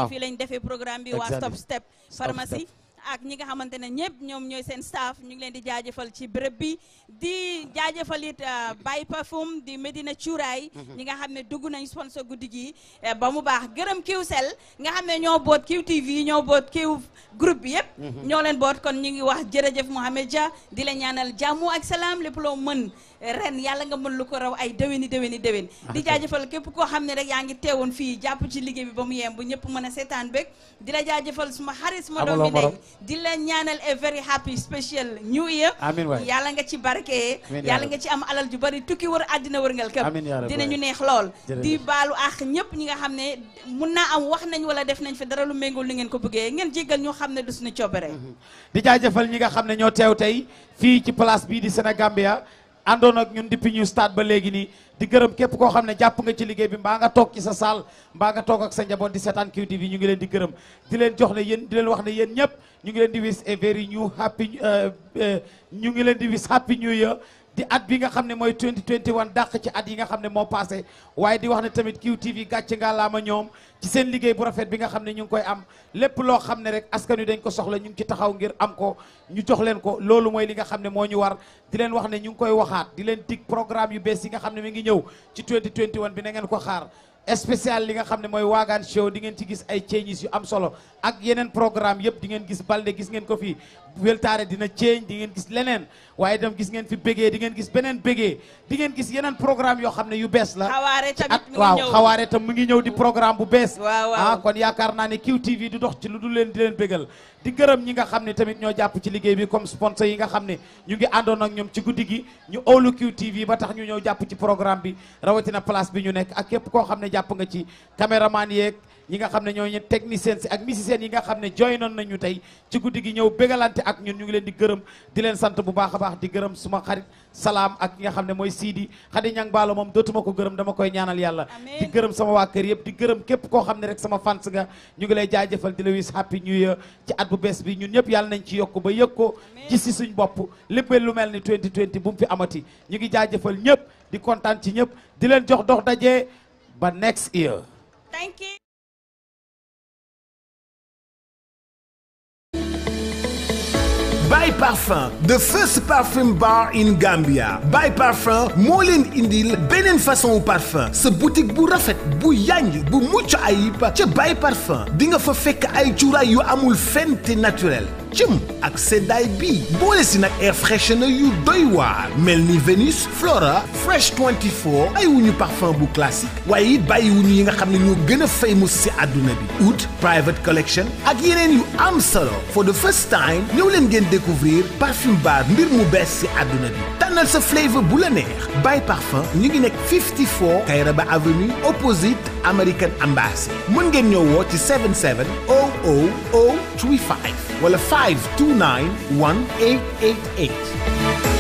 S3: fi lañ programme bi stop step pharmacie ak ñi nga nyeb nyom ñëpp ñoom seen staff ñu ngi leen di jaajëfal ci bërëb bi di jaajëfal it euh, bai Parfum di Medina churai, mhm. ñi nga xam ne nañ sponsor guddi gi euh, ba mu baax gërëm Qcell nga xam ne ñoo boot QTV ñoo boot Q groupe bi yëpp mhm. ñoo leen bot kon ñu ngi wax jërëjëf Mohamed Dia di la ñaanal jamu ak ren yalla nga mën lu ko raw ay deweni deweni déwén ah, di jaajëfal kep ko xamne rek yaangi teewon fi japp ci liggey bi bamuy yem bu ñepp mëna a seetaan di la jaajëfal suma xarit mo doom bi di la ñaanal a very happy special new year amiin waay yàlla nga ci barké yalla nga ci am alal ju bari tukki wër àddina wërngal këpp dinañu neex lool di balu ak ñepp ñi nga xamne ne am wax nañ wala def nañ fi dara lu méngul ni ngeen ko bëggee ngeen jéggal ñoo xamne ne du suñu mhm.
S1: di jaajëfal ñi nga xamne ño teew tey ci place bi di Sénégambia àndoon ak ñun depuis ñu stade ba léegi nii di gërëm képp koo xam ne jàpp nga ci liggéey bi mbaa nga toog ci sa saal mbaa nga toog ak sa njaboot di seetaan QTV ñu ngi leen di gërëm di leen jox ne yéen di leen wax ne yéen ñëpp ñu ngi leen di wis a very new happy euh, euh, ñu ngi leen di wis happy new year di at bi nga xam ne mooy 2021 dàq ci at yi nga xam ne moo passé waaye di wax ne tamit QTV gàcce ngaa laa ma ñoom ci seen liggéey bu rafet bi nga xam ne ñu ngi koy am lépp loo xam ne rek askan wi dañ ko soxla ñu ngi ci taxaw ngir am ko ñu jox leen ko loolu mooy li nga xam ne moo ñu war di leen wax ne ñu ngi koy waxaat di leen dig programme yu bees yi nga xam ne mi ngi ñëw ci 2021 bi na ngeen ko xaar spécial li nga xam ne mooy waagaan show di ngeen ci gis ay changes yu am solo ak yeneen programme yëpp di ngeen gis balde gis ngeen ko fii weltaare dina change di ngeen gis leneen waaye itam gis ngeen fi bégee di ngeen gis beneen bégee di ngeen gis yeneen programme yoo xam ne yu bees la
S3: at waaw xawaare
S1: tam mu ngi ñëw di programme bu bees ah kon yaakaar naa ne QTV di dox ci lu dul leen di leen bégal di gërëm ñi nga xam ne tamit ñoo jàpp ci liggéey bi comme sponsor yi nga xam ne ñu ngi àndoon ak ñoom ci guddi gi ñu óolu QTV ba tax ñu ñëw jàpp ci programme bi rawatina place bi ñu nekk ak képp koo xam ne jàpp nga ci caméraman yeeg yi nga xam ne ñooñu technicien si ak musicien yi nga xam ne joynoon nañu tey ci guddi gi ñëw bégalante ak ñun ñu ngi di gërëm di leen sant bu baax a baax di gërëm suma xarit salaam ak ki xam ne mooy Sidi Xadi Ñang Baalo moom dootuma ko gërëm dama koy ñaanal yàlla di gërëm sama waa kër yëpp di gërëm képp koo xam ne rek sama fans nga ñu ngi lay jaajëfal di la wis happy new year ci at bu bees bi ñun ñëpp yàlla nañ ci yokk ba yëg ko gis si suñ bopp lépp lu mel ni 2020 bu mu fi amati ñu ngi jaajëfal ñëpp di kontaan ci ñëpp di leen jox dox dajee
S20: ba next year thank Bay Parfum the first perfume
S18: bar in Gambia Bay Parfum moo leen indil beneen façon parfum sa boutique bu rafet bu yànj bu mucc ayib ca Bay Parfum di nga fa fekk ay cuuraay yu amul fenn te naturel cëm ak seddaay bi boole si nag air freshener yu doy waar mel ni Vénus Flora Fresh 24 bàyyiwuñu parfum bu classique waaye it bàyyiwuñu yi nga xam ne ñoo gën a famous si àdduna bi oud private collection ak yeneen yu am solo for the first time ñëw leen ngeen découvrir parfum bar mbir mu bees si àdduna bi tànnal sa flavor bu la neex bay parfum ñu ngi nekk 54 Kayraba avenue opposite American Embassy mën ngeen ñoo woo ci 77 000 529 1888.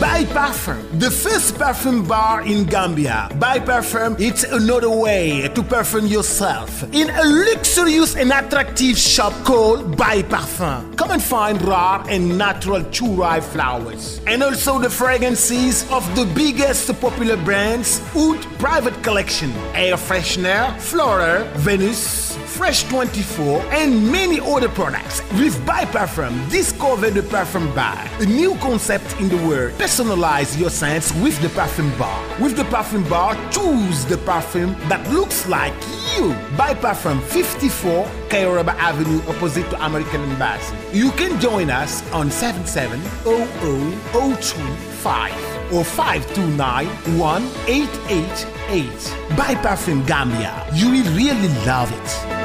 S18: Buy Parfum, the first perfume bar in Gambia. Buy Parfum, it's another way to perfume yourself in a luxurious and attractive shop called Buy Parfum. Come and find rare and natural churai flowers and also the fragrances of the biggest popular brands Oud Private Collection, Air Freshener, Flora, Venus, Fresh 24, and many other products. With Buy Parfum, discover the Parfum Bar, a new concept in the world Personalize your scents with the perfume bar. With the perfume bar, choose the perfume that looks like you. Buy perfume 54 Kayoraba Avenue opposite to American Embassy. You can join us on 7700025 or 529 Buy perfume Gambia. You will really love it.